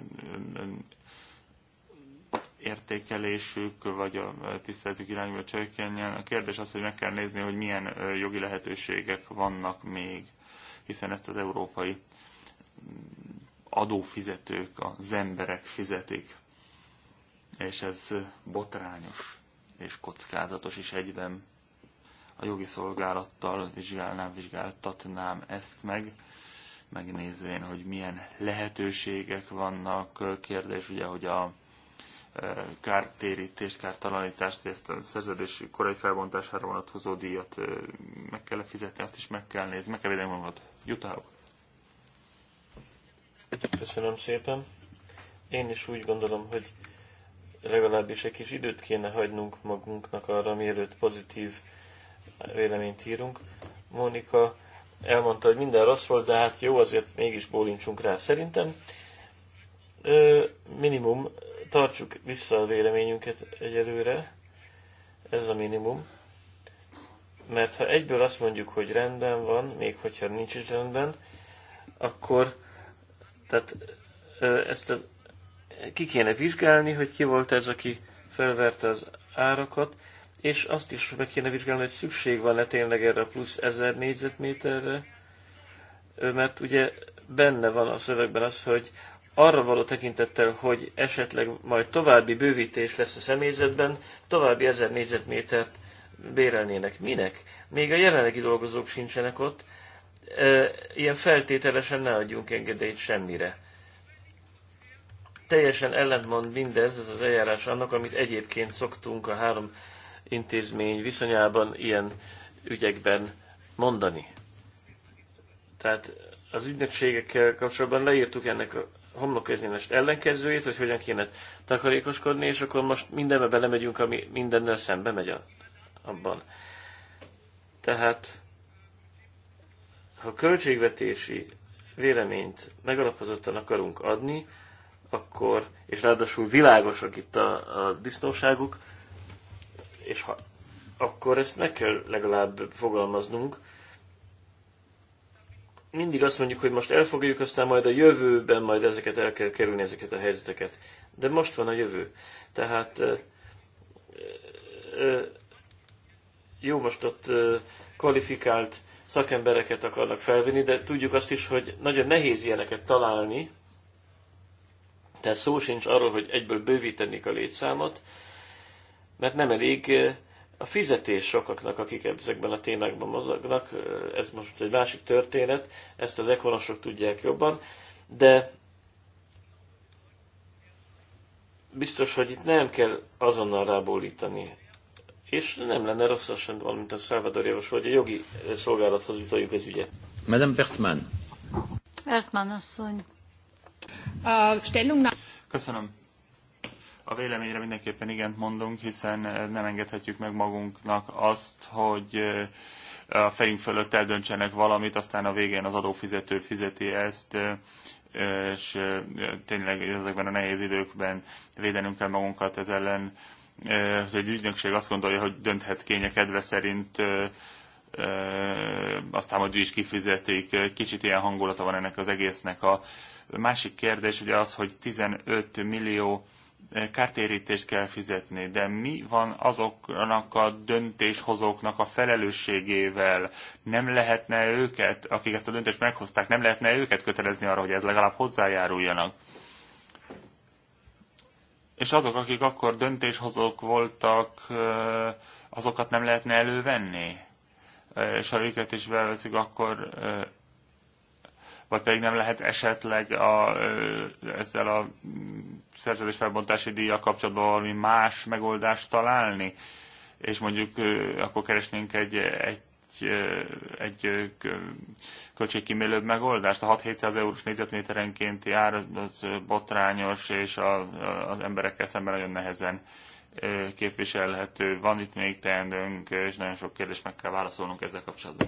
értékelésük, vagy a tiszteletük irányba csökkenjen. A kérdés az, hogy meg kell nézni, hogy milyen jogi lehetőségek vannak még, hiszen ezt az európai adófizetők, az emberek fizetik. És ez botrányos és kockázatos is egyben. A jogi szolgálattal vizsgálnám, vizsgáltatnám ezt meg, megnézvén, hogy milyen lehetőségek vannak. Kérdés ugye, hogy a e, kártérítést, kártalanítást, ezt a szerződés korai felbontására vonatkozó díjat e, meg kell fizetni, azt is meg kell nézni, meg kell védeni magad, Jutálok! Köszönöm szépen. Én is úgy gondolom, hogy legalábbis egy kis időt kéne hagynunk magunknak arra, mielőtt pozitív véleményt írunk. Mónika elmondta, hogy minden rossz volt, de hát jó, azért mégis bólincsunk rá. Szerintem ö, minimum tartsuk vissza a véleményünket egyelőre, ez a minimum. Mert ha egyből azt mondjuk, hogy rendben van, még hogyha nincs is rendben, akkor tehát ezt a, ki kéne vizsgálni, hogy ki volt ez, aki felverte az árakat, és azt is meg kéne vizsgálni, hogy szükség van-e tényleg erre a plusz ezer négyzetméterre, mert ugye benne van a szövegben az, hogy arra való tekintettel, hogy esetleg majd további bővítés lesz a személyzetben, további ezer négyzetmétert bérelnének. Minek? Még a jelenlegi dolgozók sincsenek ott, ilyen feltételesen ne adjunk engedélyt semmire. Teljesen ellentmond mindez, ez az eljárás annak, amit egyébként szoktunk a három intézmény viszonyában ilyen ügyekben mondani. Tehát az ügynökségekkel kapcsolatban leírtuk ennek a homlokezénes ellenkezőjét, hogy hogyan kéne takarékoskodni, és akkor most mindenbe belemegyünk, ami mindennel szembe megy a, abban. Tehát ha költségvetési véleményt megalapozottan akarunk adni, akkor, és ráadásul világosak itt a, a disznóságuk, és ha, akkor ezt meg kell legalább fogalmaznunk. Mindig azt mondjuk, hogy most elfogjuk, aztán majd a jövőben majd ezeket el kell kerülni, ezeket a helyzeteket. De most van a jövő. Tehát ö, ö, jó, most ott ö, kvalifikált szakembereket akarnak felvinni, de tudjuk azt is, hogy nagyon nehéz ilyeneket találni, tehát szó sincs arról, hogy egyből bővítenék a létszámot, mert nem elég eh, a fizetés sokaknak, akik ezekben a témákban mozognak, eh, ez most egy másik történet, ezt az ekonosok tudják jobban, de biztos, hogy itt nem kell azonnal rábólítani és nem lenne rossz sem valamint a Salvador javasol, hogy a jogi szolgálathoz utaljuk az ügyet. Madame Wertmann. Wertmann asszony. Uh, stellungnál... Köszönöm. A véleményre mindenképpen igent mondunk, hiszen eh, nem engedhetjük meg magunknak azt, hogy eh, a fejünk fölött eldöntsenek valamit, aztán a végén az adófizető fizeti ezt, eh, és tényleg ezekben a nehéz időkben védenünk kell magunkat ez ellen hogy egy ügynökség azt gondolja, hogy dönthet kénye kedve szerint, aztán majd ő is kifizetik. Kicsit ilyen hangulata van ennek az egésznek. A másik kérdés ugye az, hogy 15 millió kártérítést kell fizetni, de mi van azoknak a döntéshozóknak a felelősségével? Nem lehetne őket, akik ezt a döntést meghozták, nem lehetne őket kötelezni arra, hogy ez legalább hozzájáruljanak? és azok, akik akkor döntéshozók voltak, azokat nem lehetne elővenni? És ha őket is beveszik, akkor vagy pedig nem lehet esetleg a, ezzel a mm, szerződés felbontási díja kapcsolatban valami más megoldást találni, és mondjuk akkor keresnénk egy, egy egy, egy költségkímélőbb megoldást. A 6-700 eurós négyzetméterenkénti ár az botrányos, és a, az emberekkel szemben nagyon nehezen képviselhető. Van itt még teendőnk, és nagyon sok kérdést meg kell válaszolnunk ezzel kapcsolatban.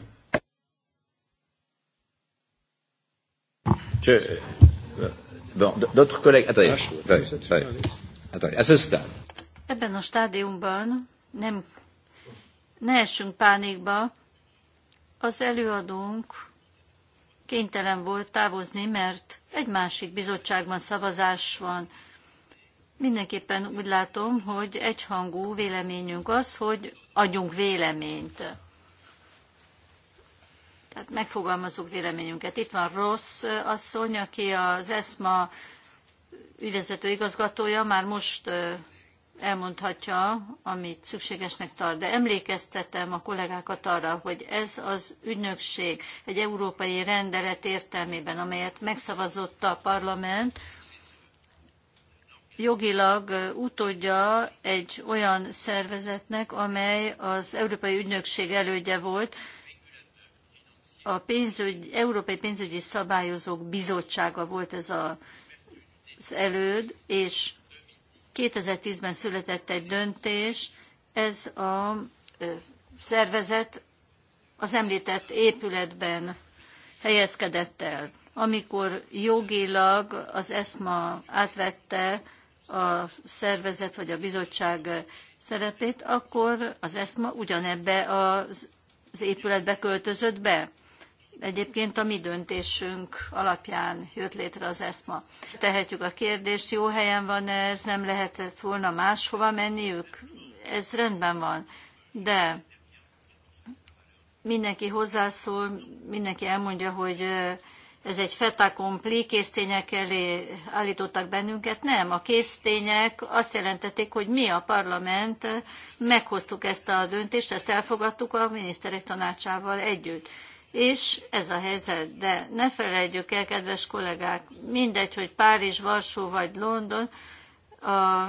Je... Bon, d'autres collègues, ah, attendez, attendez, attendez, à ce stade. Ebben a stádiumban nem ne essünk pánikba, az előadónk kénytelen volt távozni, mert egy másik bizottságban szavazás van. Mindenképpen úgy látom, hogy egyhangú véleményünk az, hogy adjunk véleményt. Tehát megfogalmazunk véleményünket. Itt van Rossz asszony, aki az ESMA ügyvezető igazgatója, már most elmondhatja, amit szükségesnek tart. De emlékeztetem a kollégákat arra, hogy ez az ügynökség egy európai rendelet értelmében, amelyet megszavazott a parlament, jogilag utódja egy olyan szervezetnek, amely az Európai Ügynökség elődje volt, a pénzügy, Európai Pénzügyi Szabályozók Bizottsága volt ez a, az előd, és 2010-ben született egy döntés, ez a szervezet az említett épületben helyezkedett el. Amikor jogilag az ESMA átvette a szervezet vagy a bizottság szerepét, akkor az ESMA ugyanebbe az épületbe költözött be. Egyébként a mi döntésünk alapján jött létre az ESZMA. Tehetjük a kérdést, jó helyen van -e, ez, nem lehetett volna máshova menniük? Ez rendben van, de mindenki hozzászól, mindenki elmondja, hogy ez egy fetakompli, késztények elé állítottak bennünket. Nem, a késztények azt jelentették, hogy mi a parlament meghoztuk ezt a döntést, ezt elfogadtuk a miniszterek tanácsával együtt és ez a helyzet. De ne felejtjük el, kedves kollégák, mindegy, hogy Párizs, Varsó vagy London, a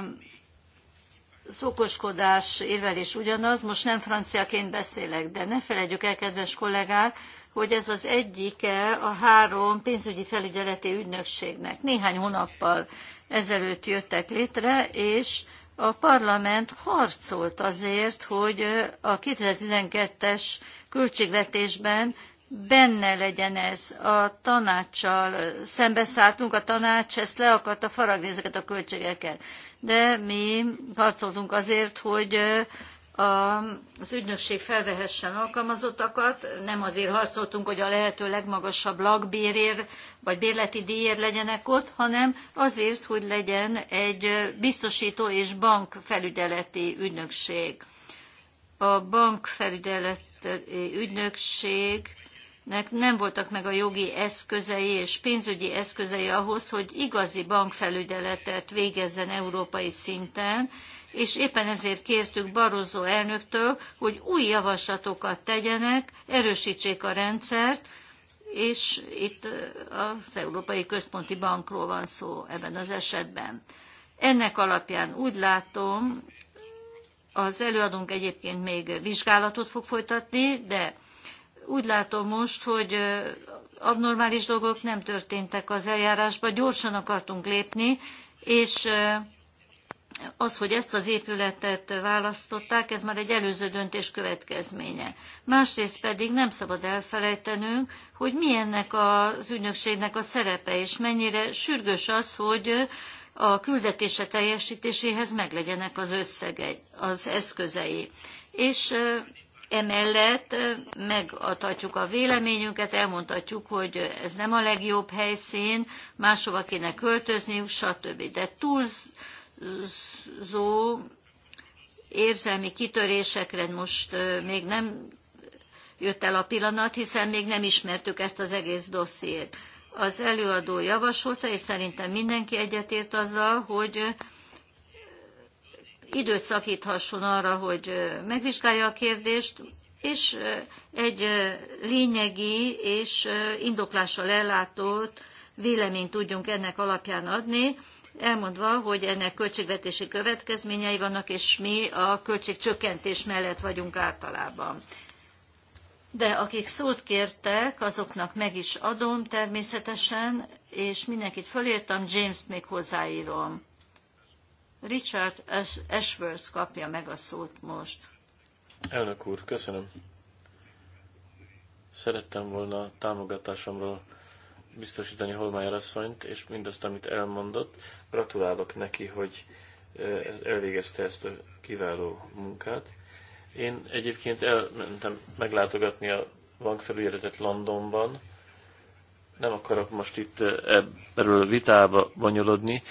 szokoskodás is ugyanaz, most nem franciaként beszélek, de ne felejtjük el, kedves kollégák, hogy ez az egyike a három pénzügyi felügyeleti ügynökségnek. Néhány hónappal ezelőtt jöttek létre, és a parlament harcolt azért, hogy a 2012-es költségvetésben benne legyen ez. A tanácssal szembeszálltunk, a tanács ezt le akarta faragni ezeket a költségeket. De mi harcoltunk azért, hogy a az ügynökség felvehessen alkalmazottakat, nem azért harcoltunk, hogy a lehető legmagasabb lakbérér vagy bérleti díjért legyenek ott, hanem azért, hogy legyen egy biztosító és bankfelügyeleti ügynökség. A bankfelügyeleti ügynökség nek nem voltak meg a jogi eszközei és pénzügyi eszközei ahhoz, hogy igazi bankfelügyeletet végezzen európai szinten, és éppen ezért kértük Barozó elnöktől, hogy új javaslatokat tegyenek, erősítsék a rendszert, és itt eh, az Európai Központi Bankról van szó ebben az esetben. Ennek alapján úgy látom, az előadónk egyébként még vizsgálatot fog folytatni, de úgy látom most, hogy abnormális dolgok nem történtek az eljárásban, gyorsan akartunk lépni, és az, hogy ezt az épületet választották, ez már egy előző döntés következménye. Másrészt pedig nem szabad elfelejtenünk, hogy milyennek az ügynökségnek a szerepe, és mennyire sürgős az, hogy a küldetése teljesítéséhez meglegyenek az összegei, az eszközei. És Emellett megadhatjuk a véleményünket, elmondhatjuk, hogy ez nem a legjobb helyszín, máshova kéne költözni, stb. De túlzó érzelmi kitörésekre most még nem jött el a pillanat, hiszen még nem ismertük ezt az egész dossziét. Az előadó javasolta, és szerintem mindenki egyetért azzal, hogy időt szakíthasson arra, hogy megvizsgálja a kérdést, és egy lényegi és indoklással ellátott véleményt tudjunk ennek alapján adni, elmondva, hogy ennek költségvetési következményei vannak, és mi a költségcsökkentés mellett vagyunk általában. De akik szót kértek, azoknak meg is adom természetesen, és mindenkit fölírtam, James-t még hozzáírom. Richard Ashworth kapja meg a szót most. Elnök úr, köszönöm. Szerettem volna támogatásomról biztosítani Holmájer asszonyt, és mindazt, amit elmondott. Gratulálok neki, hogy elvégezte ezt a kiváló munkát. Én egyébként elmentem meglátogatni a bankfelügyeletet Londonban. Nem akarok most itt erről vitába bonyolodni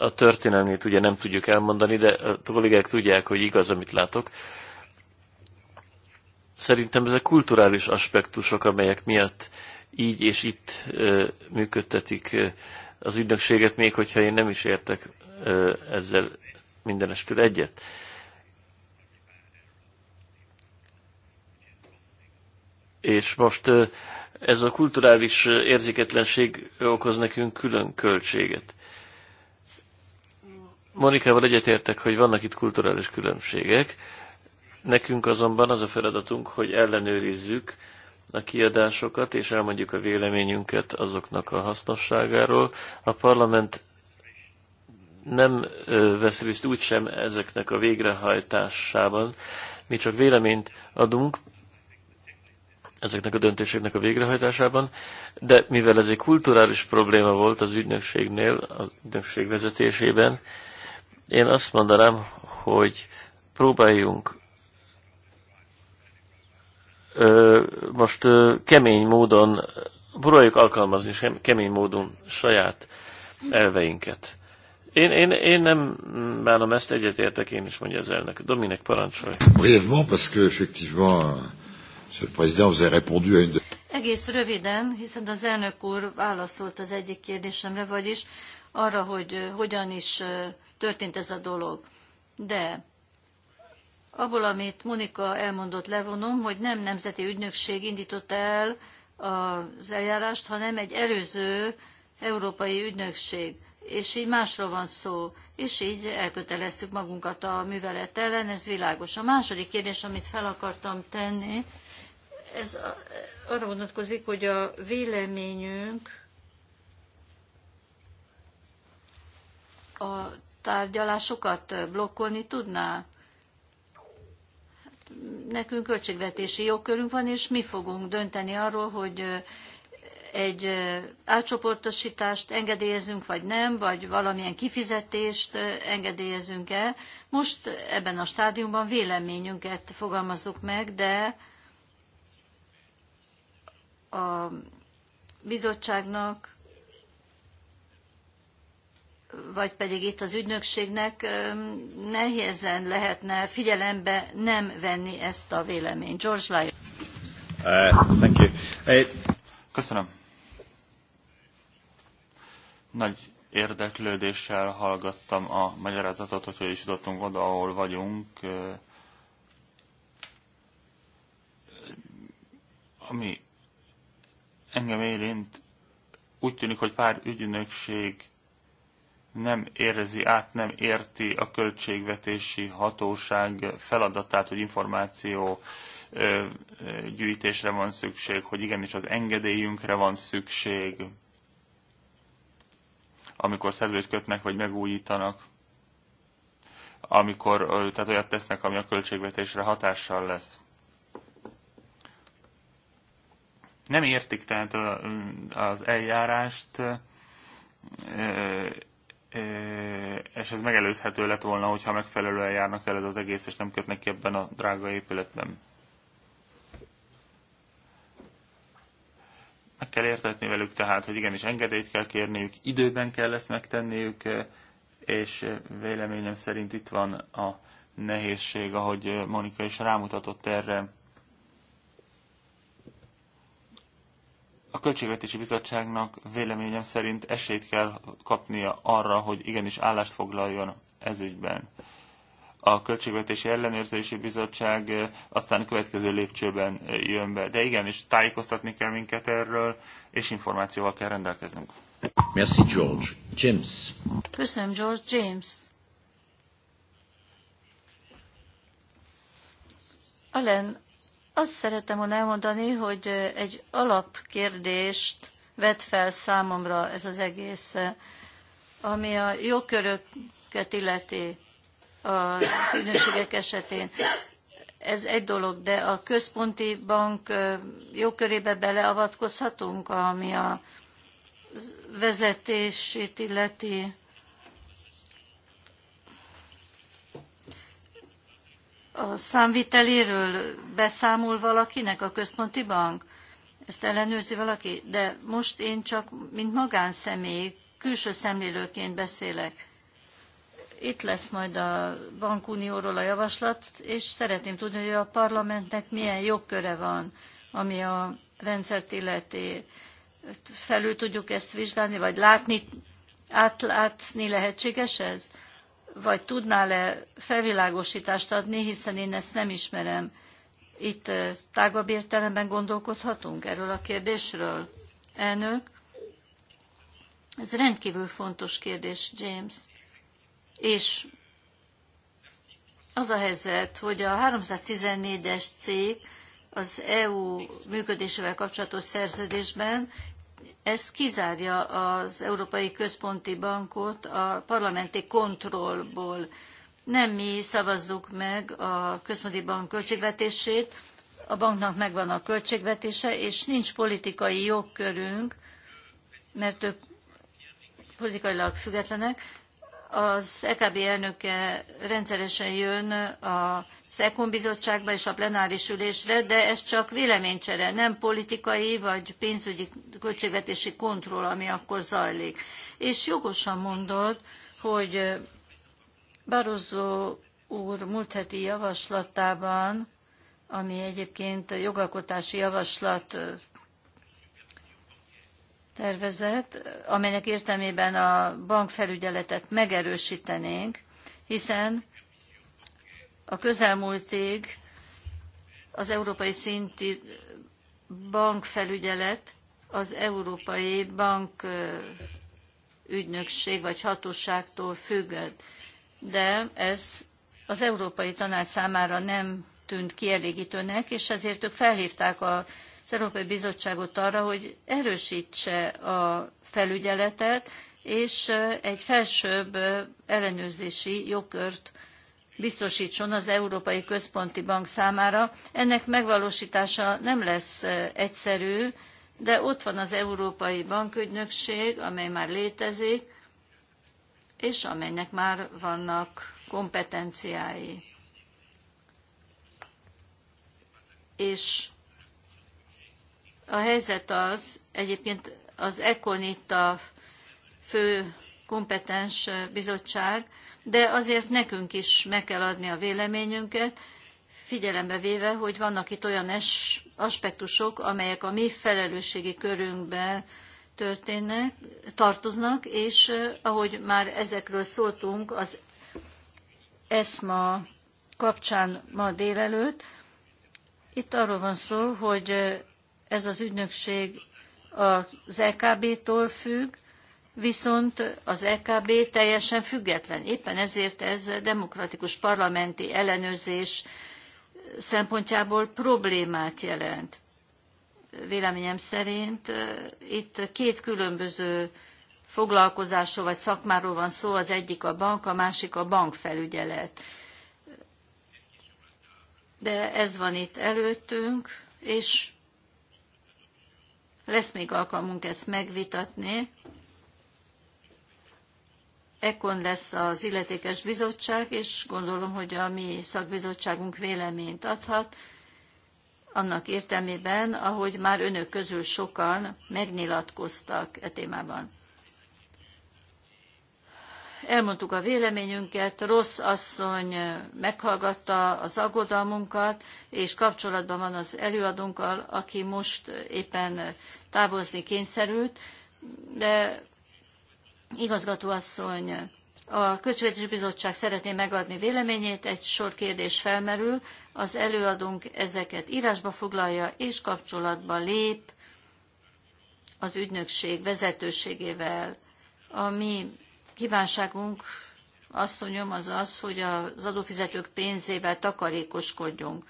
a történelmét ugye nem tudjuk elmondani, de a kollégák tudják, hogy igaz, amit látok. Szerintem ezek kulturális aspektusok, amelyek miatt így és itt ö, működtetik ö, az ügynökséget, még hogyha én nem is értek ö, ezzel mindenestül egyet. És most ö, ez a kulturális érzéketlenség okoz nekünk külön költséget. Ö, Monikával egyetértek, hogy vannak itt kulturális különbségek, nekünk azonban az a feladatunk, hogy ellenőrizzük a kiadásokat, és elmondjuk a véleményünket azoknak a hasznosságáról. A parlament nem vesz részt úgysem ezeknek a végrehajtásában. Mi csak véleményt adunk ezeknek a döntéseknek a végrehajtásában, de mivel ez egy kulturális probléma volt az ügynökségnél, az ügynökség vezetésében, én azt mondanám, hogy próbáljunk ö, most ö, kemény módon, próbáljuk alkalmazni kemény módon saját elveinket. Én, én, én nem bánom ezt, egyetértek én is, mondja az elnök. Dominik, parancsolj. Brévement, parce que effectivement, monsieur le président, vous avez répondu à une de... Egész röviden, hiszen az elnök úr válaszolt az egyik kérdésemre, vagyis arra, hogy hogyan is történt ez a dolog. De abból, amit Monika elmondott, levonom, hogy nem nemzeti ügynökség indított el az eljárást, hanem egy előző európai ügynökség. És így másról van szó. És így elköteleztük magunkat a művelet ellen, ez világos. A második kérdés, amit fel akartam tenni, ez arra vonatkozik, hogy a véleményünk a tárgyalásokat blokkolni tudná? Nekünk költségvetési jogkörünk van, és mi fogunk dönteni arról, hogy egy átcsoportosítást engedélyezünk, vagy nem, vagy valamilyen kifizetést engedélyezünk-e. Most ebben a stádiumban véleményünket fogalmazzuk meg, de a bizottságnak vagy pedig itt az ügynökségnek nehézen lehetne figyelembe nem venni ezt a véleményt. George Lyon. Uh, thank you. Uh, Köszönöm. Nagy érdeklődéssel hallgattam a magyarázatot, hogy is jutottunk oda, ahol vagyunk. Uh, ami engem érint, úgy tűnik, hogy pár ügynökség nem érzi át, nem érti a költségvetési hatóság feladatát, hogy információ gyűjtésre van szükség, hogy igenis az engedélyünkre van szükség, amikor szerződést kötnek, vagy megújítanak, amikor tehát olyat tesznek, ami a költségvetésre hatással lesz. Nem értik tehát az eljárást, és ez megelőzhető lett volna, hogyha megfelelően járnak el ez az egész, és nem kötnek ki ebben a drága épületben. Meg kell értetni velük tehát, hogy igenis engedélyt kell kérniük, időben kell ezt megtenniük, és véleményem szerint itt van a nehézség, ahogy Monika is rámutatott erre. a Költségvetési Bizottságnak véleményem szerint esélyt kell kapnia arra, hogy igenis állást foglaljon ügyben. A Költségvetési Ellenőrzési Bizottság eh, aztán a következő lépcsőben eh, jön be. De igenis tájékoztatni kell minket erről, és információval kell rendelkeznünk. Merci, George. James. Köszönöm, George. James. Allen azt szerettem volna elmondani, hogy egy alapkérdést vet fel számomra ez az egész, ami a jogköröket illeti a ügynökségek esetén. Ez egy dolog, de a központi bank jogkörébe beleavatkozhatunk, ami a vezetését illeti a számviteléről beszámol valakinek a központi bank? Ezt ellenőrzi valaki? De most én csak, mint magánszemély, külső szemlélőként beszélek. Itt lesz majd a bankunióról a javaslat, és szeretném tudni, hogy a parlamentnek milyen jogköre van, ami a rendszert illeti. Felül tudjuk ezt vizsgálni, vagy látni, átlátni lehetséges ez? vagy tudnál-e felvilágosítást adni, hiszen én ezt nem ismerem. Itt tágabb értelemben gondolkodhatunk erről a kérdésről? Elnök, ez rendkívül fontos kérdés, James. És az a helyzet, hogy a 314-es cég az EU működésével kapcsolatos szerződésben ez kizárja az Európai Központi Bankot a parlamenti kontrollból. Nem mi szavazzuk meg a Központi Bank költségvetését, a banknak megvan a költségvetése, és nincs politikai jogkörünk, mert ők politikailag függetlenek, az EKB elnöke rendszeresen jön a SZEKON bizottságba és a plenáris ülésre, de ez csak véleménycsere, nem politikai vagy pénzügyi költségvetési kontroll, ami akkor zajlik. És jogosan mondod, hogy Barozó úr múlt heti javaslatában, ami egyébként jogalkotási javaslat tervezet, amelynek értelmében a bankfelügyeletet megerősítenénk, hiszen a közelmúltig az európai szintű bankfelügyelet az Európai Bank ügynökség vagy hatóságtól függött, de ez az Európai Tanács számára nem tűnt kielégítőnek, és ezért ők felhívták a az Európai Bizottságot arra, hogy erősítse a felügyeletet, és egy felsőbb ellenőrzési jogkört biztosítson az Európai Központi Bank számára. Ennek megvalósítása nem lesz egyszerű, de ott van az Európai Bankügynökség, amely már létezik, és amelynek már vannak kompetenciái. És a helyzet az, egyébként az ECON itt a fő kompetens bizottság, de azért nekünk is meg kell adni a véleményünket, figyelembe véve, hogy vannak itt olyan es, aspektusok, amelyek a mi felelősségi körünkbe történnek, tartoznak, és eh, ahogy már ezekről szóltunk az ESMA kapcsán ma délelőtt, itt arról van szó, hogy eh, ez az ügynökség az LKB-tól e függ, viszont az LKB e teljesen független. Éppen ezért ez demokratikus parlamenti ellenőrzés szempontjából problémát jelent. Véleményem szerint eh, itt két különböző foglalkozásról vagy szakmáról van szó, az egyik a bank, a másik a bankfelügyelet. De ez van itt előttünk, és lesz még alkalmunk ezt megvitatni. Ekkor lesz az illetékes bizottság, és gondolom, hogy a mi szakbizottságunk véleményt adhat, annak értelmében, ahogy már önök közül sokan megnyilatkoztak e témában elmondtuk a véleményünket, rossz asszony meghallgatta az aggodalmunkat, és kapcsolatban van az előadónkkal, aki most éppen távozni kényszerült, de igazgatóasszony, a Költségvetési Bizottság szeretné megadni véleményét, egy sor kérdés felmerül, az előadónk ezeket írásba foglalja, és kapcsolatba lép az ügynökség vezetőségével. A mi kívánságunk, asszonyom, az az, hogy az adófizetők pénzével takarékoskodjunk.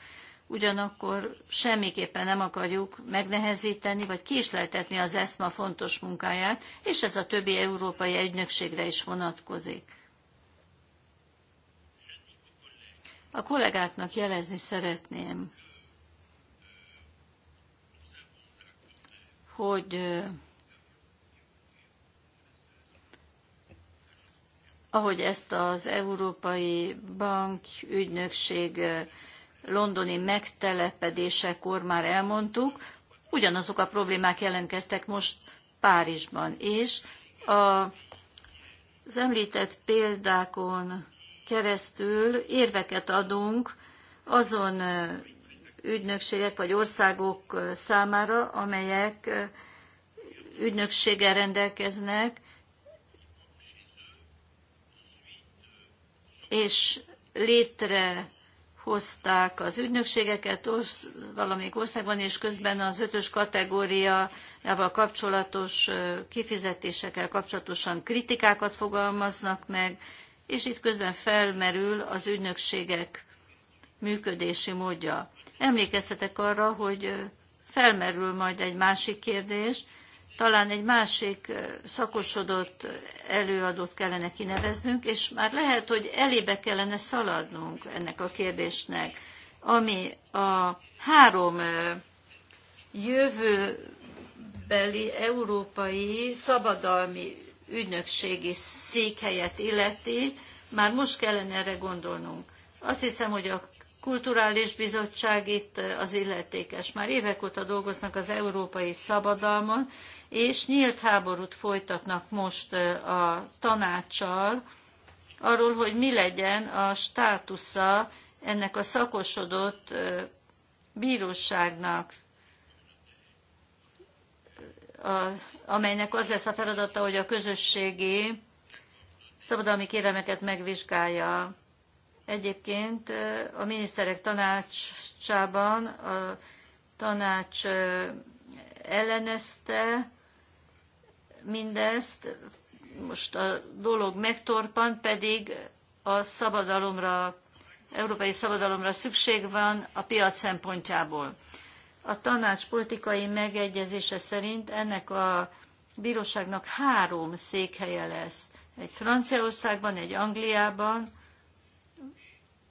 Ugyanakkor semmiképpen nem akarjuk megnehezíteni vagy késleltetni az ESMA fontos munkáját, és ez a többi európai ügynökségre is vonatkozik. A kollégáknak jelezni szeretném, hogy ahogy ezt az Európai Bank ügynökség londoni megtelepedésekor már elmondtuk, ugyanazok a problémák jelentkeztek most Párizsban, és a, az említett példákon keresztül érveket adunk azon ügynökségek vagy országok számára, amelyek ügynökséggel rendelkeznek, és létre hozták az ügynökségeket orsz, valamelyik országban, és közben az ötös kategóriával kapcsolatos kifizetésekkel kapcsolatosan kritikákat fogalmaznak meg, és itt közben felmerül az ügynökségek működési módja. Emlékeztetek arra, hogy felmerül majd egy másik kérdés, talán egy másik szakosodott előadót kellene kineveznünk, és már lehet, hogy elébe kellene szaladnunk ennek a kérdésnek, ami a három jövőbeli európai szabadalmi ügynökségi székhelyet illeti, már most kellene erre gondolnunk. Azt hiszem, hogy a Kulturális Bizottság itt az illetékes. Már évek óta dolgoznak az európai szabadalmon, és nyílt háborút folytatnak most a tanácssal arról, hogy mi legyen a státusza ennek a szakosodott bíróságnak, amelynek az lesz a feladata, hogy a közösségi szabadalmi kéremeket megvizsgálja. Egyébként a miniszterek tanácsában a tanács ellenezte mindezt most a dolog megtorpant, pedig a szabadalomra, európai szabadalomra szükség van a piac szempontjából. A tanács politikai megegyezése szerint ennek a bíróságnak három székhelye lesz. Egy Franciaországban, egy Angliában,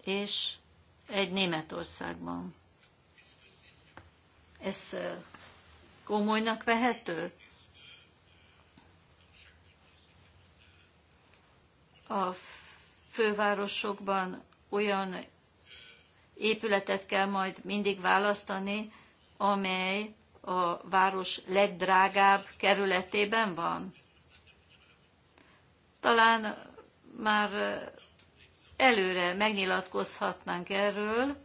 és egy Németországban. Ez komolynak vehető? a fővárosokban olyan épületet kell majd mindig választani, amely a város legdrágább kerületében van. Talán már előre megnyilatkozhatnánk erről,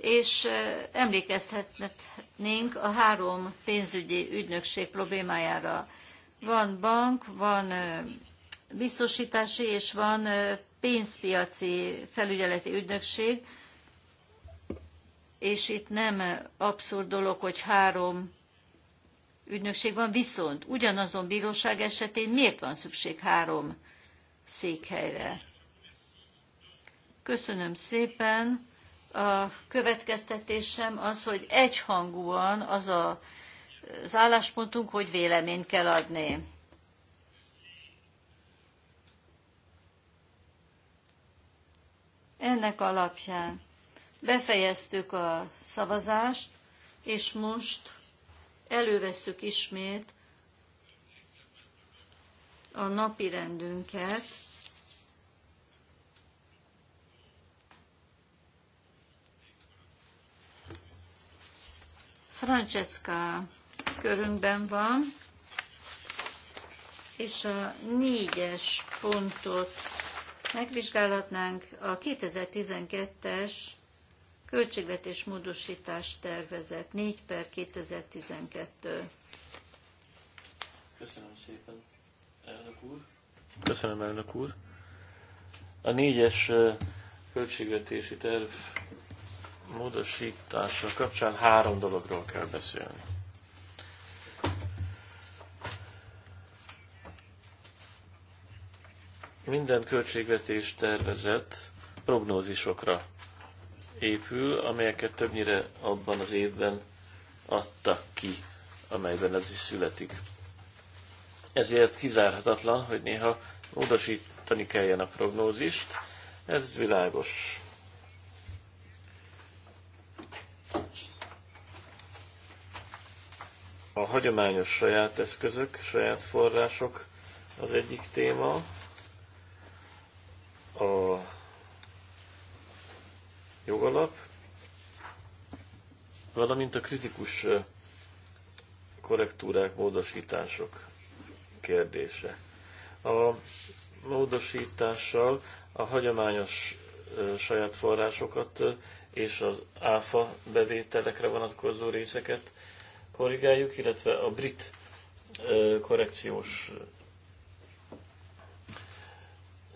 és emlékezhetnénk a három pénzügyi ügynökség problémájára. Van bank, van biztosítási és van pénzpiaci felügyeleti ügynökség, és itt nem abszurd dolog, hogy három ügynökség van, viszont ugyanazon bíróság esetén miért van szükség három székhelyre? Köszönöm szépen. A következtetésem az, hogy egyhangúan az a, az álláspontunk, hogy véleményt kell adni. Ennek alapján befejeztük a szavazást, és most elővesszük ismét a napi rendünket. Francesca körünkben van, és a négyes pontot megvizsgálhatnánk a 2012-es költségvetés módosítás tervezet 4 per 2012. Köszönöm szépen, elnök úr. Köszönöm, elnök úr. A négyes költségvetési terv módosítása kapcsán három dologról kell beszélni. minden költségvetés tervezett prognózisokra épül, amelyeket többnyire abban az évben adtak ki, amelyben ez is születik. Ezért kizárhatatlan, hogy néha módosítani kelljen a prognózist, ez világos. A hagyományos saját eszközök, saját források az egyik téma, a jogalap, valamint a kritikus korrektúrák, módosítások kérdése. A módosítással a hagyományos saját forrásokat és az áfa bevételekre vonatkozó részeket korrigáljuk, illetve a brit korrekciós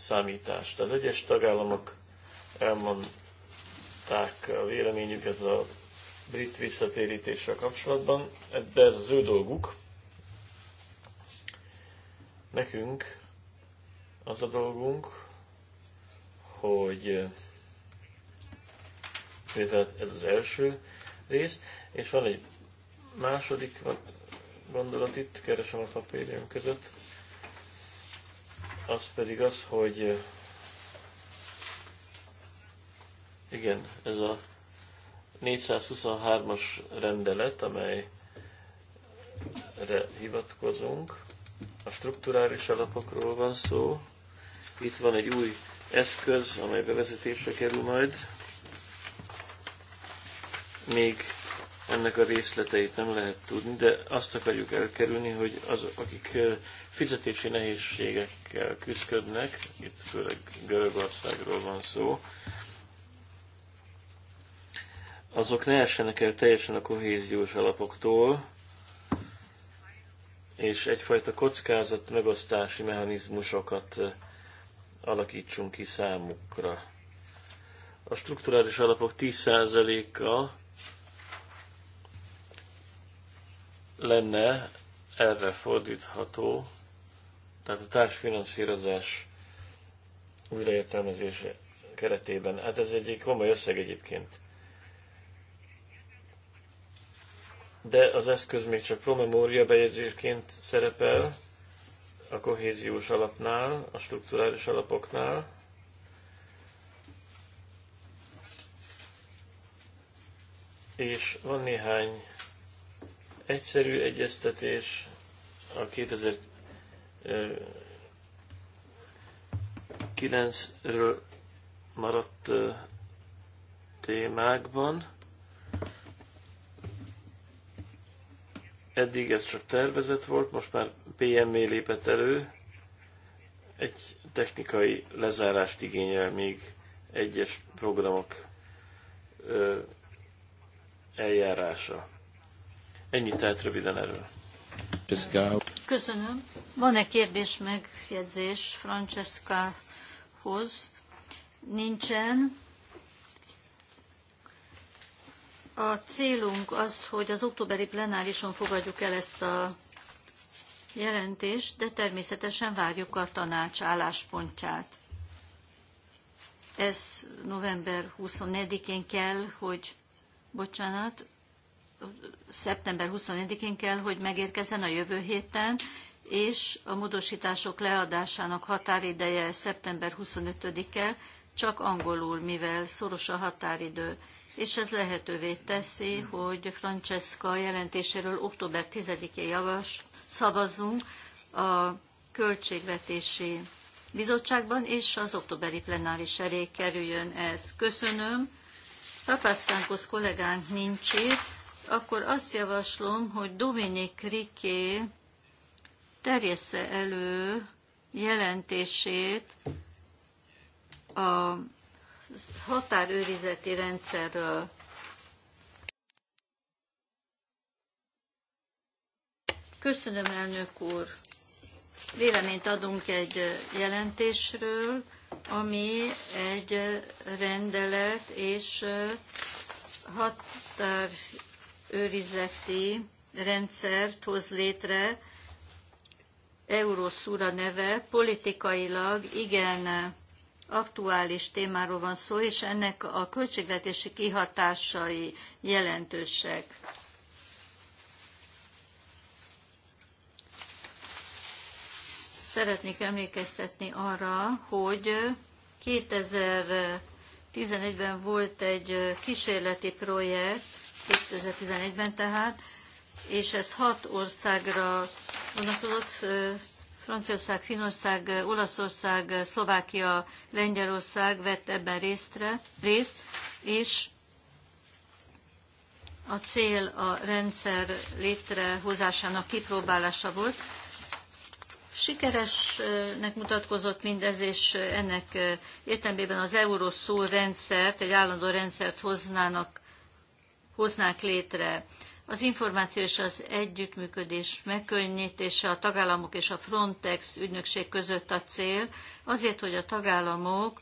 számítást. Az egyes tagállamok elmondták a véleményüket a brit visszatérítéssel kapcsolatban, de ez az ő dolguk. Nekünk az a dolgunk, hogy mivel ez az első rész, és van egy második gondolat itt, keresem a papírjaim között, az pedig az, hogy igen, ez a 423-as rendelet, amelyre hivatkozunk, a strukturális alapokról van szó. Itt van egy új eszköz, amely bevezetésre kerül majd. Még ennek a részleteit nem lehet tudni, de azt akarjuk elkerülni, hogy az, akik fizetési nehézségekkel küzdködnek, itt főleg Görögországról van szó, azok ne essenek el teljesen a kohéziós alapoktól, és egyfajta kockázat megosztási mechanizmusokat alakítsunk ki számukra. A strukturális alapok 10%-a lenne erre fordítható, tehát a társfinanszírozás újraértelmezése keretében. Hát ez egy komoly összeg egyébként. De az eszköz még csak promemória bejegyzésként szerepel a kohéziós alapnál, a strukturális alapoknál. És van néhány egyszerű egyeztetés a 2009-ről maradt témákban. Eddig ez csak tervezet volt, most már PME lépett elő. Egy technikai lezárást igényel még egyes programok eljárása. Ennyit tehát röviden erről. Köszönöm. Van-e kérdés, megjegyzés Francescahoz? Nincsen. A célunk az, hogy az októberi plenárison fogadjuk el ezt a jelentést, de természetesen várjuk a tanács álláspontját. Ez november 24-én kell, hogy bocsánat, szeptember 24-én kell, hogy megérkezzen a jövő héten, és a módosítások leadásának határideje szeptember 25-e, csak angolul, mivel szoros a határidő. És ez lehetővé teszi, hogy Francesca jelentéséről október 10-én javas, szavazzunk a költségvetési bizottságban, és az októberi plenáris elé kerüljön ez. Köszönöm. Papasztánkusz kollégánk nincs itt, akkor azt javaslom, hogy Dominik Riké terjessze elő jelentését a határőrizeti rendszerről. Köszönöm, elnök úr! Véleményt adunk egy jelentésről, ami egy rendelet és határ őrizeti rendszert hoz létre, Euroszúra neve, politikailag igen aktuális témáról van szó, és ennek a költségvetési kihatásai jelentősek. Szeretnék emlékeztetni arra, hogy 2011-ben volt egy kísérleti projekt, 2011-ben tehát, és ez hat országra vonatkozott, Franciaország, Finország, Olaszország, Szlovákia, Lengyelország vett ebben résztre, részt, és a cél a rendszer létrehozásának kipróbálása volt. Sikeresnek mutatkozott mindez, és ennek értelmében az Euroszó rendszert, egy állandó rendszert hoznának hoznák létre. Az információ és az együttműködés megkönnyítése a tagállamok és a Frontex ügynökség között a cél, azért, hogy a tagállamok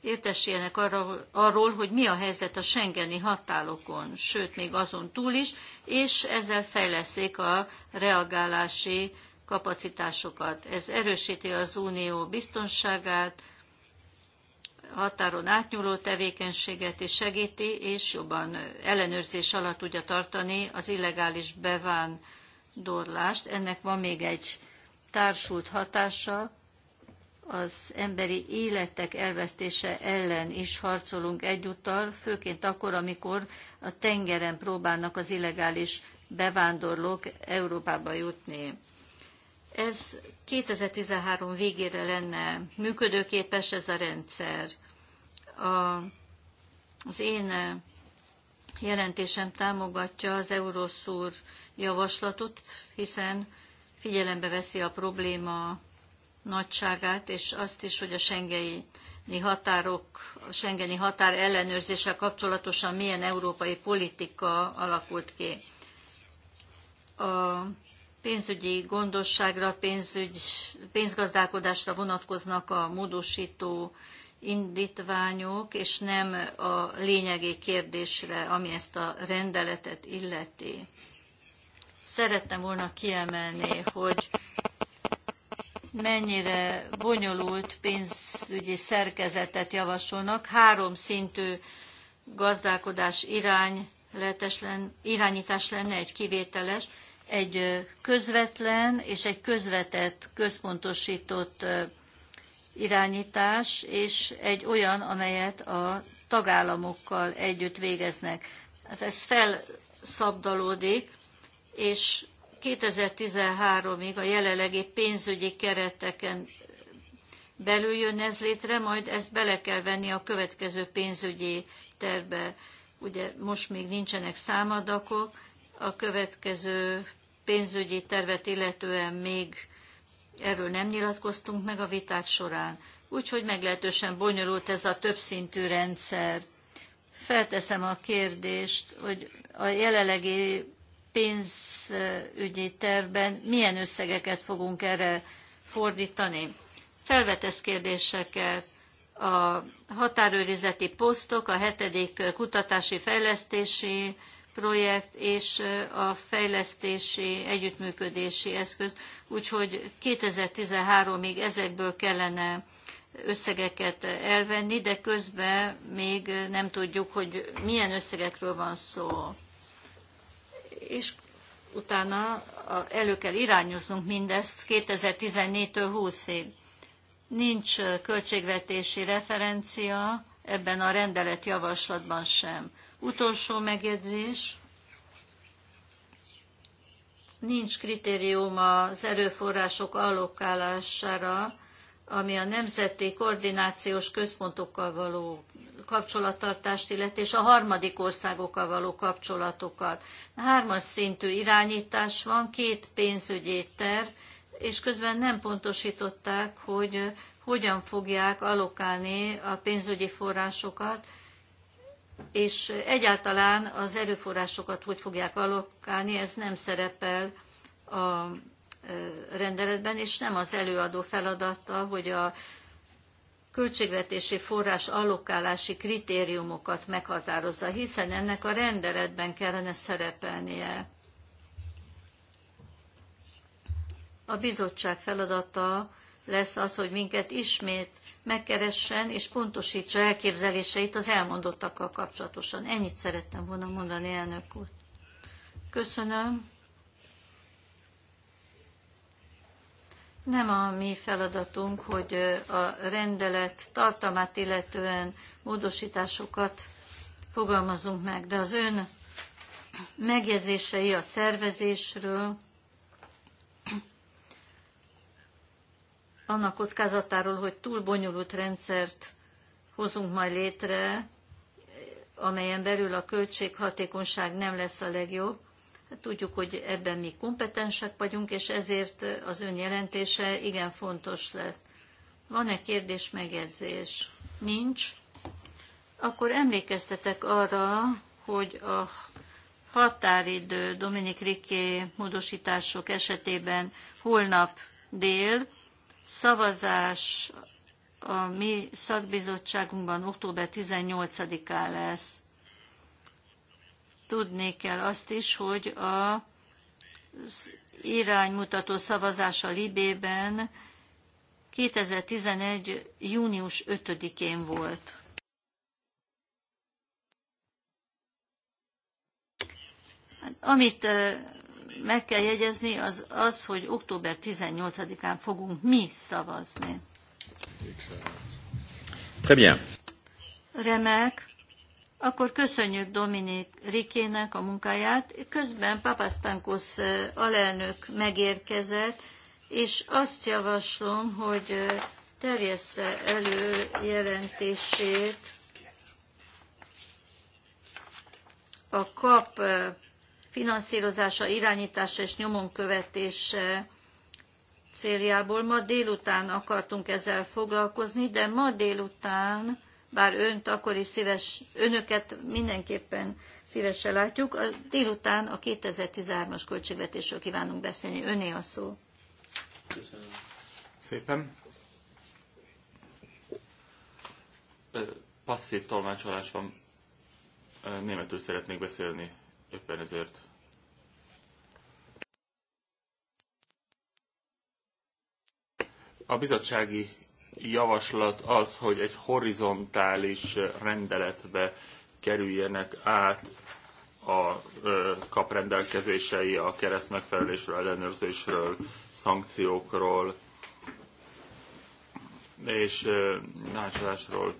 értesüljenek arról, arról, hogy mi a helyzet a Schengeni határokon, sőt, még azon túl is, és ezzel fejleszék a reagálási kapacitásokat. Ez erősíti az unió biztonságát, határon átnyúló tevékenységet is segíti, és jobban ellenőrzés alatt tudja tartani az illegális bevándorlást. Ennek van még egy társult hatása, az emberi életek elvesztése ellen is harcolunk egyúttal, főként akkor, amikor a tengeren próbálnak az illegális bevándorlók Európába jutni. Ez 2013 végére lenne működőképes ez a rendszer. A, az én eh, jelentésem támogatja az Euroszúr javaslatot, hiszen figyelembe veszi a probléma nagyságát, és azt is, hogy a Schengeni határok, a Schengeni határ ellenőrzéssel kapcsolatosan milyen európai politika alakult ki. A pénzügyi gondosságra, pénzügy, pénzgazdálkodásra vonatkoznak a módosító indítványok, és nem a lényegi kérdésre, ami ezt a rendeletet illeti. Szerettem volna kiemelni, hogy mennyire bonyolult pénzügyi szerkezetet javasolnak. Három szintű gazdálkodás irány, lehetetlen, irányítás lenne egy kivételes, egy közvetlen és egy közvetett, központosított irányítás, és egy olyan, amelyet a tagállamokkal együtt végeznek. Hát ez felszabdalódik, és 2013-ig a jelenlegi pénzügyi kereteken belül jön ez létre, majd ezt bele kell venni a következő pénzügyi terbe. Ugye most még nincsenek számadakok, a következő pénzügyi tervet illetően még erről nem nyilatkoztunk meg a viták során. Úgyhogy meglehetősen bonyolult ez a többszintű rendszer. Felteszem a kérdést, hogy a jelenlegi pénzügyi tervben milyen összegeket fogunk erre fordítani. Felvetesz kérdéseket a határőrizeti posztok, a hetedik kutatási fejlesztési projekt és a fejlesztési, együttműködési eszköz, úgyhogy 2013-ig ezekből kellene összegeket elvenni, de közben még nem tudjuk, hogy milyen összegekről van szó. És utána elő kell irányoznunk mindezt 2014-től 20-ig. Nincs költségvetési referencia ebben a rendelet javaslatban sem. Utolsó megjegyzés. Nincs kritérium az erőforrások allokálására, ami a nemzeti koordinációs központokkal való kapcsolattartást illeti, és a harmadik országokkal való kapcsolatokat. Hármas szintű irányítás van, két pénzügyi terv, és közben nem pontosították, hogy hogyan fogják alokálni a pénzügyi forrásokat, és egyáltalán az erőforrásokat hogy fogják allokálni, ez nem szerepel a rendeletben, és nem az előadó feladata, hogy a költségvetési forrás allokálási kritériumokat meghatározza, hiszen ennek a rendeletben kellene szerepelnie. A bizottság feladata lesz az, hogy minket ismét megkeressen és pontosítsa elképzeléseit az elmondottakkal kapcsolatosan. Ennyit szerettem volna mondani, elnök úr. Köszönöm. Nem a mi feladatunk, hogy a rendelet tartalmát illetően módosításokat fogalmazunk meg, de az ön megjegyzései a szervezésről, annak kockázatáról, hogy túl bonyolult rendszert hozunk majd létre, amelyen belül a költséghatékonyság nem lesz a legjobb. Hát tudjuk, hogy ebben mi kompetensek vagyunk, és ezért az ön jelentése igen fontos lesz. Van-e kérdés, megjegyzés? Nincs. Akkor emlékeztetek arra, hogy a határidő Dominik Riké módosítások esetében holnap dél, szavazás a mi szakbizottságunkban október 18-án lesz. Tudni kell azt is, hogy a iránymutató szavazás a Libében 2011. június 5-én volt. Hát, amit meg kell jegyezni, az az, hogy október 18-án fogunk mi szavazni. Très bien. Remek. Akkor köszönjük Dominik Rikének a munkáját. Közben Papasztánkusz alelnök megérkezett, és azt javaslom, hogy terjessze elő jelentését a kap finanszírozása, irányítása és nyomon követése céljából. Ma délután akartunk ezzel foglalkozni, de ma délután, bár önt akkor is szíves, önöket mindenképpen szívesen látjuk, a délután a 2013-as költségvetésről kívánunk beszélni. Öné a szó. Köszönöm. Szépen. Passzív tolmácsolás van. Németül szeretnék beszélni, éppen ezért A bizottsági javaslat az, hogy egy horizontális rendeletbe kerüljenek át a kap rendelkezései a kereszt megfelelésről, ellenőrzésről, szankciókról és nácsolásról,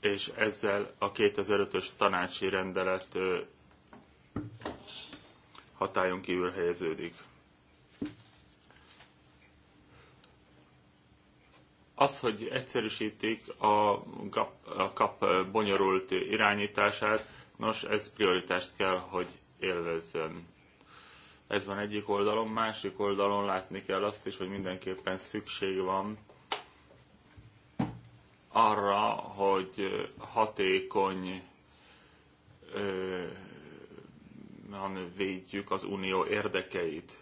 és ezzel a 2005-ös tanácsi rendelet hatályon kívül helyeződik. Az, hogy egyszerűsítik a kap, a kap bonyolult irányítását, nos, ez prioritást kell, hogy élvezzen. Ez van egyik oldalon, másik oldalon látni kell azt is, hogy mindenképpen szükség van arra, hogy hatékony védjük az unió érdekeit.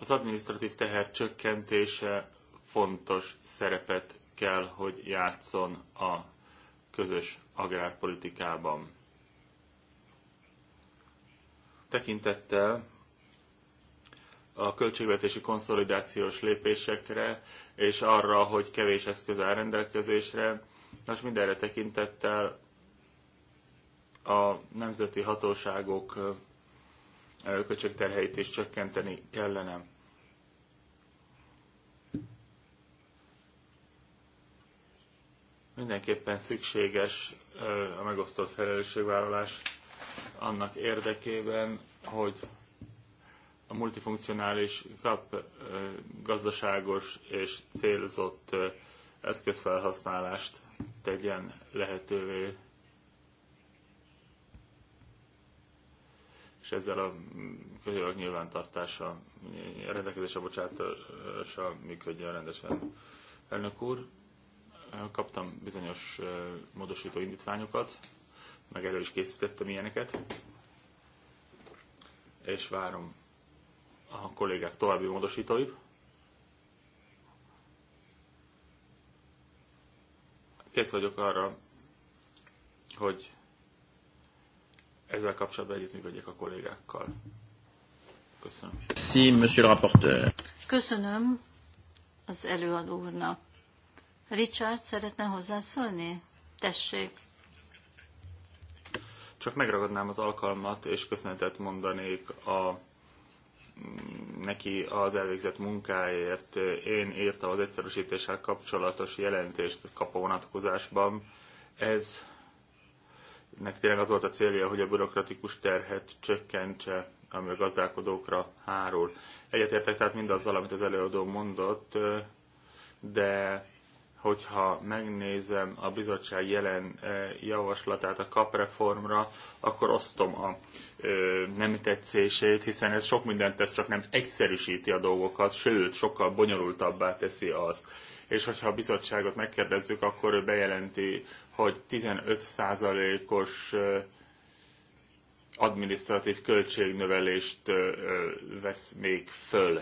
Az adminisztratív teher csökkentése fontos szerepet kell, hogy játszon a közös agrárpolitikában. Tekintettel a költségvetési konszolidációs lépésekre és arra, hogy kevés eszköz áll rendelkezésre, most mindenre tekintettel a nemzeti hatóságok költségterheit is csökkenteni kellene. Mindenképpen szükséges a megosztott felelősségvállalás annak érdekében, hogy a multifunkcionális kap gazdaságos és célzott eszközfelhasználást tegyen lehetővé. És ezzel a közjövök nyilvántartása, rendelkezésre bocsátása működjön rendesen. Elnök úr, kaptam bizonyos módosító indítványokat, meg elő is készítettem ilyeneket, és várom a kollégák további módosítóit. Kész vagyok arra, hogy ezzel kapcsolatban együttműködjek a kollégákkal. Köszönöm. Si, monsieur le rapporteur. Köszönöm az előadó úrnak. Richard, szeretne hozzászólni? Tessék. Csak megragadnám az alkalmat, és köszönetet mondanék a mm, neki az elvégzett munkáért. Én írtam az egyszerűsítéssel kapcsolatos jelentést kapó vonatkozásban. Ez nek tényleg az volt a célja, hogy a bürokratikus terhet csökkentse, ami a gazdálkodókra hárul. Egyetértek tehát mindazzal, amit az előadó mondott, de hogyha megnézem a bizottság jelen eh, javaslatát a kapreformra, akkor osztom a eh, nem tetszését, hiszen ez sok mindent tesz, csak nem egyszerűsíti a dolgokat, sőt, sokkal bonyolultabbá teszi azt. És hogyha a bizottságot megkérdezzük, akkor ő bejelenti, hogy 15%-os eh, adminisztratív költségnövelést vesz még föl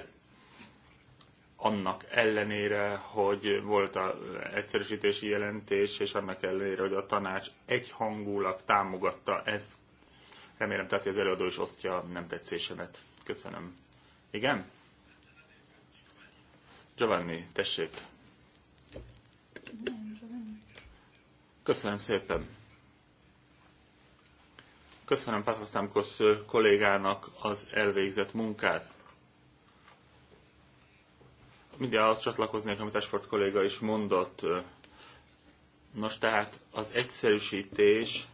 annak ellenére, hogy volt a egyszerűsítési jelentés, és annak ellenére, hogy a tanács egyhangulag támogatta ezt. Remélem, tehát az előadó is osztja nem tetszésemet. Köszönöm. Igen? Giovanni, tessék. Köszönöm szépen. Köszönöm Papasztámkosz kollégának az elvégzett munkát mindjárt azt csatlakoznék, amit Esford kolléga is mondott. Nos, tehát az egyszerűsítés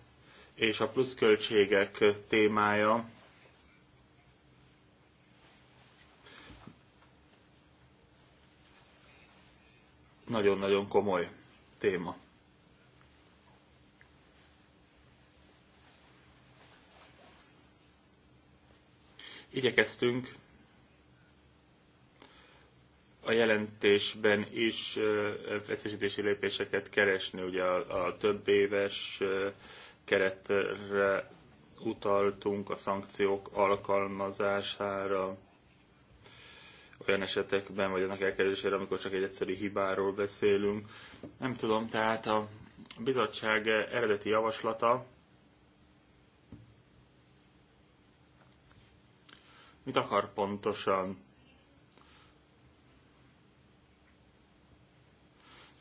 és a pluszköltségek témája nagyon-nagyon komoly téma. Igyekeztünk a jelentésben is egyszerűsítési lépéseket keresni, ugye a, a több éves keretre utaltunk a szankciók alkalmazására olyan esetekben, vagy annak elkerülésére, amikor csak egy egyszerű hibáról beszélünk. Nem tudom, tehát a bizottság eredeti javaslata mit akar pontosan?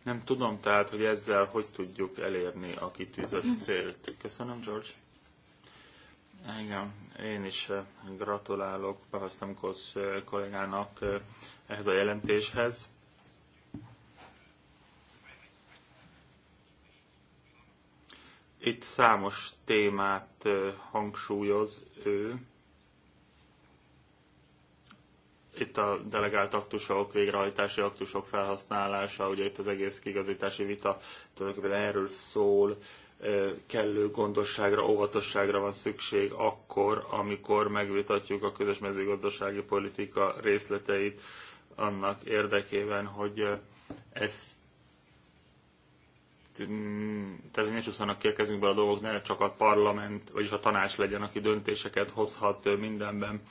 Nem tudom tehát, hogy ezzel hogy tudjuk elérni a kitűzött mhm. célt. Köszönöm, George. Igen, én is eh, gratulálok Pahasztamkosz eh, kollégának eh, ehhez a jelentéshez. Itt számos témát hangsúlyoz ő, itt a delegált aktusok, végrehajtási aktusok felhasználása, ugye itt az egész kigazítási vita tulajdonképpen erről szól, kellő gondosságra, óvatosságra van szükség akkor, amikor megvitatjuk a közös mezőgazdasági politika részleteit annak érdekében, hogy ezt mm, tehát ne csúszanak ki a kezünkből a dolgok, ne csak a parlament, vagyis a tanács legyen, aki döntéseket hozhat mindenben.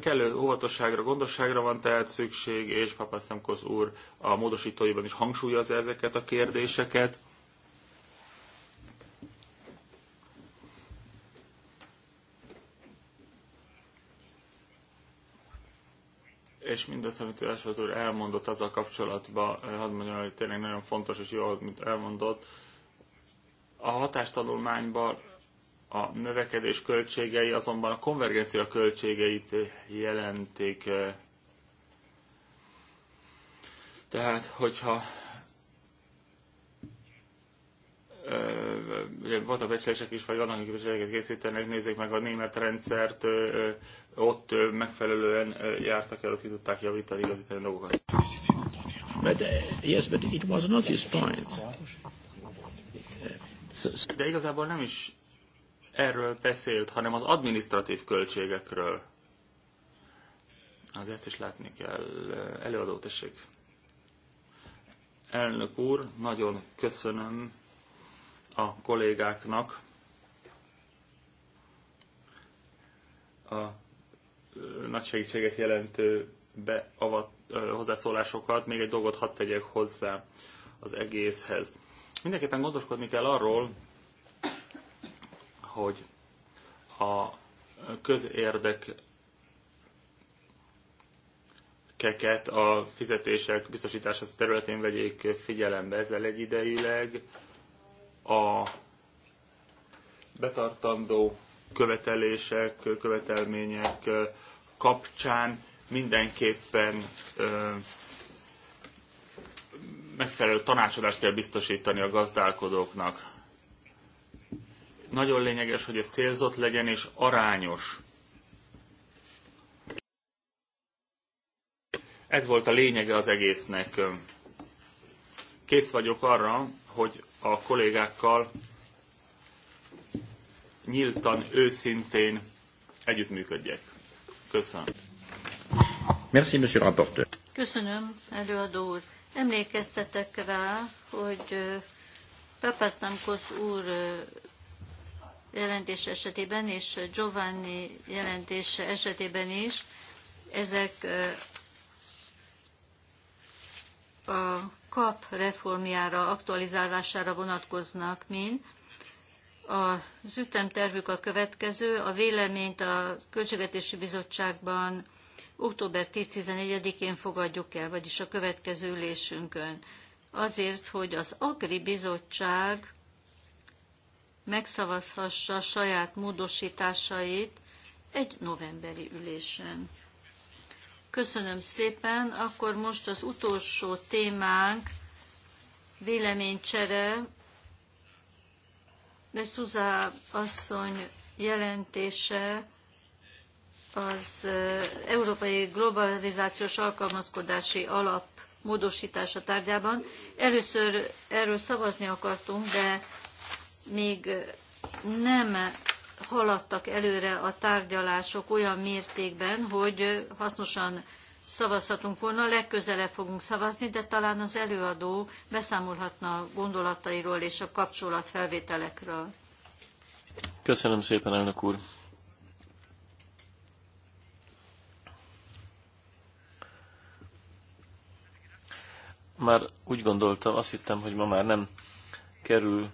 Kellő óvatosságra, gondosságra van tehát szükség, és Papasztemkosz úr a módosítóiban is hangsúlyozza ezeket a kérdéseket. és mindazt, amit Esvet úr elmondott a kapcsolatban, hadd mondjam, hogy tényleg nagyon fontos és jó, amit elmondott. A hatástanulmányban a növekedés költségei azonban a konvergencia költségeit jelentik. Eh, tehát, hogyha eh, ugye voltak becslések is, vagy vannak, akik becsléseket készítenek, nézzék meg a német rendszert, eh, ott megfelelően jártak el, ott ki tudták javítani, igazítani a dolgokat. But, uh, yes, but it was not his point. De igazából nem is erről beszélt, hanem az administratív költségekről. Az ezt is látni kell. Előadó, tessék. Elnök úr, nagyon köszönöm a kollégáknak a nagy segítséget jelentő beavat, hozzászólásokat. Még egy dolgot hadd tegyek hozzá az egészhez. Mindenképpen gondoskodni kell arról, hogy a közérdek keket a fizetések biztosítása területén vegyék figyelembe. Ezzel egyidejűleg a betartandó követelések, követelmények kapcsán mindenképpen megfelelő tanácsadást kell biztosítani a gazdálkodóknak. Nagyon lényeges, hogy ez célzott legyen és arányos. Ez volt a lényege az egésznek. Kész vagyok arra, hogy a kollégákkal nyíltan, őszintén együttműködjek. Köszönöm. Merci, monsieur rapporteur. Köszönöm, előadó úr. Emlékeztetek rá, hogy Papasztamkosz úr jelentés esetében és Giovanni jelentése esetében is ezek a kap reformjára, aktualizálására vonatkoznak mint Az ütemtervük a következő, a véleményt a Költségetési Bizottságban október 10-11-én fogadjuk el, vagyis a következő ülésünkön. Azért, hogy az Agri Bizottság megszavazhassa saját módosításait egy novemberi ülésen. Köszönöm szépen, akkor most az utolsó témánk, véleménycsere, de Szuzá asszony jelentése az Európai Globalizációs Alkalmazkodási Alap módosítása tárgyában. Először erről szavazni akartunk, de még nem haladtak előre a tárgyalások olyan mértékben, hogy hasznosan szavazhatunk volna, legközelebb fogunk szavazni, de talán az előadó beszámolhatna gondolatairól és a kapcsolatfelvételekről. Köszönöm szépen, elnök úr! Már úgy gondoltam, azt hittem, hogy ma már nem kerül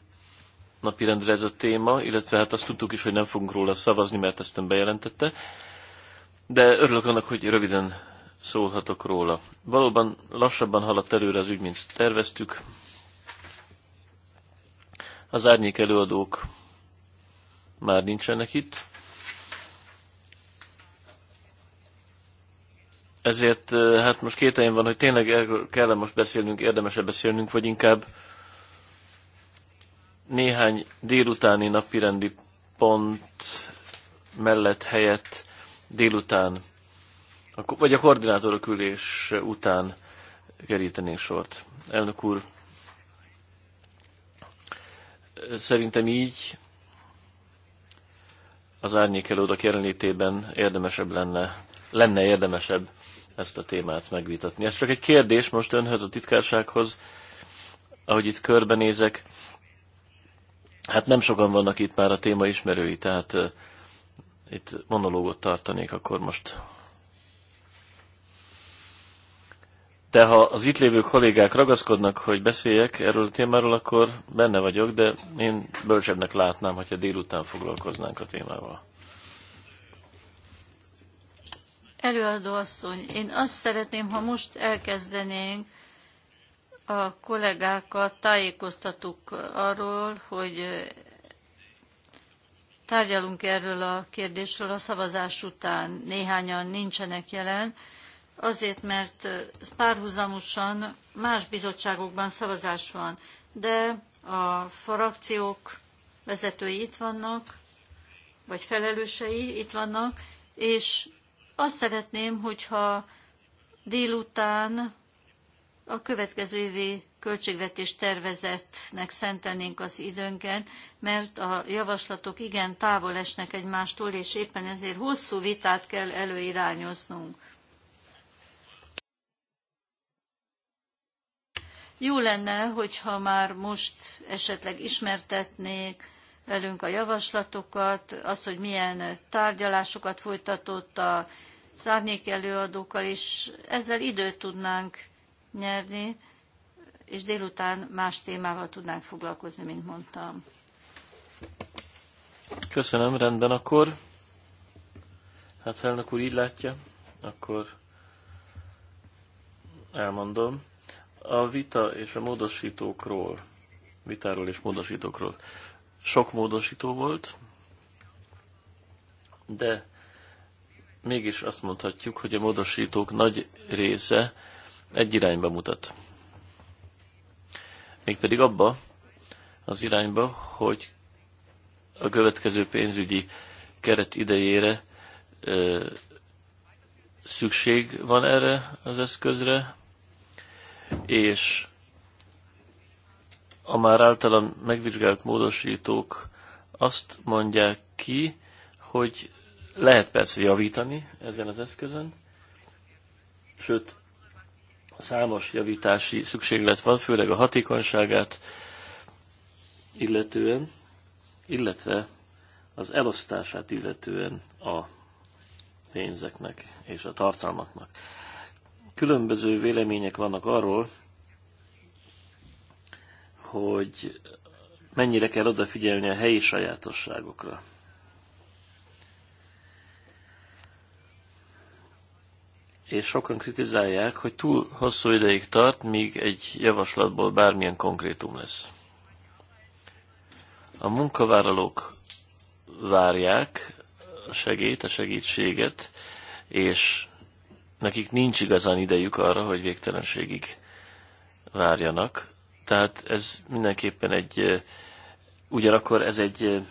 napirendre ez a téma, illetve hát azt tudtuk is, hogy nem fogunk róla szavazni, mert ezt ön bejelentette. De örülök annak, hogy röviden szólhatok róla. Valóban lassabban haladt előre az ügy, mint terveztük. Az árnyék előadók már nincsenek itt. Ezért eh, hát most kételjem van, hogy tényleg kell most beszélnünk, érdemesebb beszélnünk, vagy inkább néhány délutáni napirendi pont mellett helyett délután, vagy a koordinátorok ülés után kerítenénk sort. Elnök úr, szerintem így az árnyékelődak jelenlétében érdemesebb lenne, lenne érdemesebb ezt a témát megvitatni. Ez csak egy kérdés most önhöz a titkársághoz, ahogy itt körbenézek, Hát nem sokan vannak itt már a téma ismerői, tehát uh, itt monológot tartanék akkor most. De ha az itt lévő kollégák ragaszkodnak, hogy beszéljek erről a témáról, akkor benne vagyok, de én bölcsebbnek látnám, hogyha délután foglalkoznánk a témával. Előadó asszony, én azt szeretném, ha most elkezdenénk a kollégákat tájékoztatuk arról, hogy tárgyalunk erről a kérdésről a szavazás után. Néhányan nincsenek jelen, azért, mert párhuzamosan más bizottságokban szavazás van, de a frakciók vezetői itt vannak, vagy felelősei itt vannak, és azt szeretném, hogyha délután a következő évi költségvetés tervezetnek szentelnénk az időnket, mert a javaslatok igen távol esnek egymástól, és éppen ezért hosszú vitát kell előirányoznunk. Jó lenne, hogyha már most esetleg ismertetnék velünk a javaslatokat, az, hogy milyen tárgyalásokat folytatott a szárnyék előadókkal, és ezzel időt tudnánk nyerni, és délután más témával tudnánk foglalkozni, mint mondtam. Köszönöm, rendben akkor. Hát felnök úr így látja, akkor elmondom. A vita és a módosítókról, vitáról és módosítókról sok módosító volt, de mégis azt mondhatjuk, hogy a módosítók nagy része egy irányba mutat. Mégpedig abba az irányba, hogy a következő pénzügyi keret idejére ö, szükség van erre az eszközre, és a már általam megvizsgált módosítók azt mondják ki, hogy lehet persze javítani ezen az eszközön, sőt, számos javítási szükséglet van, főleg a hatékonyságát illetően, illetve az elosztását illetően a pénzeknek és a tartalmaknak. Különböző vélemények vannak arról, hogy mennyire kell odafigyelni a helyi sajátosságokra. és sokan kritizálják, hogy túl hosszú ideig tart, míg egy javaslatból bármilyen konkrétum lesz. A munkavállalók várják a segét, a segítséget, és nekik nincs igazán idejük arra, hogy végtelenségig várjanak. Tehát ez mindenképpen egy, ugyanakkor ez egy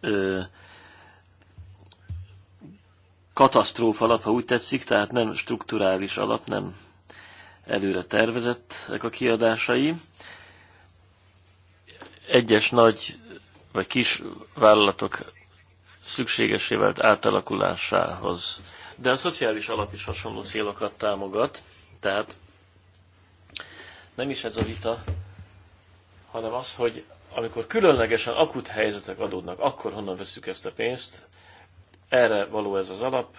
ö, katasztrófa alap, ha úgy tetszik, tehát nem strukturális alap, nem előre tervezettek a kiadásai. Egyes nagy vagy kis vállalatok szükségesé vált átalakulásához. De a szociális alap is hasonló célokat támogat, tehát nem is ez a vita, hanem az, hogy amikor különlegesen akut helyzetek adódnak, akkor honnan veszük ezt a pénzt, erre való ez az alap,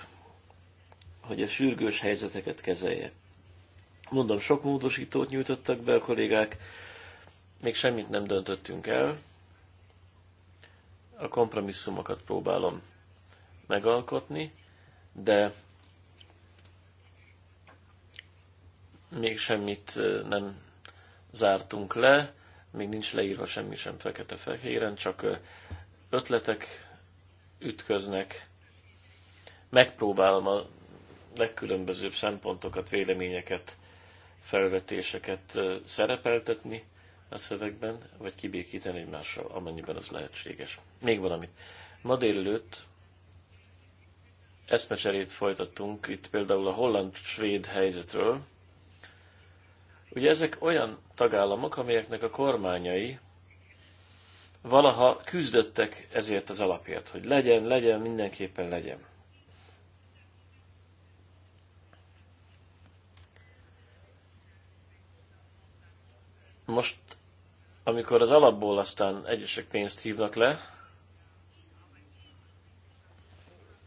hogy a sürgős helyzeteket kezelje. Mondom, sok módosítót nyújtottak be a kollégák, még semmit nem döntöttünk el. A kompromisszumokat próbálom megalkotni, de még semmit nem zártunk le, még nincs leírva semmi sem fekete-fehéren, csak ötletek ütköznek, megpróbálom a legkülönbözőbb szempontokat, véleményeket, felvetéseket szerepeltetni a szövegben, vagy kibékíteni egymással, amennyiben az lehetséges. Még valamit. Ma délelőtt eszmecserét folytattunk itt például a holland-svéd helyzetről. Ugye ezek olyan tagállamok, amelyeknek a kormányai valaha küzdöttek ezért az alapért, hogy legyen, legyen, mindenképpen legyen. Most, amikor az alapból aztán egyesek pénzt hívnak le,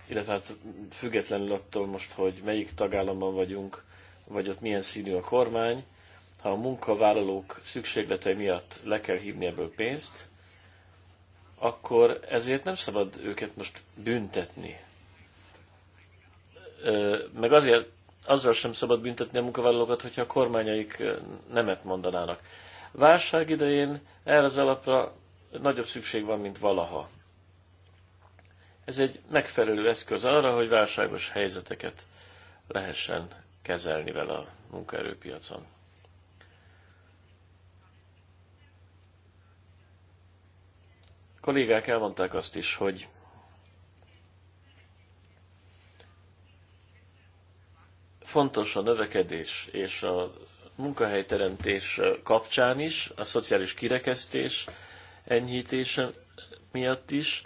illetve hát függetlenül attól most, hogy melyik tagállamban vagyunk, vagy ott milyen színű a kormány, ha a munkavállalók szükségletei miatt le kell hívni ebből pénzt, akkor ezért nem szabad őket most büntetni. Meg azért azzal sem szabad büntetni a munkavállalókat, hogyha a kormányaik nemet mondanának. Válság idején erre az alapra nagyobb szükség van, mint valaha. Ez egy megfelelő eszköz arra, hogy válságos helyzeteket lehessen kezelni vele a munkaerőpiacon. A kollégák elmondták azt is, hogy fontos a növekedés és a munkahelyteremtés kapcsán is, a szociális kirekesztés enyhítése miatt is,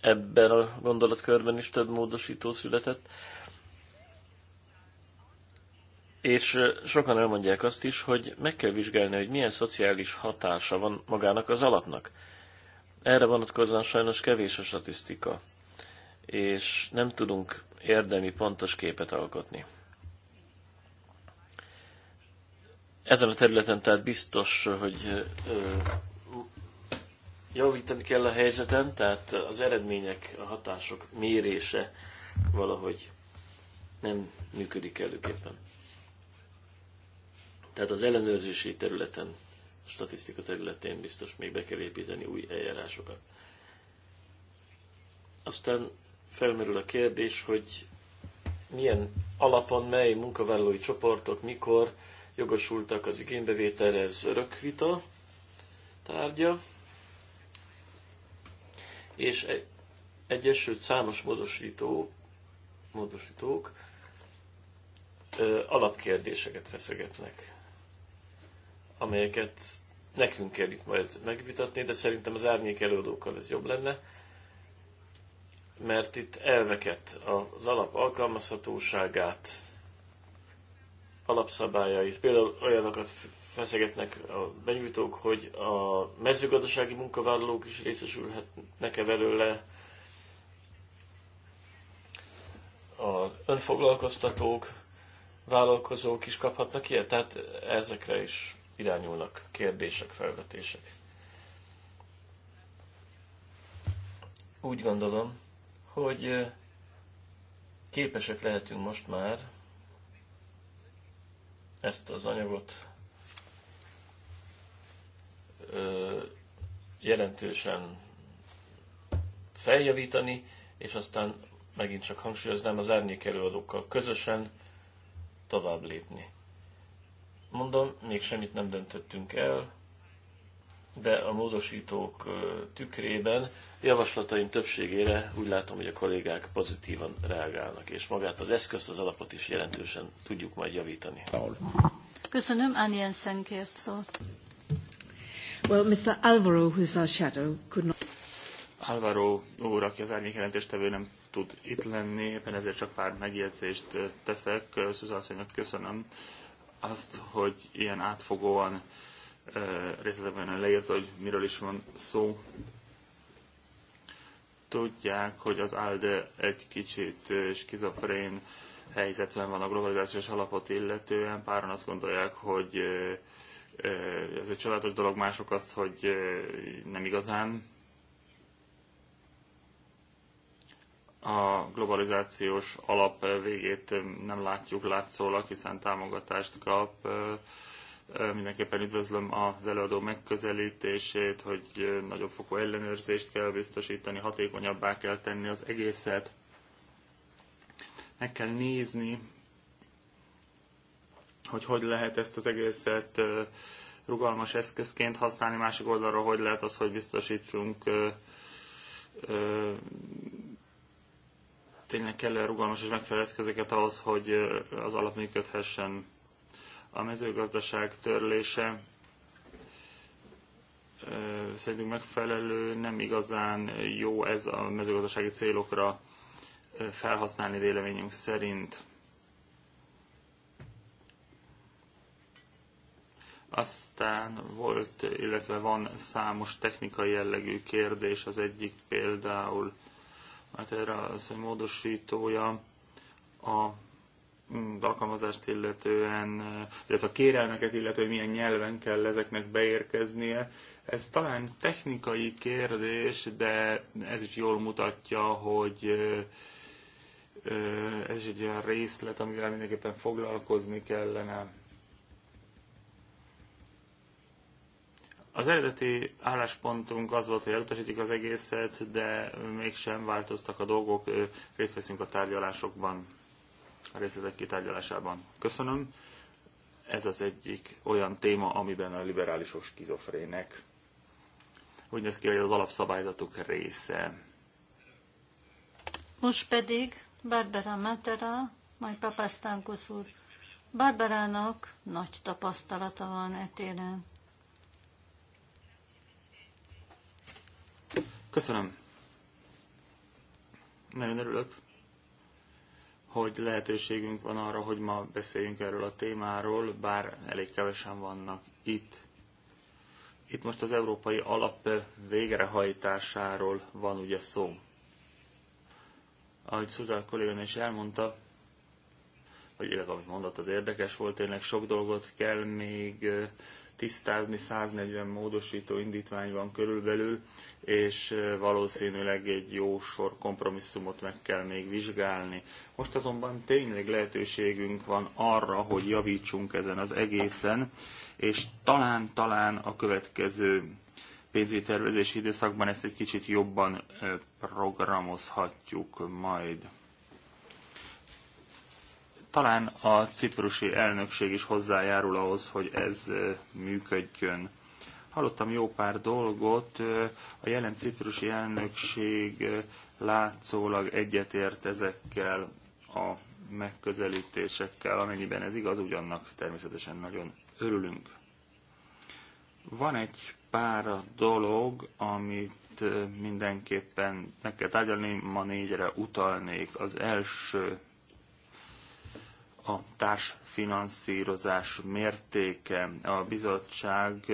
ebben a gondolatkörben is több módosító született. És sokan elmondják azt is, hogy meg kell vizsgálni, hogy milyen szociális hatása van magának az alapnak. Erre vonatkozóan sajnos kevés a statisztika, és nem tudunk érdemi pontos képet alkotni. Ezen a területen tehát biztos, hogy javítani kell a helyzeten, tehát az eredmények, a hatások mérése valahogy nem működik előképpen. Tehát az ellenőrzési területen, a statisztika területén biztos még be kell építeni új eljárásokat. Aztán felmerül a kérdés, hogy milyen alapon, mely munkavállalói csoportok, mikor, jogosultak az igénybevételre, ez örök vita tárgya, és e- egyesült számos módosító, módosítók ö, alapkérdéseket feszegetnek, amelyeket nekünk kell itt majd megvitatni, de szerintem az árnyék előadókkal ez jobb lenne, mert itt elveket, az alap alkalmazhatóságát alapszabályait. Például olyanokat feszegetnek a benyújtók, hogy a mezőgazdasági munkavállalók is részesülhetnek-e belőle, az önfoglalkoztatók, vállalkozók is kaphatnak ilyet, tehát ezekre is irányulnak kérdések, felvetések. Úgy gondolom, hogy képesek lehetünk most már ezt az anyagot jelentősen feljavítani, és aztán megint csak hangsúlyoznám az árnyék előadókkal közösen tovább lépni. Mondom, még semmit nem döntöttünk el, de a módosítók tükrében javaslataim többségére úgy látom, hogy a kollégák pozitívan reagálnak, és magát az eszközt, az alapot is jelentősen tudjuk majd javítani. Köszönöm, Annie Jensen kért szó. Well, Mr. Alvaro, who's our shadow, could not... Alvaro úr, aki az árnyék jelentéstevő nem tud itt lenni, éppen ezért csak pár megjegyzést teszek. Szuzanszonynak köszönöm azt, hogy ilyen átfogóan részletben leírta, hogy miről is van szó. Tudják, hogy az ALDE egy kicsit skizofrén helyzetben van a globalizációs alapot illetően. Páran azt gondolják, hogy ez egy csodálatos dolog, mások azt, hogy nem igazán. A globalizációs alap végét nem látjuk látszólag, hiszen támogatást kap Mindenképpen üdvözlöm az előadó megközelítését, hogy nagyobb fokú ellenőrzést kell biztosítani, hatékonyabbá kell tenni az egészet. Meg kell nézni, hogy hogy lehet ezt az egészet rugalmas eszközként használni, másik oldalról hogy lehet az, hogy biztosítsunk tényleg kellően rugalmas és megfelelő eszközöket ahhoz, hogy az alap működhessen a mezőgazdaság törlése szerintünk megfelelő, nem igazán jó ez a mezőgazdasági célokra felhasználni véleményünk szerint. Aztán volt, illetve van számos technikai jellegű kérdés, az egyik például, mert hát erre az módosítója a Mm, alkalmazást illetően, illetve a kérelmeket illetően, milyen nyelven kell ezeknek beérkeznie. Ez talán technikai kérdés, de ez is jól mutatja, hogy ez is egy olyan részlet, amivel mindenképpen foglalkozni kellene. Az eredeti álláspontunk az volt, hogy elutasítjuk az egészet, de mégsem változtak a dolgok, részt veszünk a tárgyalásokban a részletek kitárgyalásában. Köszönöm. Ez az egyik olyan téma, amiben a liberálisok skizofrének. Úgy néz ki, hogy az alapszabályzatuk része. Most pedig Barbara Matera, majd Papasztánkosz úr. Barbarának nagy tapasztalata van etéren. Köszönöm. Nagyon örülök, hogy lehetőségünk van arra, hogy ma beszéljünk erről a témáról, bár elég kevesen vannak itt. Itt most az európai alap végrehajtásáról van ugye szó. Ahogy Szuzán kollégám is elmondta, vagy illetve amit mondott, az érdekes volt, tényleg sok dolgot kell még tisztázni, 140 módosító indítvány van körülbelül, és valószínűleg egy jó sor kompromisszumot meg kell még vizsgálni. Most azonban tényleg lehetőségünk van arra, hogy javítsunk ezen az egészen, és talán-talán a következő pénzügyi tervezési időszakban ezt egy kicsit jobban programozhatjuk majd. Talán a ciprusi elnökség is hozzájárul ahhoz, hogy ez működjön. Hallottam jó pár dolgot, a jelen ciprusi elnökség látszólag egyetért ezekkel a megközelítésekkel, amennyiben ez igaz, ugyannak természetesen nagyon örülünk. Van egy pár dolog, amit mindenképpen meg kell tárgyalni, ma négyre utalnék. Az első a társfinanszírozás mértéke. A bizottság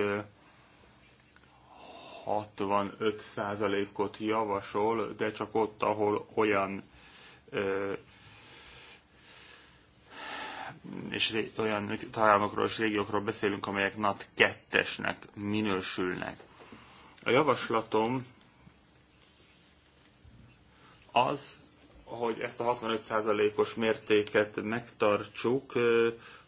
65%-ot javasol, de csak ott, ahol olyan és olyan tagállamokról és régiókról beszélünk, amelyek NAT 2-esnek minősülnek. A javaslatom az, hogy ezt a 65%-os mértéket megtartsuk,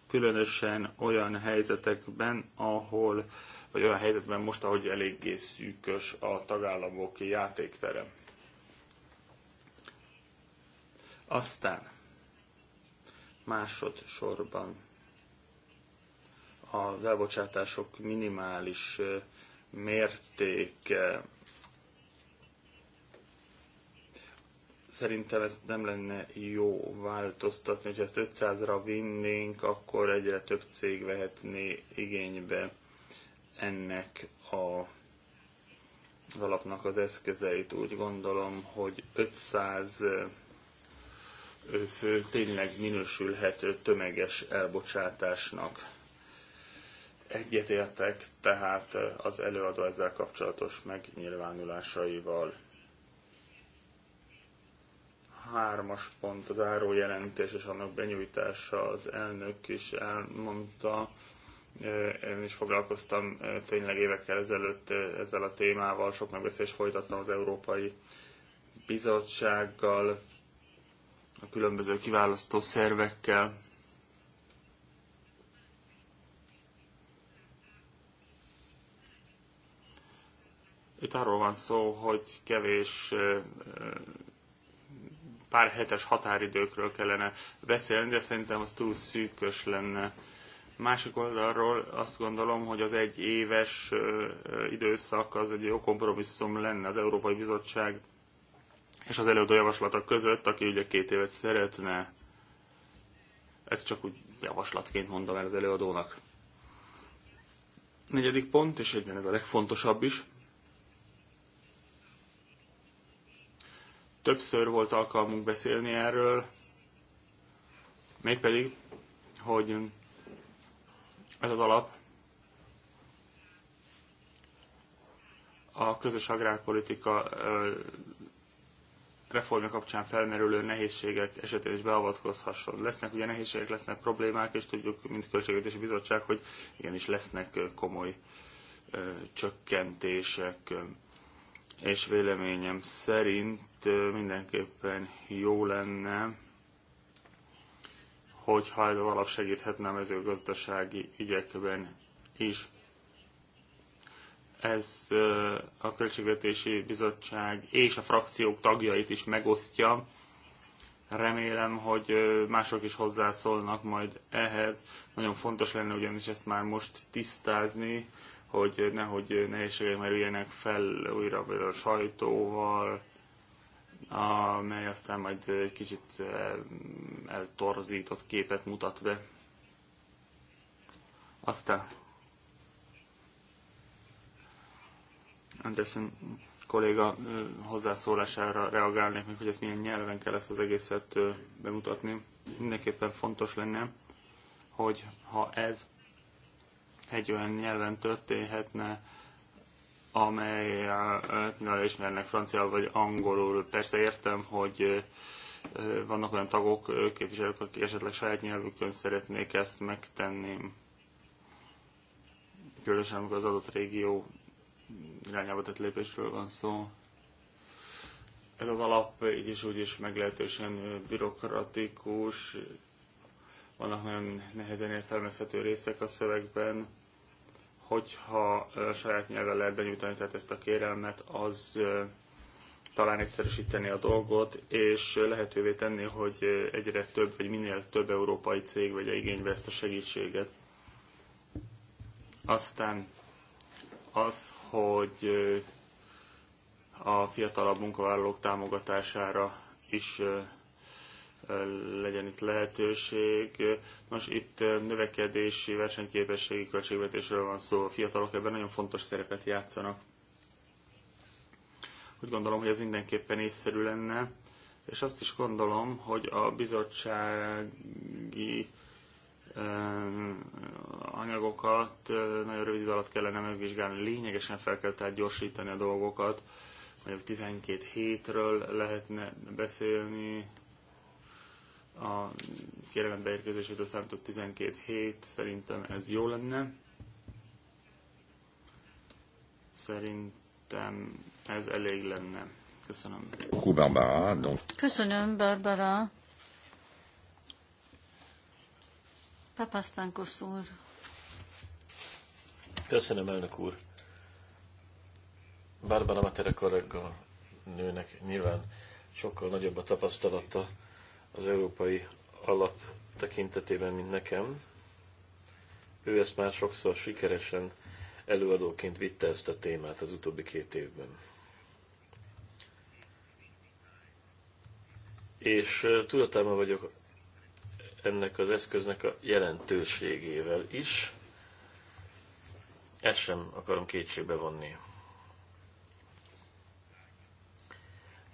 különösen olyan helyzetekben, ahol, vagy olyan helyzetben most, ahogy eléggé szűkös a tagállamok játéktere. Aztán másodszorban az elbocsátások minimális mértéke szerintem ez nem lenne jó változtatni, hogyha ezt 500-ra vinnénk, akkor egyre több cég vehetné igénybe ennek a alapnak az eszközeit. Úgy gondolom, hogy 500 fő tényleg minősülhető tömeges elbocsátásnak. Egyetértek tehát az előadó ezzel kapcsolatos megnyilvánulásaival hármas pont, az árójelentés és annak benyújtása az elnök is elmondta. Én is foglalkoztam tényleg évekkel ezelőtt ezzel a témával, sok megbeszélést folytattam az Európai Bizottsággal, a különböző kiválasztó szervekkel. Itt arról van szó, hogy kevés pár hetes határidőkről kellene beszélni, de szerintem az túl szűkös lenne. Másik oldalról azt gondolom, hogy az egy éves időszak az egy jó kompromisszum lenne az Európai Bizottság és az előadó javaslatok között, aki ugye két évet szeretne. Ez csak úgy javaslatként mondom el az előadónak. Negyedik pont, és egyben ez a legfontosabb is. Többször volt alkalmunk beszélni erről, mégpedig, hogy ez az alap a közös agrárpolitika reformja kapcsán felmerülő nehézségek esetén is beavatkozhasson. Lesznek ugye nehézségek, lesznek problémák, és tudjuk, mint Költségvetési Bizottság, hogy igenis lesznek komoly ö, csökkentések, és véleményem szerint mindenképpen jó lenne, hogyha ez az alap segíthetne a mezőgazdasági ügyekben is. Ez a Költségvetési Bizottság és a frakciók tagjait is megosztja. Remélem, hogy mások is hozzászólnak majd ehhez. Nagyon fontos lenne ugyanis ezt már most tisztázni, hogy nehogy nehézségek merüljenek fel újra a sajtóval, amely aztán majd egy kicsit eh, eltorzított képet mutat be. Aztán Anderson kolléga eh, hozzászólására reagálnék, még hogy ezt milyen nyelven kell ezt az egészet eh, bemutatni. Mindenképpen fontos lenne, hogy ha ez egy olyan nyelven történhetne, amely eh, eh, ismernek francia vagy angolul. Persze értem, hogy eh, vannak olyan tagok, képviselők, akik esetleg saját nyelvükön szeretnék ezt megtenni, különösen amikor az adott régió irányába tett lépésről van szó. Ez az alap így is úgy is meglehetősen bürokratikus, vannak nagyon nehezen értelmezhető részek a szövegben, hogyha saját nyelven lehet benyújtani tehát ezt a kérelmet, az talán egyszerűsíteni a dolgot, és lehetővé tenni, hogy egyre több, vagy minél több európai cég vegye igénybe ezt a segítséget. Aztán az, hogy a fiatalabb munkavállalók támogatására is legyen itt lehetőség. Nos, itt növekedési, versenyképességi költségvetésről van szó, a fiatalok ebben nagyon fontos szerepet játszanak. Úgy gondolom, hogy ez mindenképpen észszerű lenne, és azt is gondolom, hogy a bizottsági anyagokat nagyon rövid alatt kellene megvizsgálni, lényegesen fel kell tehát gyorsítani a dolgokat, mondjuk 12 hétről lehetne beszélni, a kérelem beérkezését a számított 12 hét, szerintem ez jó lenne. Szerintem ez elég lenne. Köszönöm. Köszönöm, Barbara. Papasztánkosz úr. Köszönöm, elnök úr. Barbara Matera Korregga nőnek nyilván sokkal nagyobb a tapasztalata az európai alap tekintetében, mint nekem. Ő ezt már sokszor sikeresen előadóként vitte ezt a témát az utóbbi két évben. És tudatában vagyok ennek az eszköznek a jelentőségével is. Ezt sem akarom kétségbe vonni.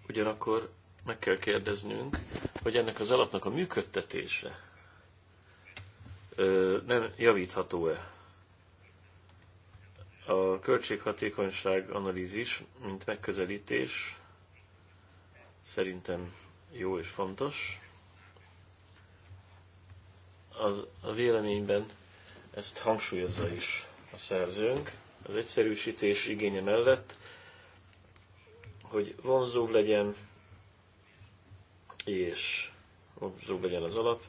Ugyanakkor meg kell kérdeznünk, hogy ennek az alapnak a működtetése ö, nem javítható-e. A költséghatékonyság analízis, mint megközelítés szerintem jó és fontos. Az, a véleményben ezt hangsúlyozza is a szerzőnk. Az egyszerűsítés igénye mellett, hogy vonzóbb legyen, és vonzóbb legyen az alap,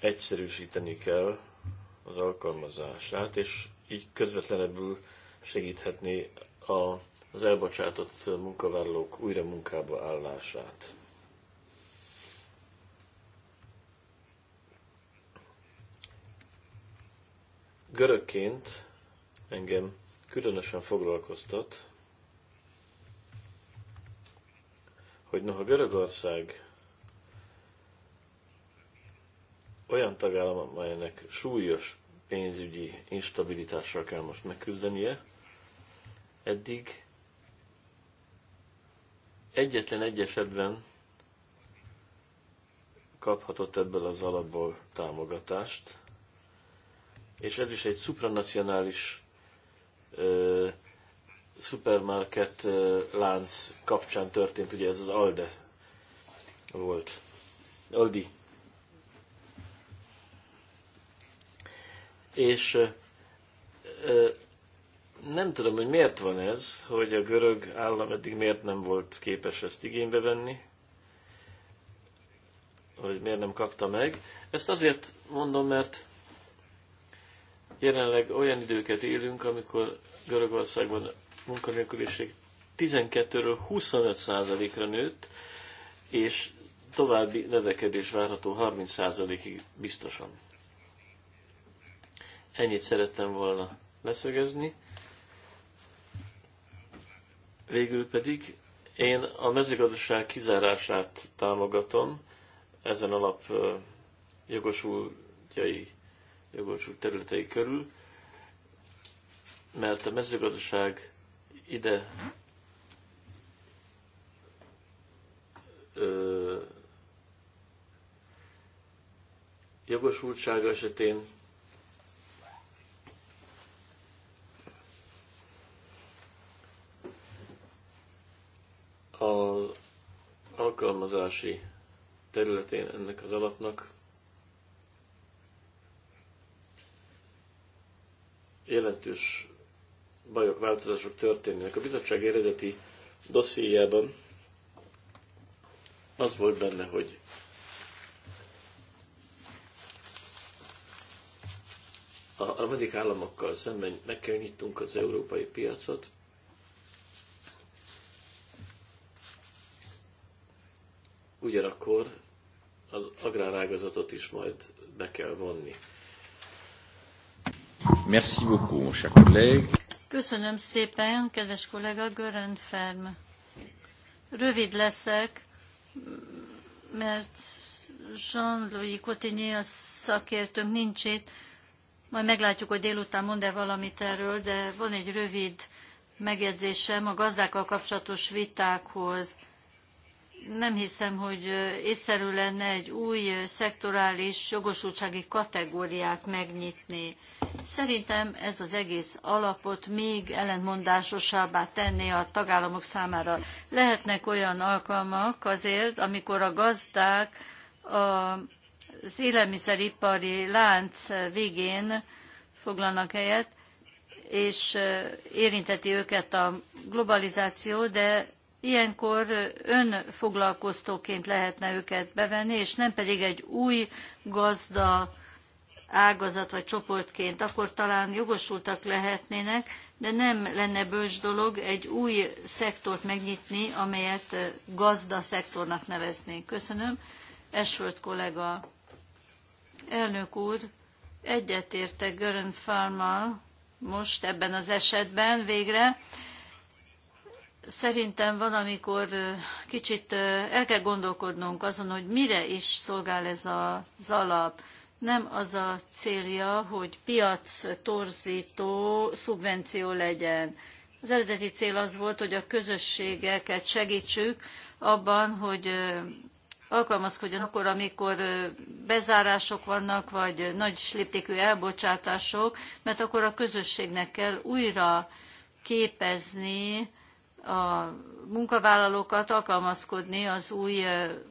egyszerűsíteni kell az alkalmazását, és így közvetlenebbül segíthetni a, az elbocsátott munkavállalók újra munkába állását. Görögként engem különösen foglalkoztat, hogy noha Görögország olyan tagállam, amelynek súlyos pénzügyi instabilitással kell most megküzdenie, eddig egyetlen egy esetben kaphatott ebből az alapból támogatást, és ez is egy supranacionális szupermarket lánc kapcsán történt, ugye ez az Alde volt. Aldi. És nem tudom, hogy miért van ez, hogy a görög állam eddig miért nem volt képes ezt igénybe venni, vagy miért nem kapta meg. Ezt azért mondom, mert jelenleg olyan időket élünk, amikor Görögországban munkanélküliség 12-ről 25%-ra nőtt, és további növekedés várható 30%-ig biztosan. Ennyit szerettem volna leszögezni. Végül pedig én a mezőgazdaság kizárását támogatom ezen alap jogosultjai, jogosult területei körül, mert a mezőgazdaság ide ö, jogosultsága esetén az alkalmazási területén ennek az alapnak jelentős bajok, változások történnek. A bizottság eredeti dossziéjában az volt benne, hogy a harmadik államokkal szemben meg kell nyitnunk az európai piacot, ugyanakkor az agrárágazatot is majd be kell vonni. Merci beaucoup, mon cher collègue. Köszönöm szépen, kedves kollega Görön Ferm. Rövid leszek, mert Jean-Louis Cotigny, a szakértőnk nincs itt. Majd meglátjuk, hogy délután mond-e valamit erről, de van egy rövid megjegyzésem a gazdákkal kapcsolatos vitákhoz nem hiszem, hogy észszerű lenne egy új szektorális jogosultsági kategóriát megnyitni. Szerintem ez az egész alapot még ellentmondásosabbá tenni a tagállamok számára. Lehetnek olyan alkalmak azért, amikor a gazdák az élelmiszeripari lánc végén foglalnak helyet, és érinteti őket a globalizáció, de ilyenkor önfoglalkoztóként lehetne őket bevenni, és nem pedig egy új gazda ágazat vagy csoportként, akkor talán jogosultak lehetnének, de nem lenne bölcs dolog egy új szektort megnyitni, amelyet gazda szektornak neveznénk. Köszönöm. Esföld kollega, elnök úr, egyetértek Görön Farma most ebben az esetben végre, szerintem van, amikor kicsit el kell gondolkodnunk azon, hogy mire is szolgál ez az alap. Nem az a célja, hogy piac torzító szubvenció legyen. Az eredeti cél az volt, hogy a közösségeket segítsük abban, hogy alkalmazkodjon akkor, amikor bezárások vannak, vagy nagy léptékű elbocsátások, mert akkor a közösségnek kell újra képezni a munkavállalókat alkalmazkodni az új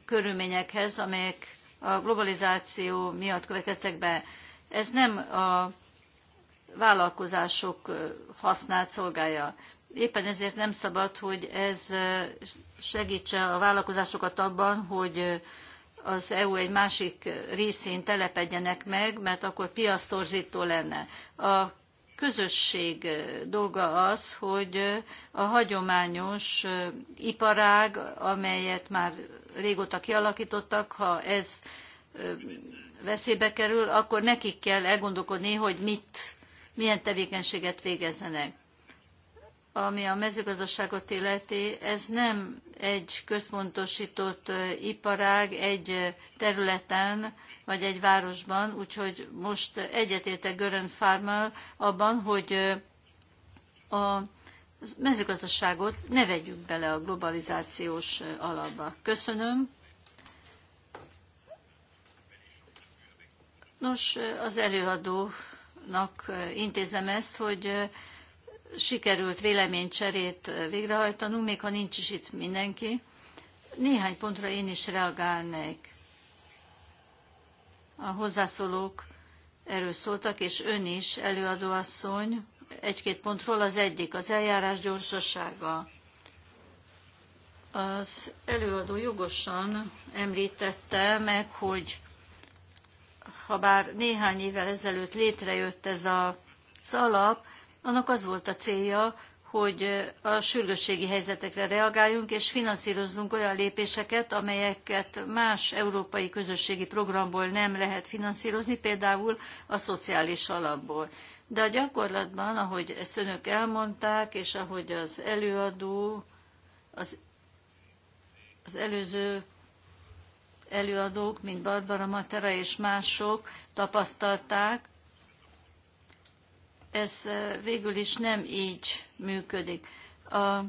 körülményekhez, amelyek a globalizáció miatt következtek be. Ez nem a vállalkozások hasznát szolgálja. Éppen ezért nem szabad, hogy ez segítse a vállalkozásokat abban, hogy az EU egy másik részén telepedjenek meg, mert akkor piasztorzító lenne. A közösség dolga az, hogy a hagyományos iparág, amelyet már régóta kialakítottak, ha ez veszélybe kerül, akkor nekik kell elgondolkodni, hogy mit, milyen tevékenységet végezzenek. Ami a mezőgazdaságot illeti, ez nem egy központosított iparág egy területen, vagy egy városban, úgyhogy most egyetértek Görön Farmer abban, hogy a mezőgazdaságot ne vegyük bele a globalizációs alapba. Köszönöm. Nos, az előadónak intézem ezt, hogy sikerült véleménycserét végrehajtanunk, még ha nincs is itt mindenki. Néhány pontra én is reagálnék a hozzászólók erről szóltak, és ön is, előadóasszony, egy-két pontról az egyik, az eljárás gyorsasága. Az előadó jogosan említette meg, hogy ha bár néhány évvel ezelőtt létrejött ez az alap, annak az volt a célja, hogy a sürgősségi helyzetekre reagáljunk, és finanszírozzunk olyan lépéseket, amelyeket más európai közösségi programból nem lehet finanszírozni, például a szociális alapból. De a gyakorlatban, ahogy ezt önök elmondták, és ahogy az előadó, az, az előző előadók, mint Barbara Matera és mások tapasztalták, ez végül is nem így működik. A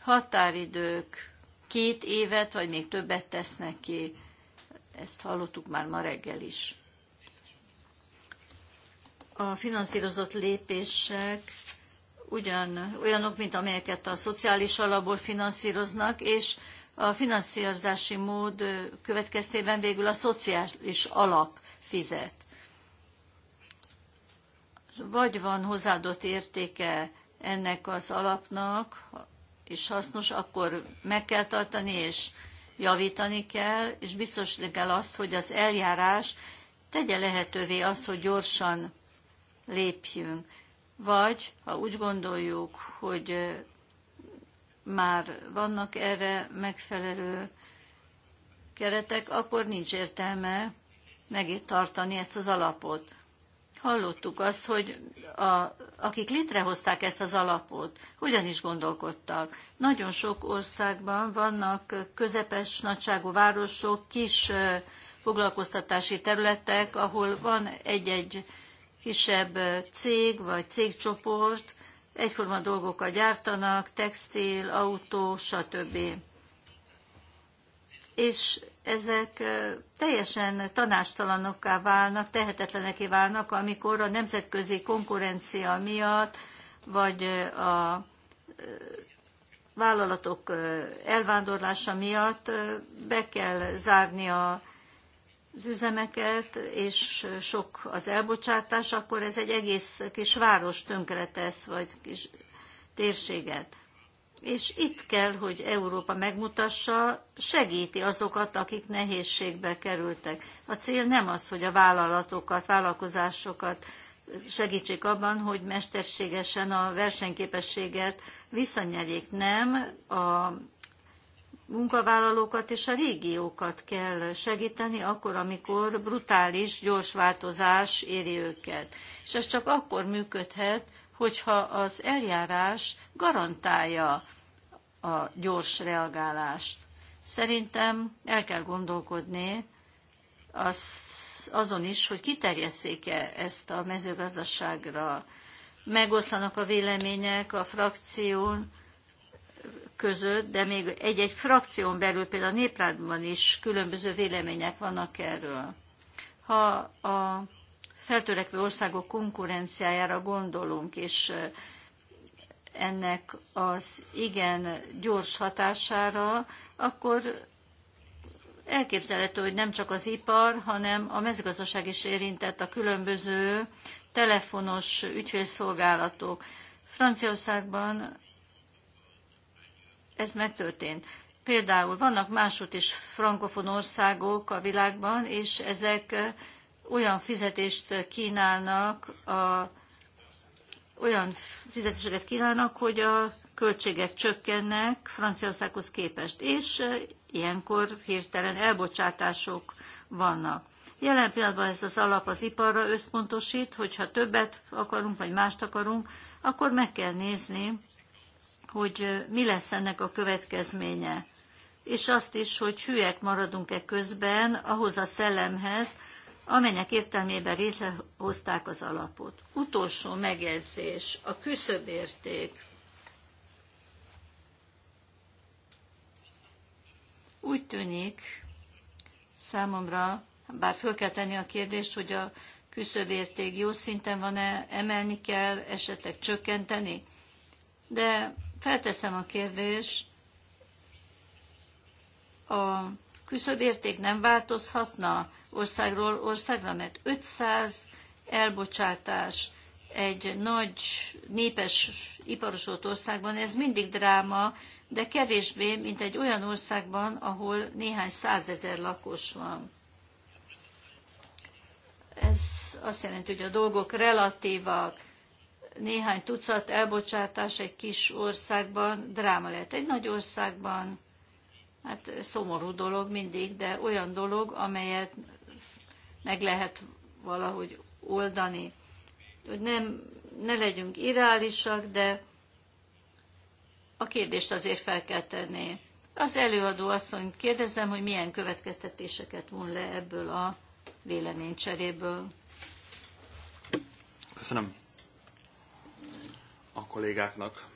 határidők két évet, vagy még többet tesznek ki. Ezt hallottuk már ma reggel is. A finanszírozott lépések ugyan, olyanok, mint amelyeket a szociális alapból finanszíroznak, és a finanszírozási mód következtében végül a szociális alap fizet vagy van hozzáadott értéke ennek az alapnak, és hasznos, akkor meg kell tartani, és javítani kell, és biztosítani kell azt, hogy az eljárás tegye lehetővé azt, hogy gyorsan lépjünk. Vagy, ha úgy gondoljuk, hogy már vannak erre megfelelő keretek, akkor nincs értelme tartani ezt az alapot hallottuk azt, hogy a, akik létrehozták ezt az alapot, hogyan is gondolkodtak. Nagyon sok országban vannak közepes nagyságú városok, kis foglalkoztatási területek, ahol van egy-egy kisebb cég vagy cégcsoport, egyforma dolgokat gyártanak, textil, autó, stb. És ezek teljesen tanástalanokká válnak, tehetetleneké válnak, amikor a nemzetközi konkurencia miatt, vagy a vállalatok elvándorlása miatt be kell zárni a az üzemeket, és sok az elbocsátás, akkor ez egy egész kis város tönkretesz, vagy kis térséget és itt kell, hogy Európa megmutassa, segíti azokat, akik nehézségbe kerültek. A cél nem az, hogy a vállalatokat, vállalkozásokat segítsék abban, hogy mesterségesen a versenyképességet visszanyerjék. Nem, a munkavállalókat és a régiókat kell segíteni akkor, amikor brutális, gyors változás éri őket. És ez csak akkor működhet, hogyha az eljárás garantálja a gyors reagálást. Szerintem el kell gondolkodni az, azon is, hogy kiterjesszék-e ezt a mezőgazdaságra. Megoszlanak a vélemények a frakción között, de még egy-egy frakción belül, például a néprádban is különböző vélemények vannak erről. Ha a feltörekvő országok konkurenciájára gondolunk, és ennek az igen gyors hatására, akkor elképzelhető, hogy nem csak az ipar, hanem a mezőgazdaság is érintett a különböző telefonos ügyfélszolgálatok. Franciaországban ez megtörtént. Például vannak másút is frankofon országok a világban, és ezek olyan fizetést kínálnak, a, olyan fizetéseket kínálnak, hogy a költségek csökkennek Franciaországhoz képest, és ilyenkor hirtelen elbocsátások vannak. Jelen pillanatban ez az alap az iparra összpontosít, hogyha többet akarunk, vagy mást akarunk, akkor meg kell nézni, hogy mi lesz ennek a következménye. És azt is, hogy hülyek maradunk-e közben ahhoz a szellemhez, amelynek értelmében létrehozták az alapot. Utolsó megjegyzés, a küszöbérték. Úgy tűnik számomra, bár föl kell tenni a kérdést, hogy a küszöbérték jó szinten van-e, emelni kell, esetleg csökkenteni, de felteszem a kérdést, a küszöbérték nem változhatna országról országra, mert 500 elbocsátás egy nagy népes iparosult országban, ez mindig dráma, de kevésbé, mint egy olyan országban, ahol néhány százezer lakos van. Ez azt jelenti, hogy a dolgok relatívak, néhány tucat elbocsátás egy kis országban dráma lehet. Egy nagy országban hát szomorú dolog mindig, de olyan dolog, amelyet meg lehet valahogy oldani. Hogy nem, ne legyünk irálisak, de a kérdést azért fel kell tenni. Az előadó asszonyt kérdezem, hogy milyen következtetéseket von le ebből a véleménycseréből. Köszönöm a kollégáknak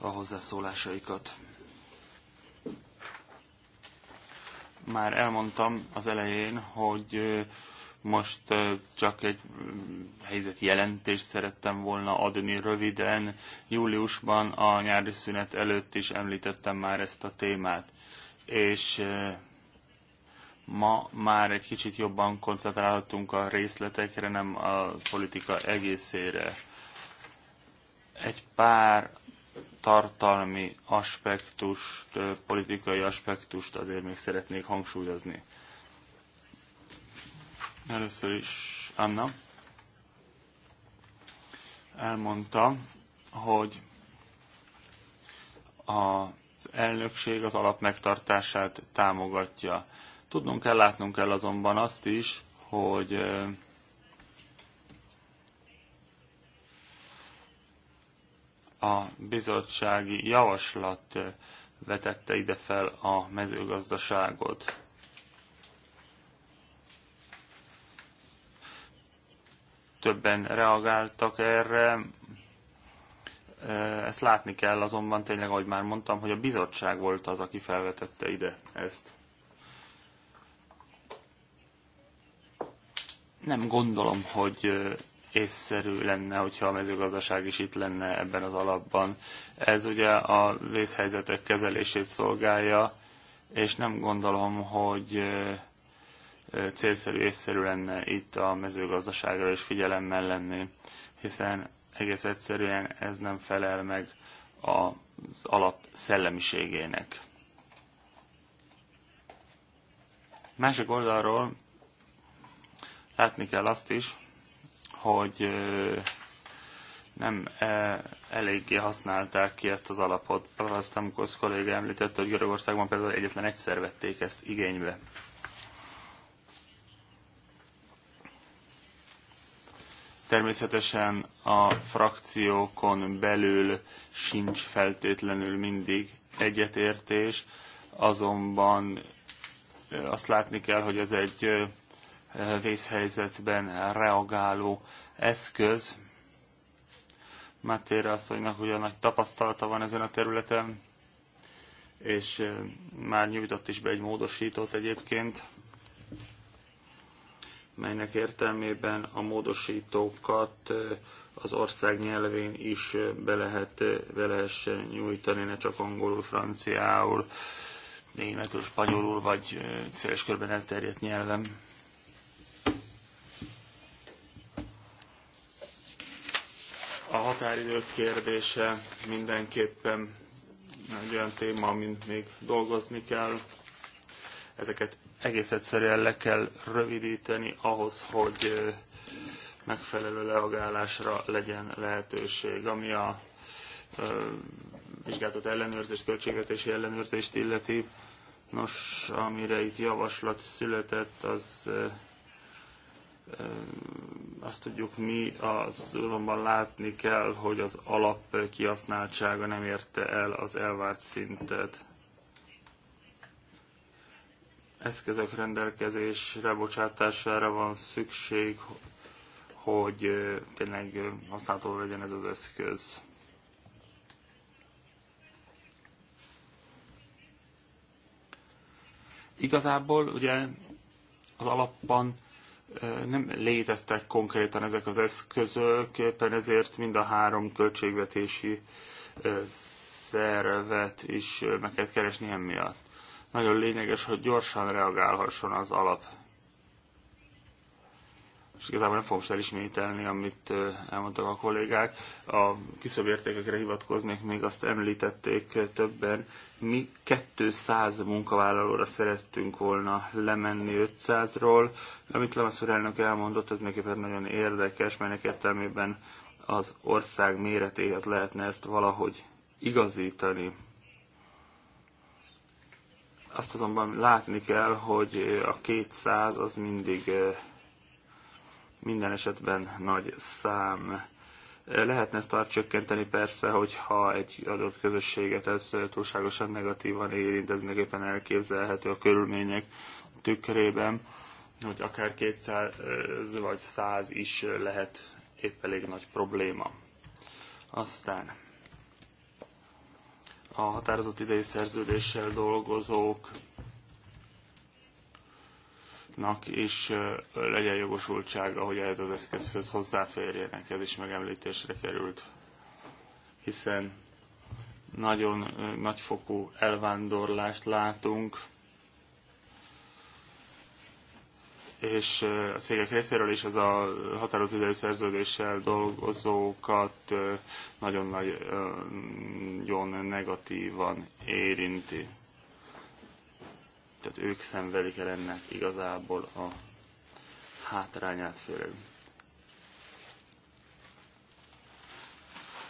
a hozzászólásaikat. Már elmondtam az elején, hogy most csak egy mm, helyzeti jelentést szerettem volna adni röviden. Júliusban a nyári szünet előtt is említettem már ezt a témát, és ma már egy kicsit jobban koncentrálhatunk a részletekre, nem a politika egészére. Egy pár tartalmi aspektust, politikai aspektust azért még szeretnék hangsúlyozni. Először is Anna elmondta, hogy az elnökség az alap megtartását támogatja. Tudnunk kell, látnunk kell azonban azt is, hogy a bizottsági javaslat vetette ide fel a mezőgazdaságot. Többen reagáltak erre. Ezt látni kell, azonban tényleg, ahogy már mondtam, hogy a bizottság volt az, aki felvetette ide ezt. Nem gondolom, hogy észszerű lenne, hogyha a mezőgazdaság is itt lenne ebben az alapban. Ez ugye a vészhelyzetek kezelését szolgálja, és nem gondolom, hogy célszerű észszerű lenne itt a mezőgazdaságra is figyelemmel lenni, hiszen egész egyszerűen ez nem felel meg az alap szellemiségének. Másik oldalról látni kell azt is, hogy nem eléggé használták ki ezt az alapot. Pravasztamkosz kolléga említette, hogy Görögországban például egyetlen egyszer vették ezt igénybe. Természetesen a frakciókon belül sincs feltétlenül mindig egyetértés, azonban azt látni kell, hogy ez egy vészhelyzetben reagáló eszköz. Mátér asszonynak ugyan nagy tapasztalata van ezen a területen, és már nyújtott is be egy módosítót egyébként, melynek értelmében a módosítókat az ország nyelvén is be, lehet, be lehessen nyújtani, ne csak angolul, franciául, németül, spanyolul, vagy széles körben elterjedt nyelven. A határidők kérdése mindenképpen egy olyan téma, amin még dolgozni kell. Ezeket egész egyszerűen le kell rövidíteni ahhoz, hogy megfelelő leagálásra legyen lehetőség. Ami a vizsgáltat ellenőrzést, költségvetési ellenőrzést illeti, nos, amire itt javaslat született, az azt tudjuk mi, az, azonban látni kell, hogy az alap kihasználtsága nem érte el az elvárt szintet. Eszközök rendelkezésre, bocsátására van szükség, hogy tényleg használható legyen ez az eszköz. Igazából ugye az alappan nem léteztek konkrétan ezek az eszközök, éppen ezért mind a három költségvetési szervet is meg kell keresni emiatt. Nagyon lényeges, hogy gyorsan reagálhasson az alap és igazából nem fogom elismételni, amit elmondtak a kollégák. A kisebb értékekre hivatkoznék, még azt említették többen. Mi 200 munkavállalóra szerettünk volna lemenni 500-ról. Amit Lemaszúr elnök elmondott, ez mindenképpen nagyon érdekes, melynek értelmében az ország méretéhez lehetne ezt valahogy igazítani. Azt azonban látni kell, hogy a 200 az mindig minden esetben nagy szám. Lehetne ezt tart csökkenteni persze, hogyha egy adott közösséget ez túlságosan negatívan érint, ez mindenképpen elképzelhető a körülmények tükrében, hogy akár 200 vagy 100 is lehet épp elég nagy probléma. Aztán a határozott idei szerződéssel dolgozók Nak is legyen jogosultsága, hogy ehhez az eszközhöz hozzáférjenek. Ez is megemlítésre került, hiszen nagyon nagyfokú elvándorlást látunk, és a cégek részéről is ez a határozott szerződéssel dolgozókat nagyon, nagyon negatívan érinti tehát ők szenvedik el ennek igazából a hátrányát főleg.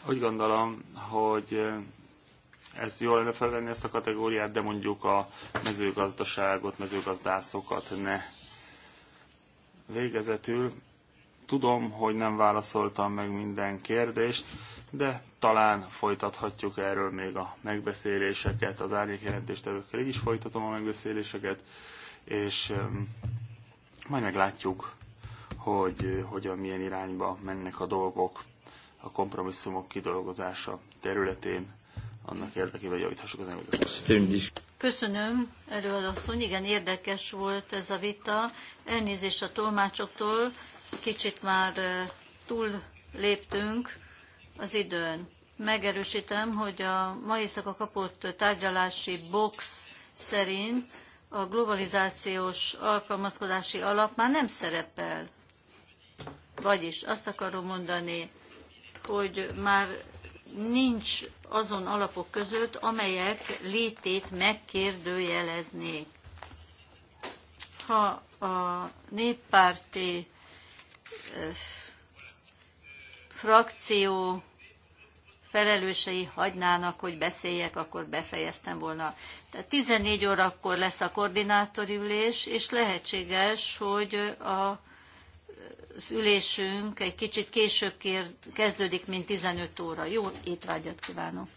Úgy gondolom, hogy ez jól lenne felvenni ezt a kategóriát, de mondjuk a mezőgazdaságot, mezőgazdászokat ne. Végezetül tudom, hogy nem válaszoltam meg minden kérdést, de talán folytathatjuk erről még a megbeszéléseket, az árnyékjelentéstevőkkel is folytatom a megbeszéléseket, és majd meglátjuk, hogy eh, hogyan, milyen irányba mennek a dolgok a kompromisszumok kidolgozása területén, annak érdekében, hogy javíthassuk az emlékezést. Köszönöm, előadasszony. Igen, érdekes volt ez a vita. Elnézést a tolmácsoktól, kicsit már eh, túl léptünk az időn. Megerősítem, hogy a mai éjszaka kapott tárgyalási box szerint a globalizációs alkalmazkodási alap már nem szerepel. Vagyis azt akarom mondani, hogy már nincs azon alapok között, amelyek létét megkérdőjeleznék. Ha a néppárti eh, frakció felelősei hagynának, hogy beszéljek, akkor befejeztem volna. Tehát 14 órakor lesz a koordinátori ülés, és lehetséges, hogy a, az ülésünk egy kicsit később kér, kezdődik, mint 15 óra. Jó étvágyat kívánok!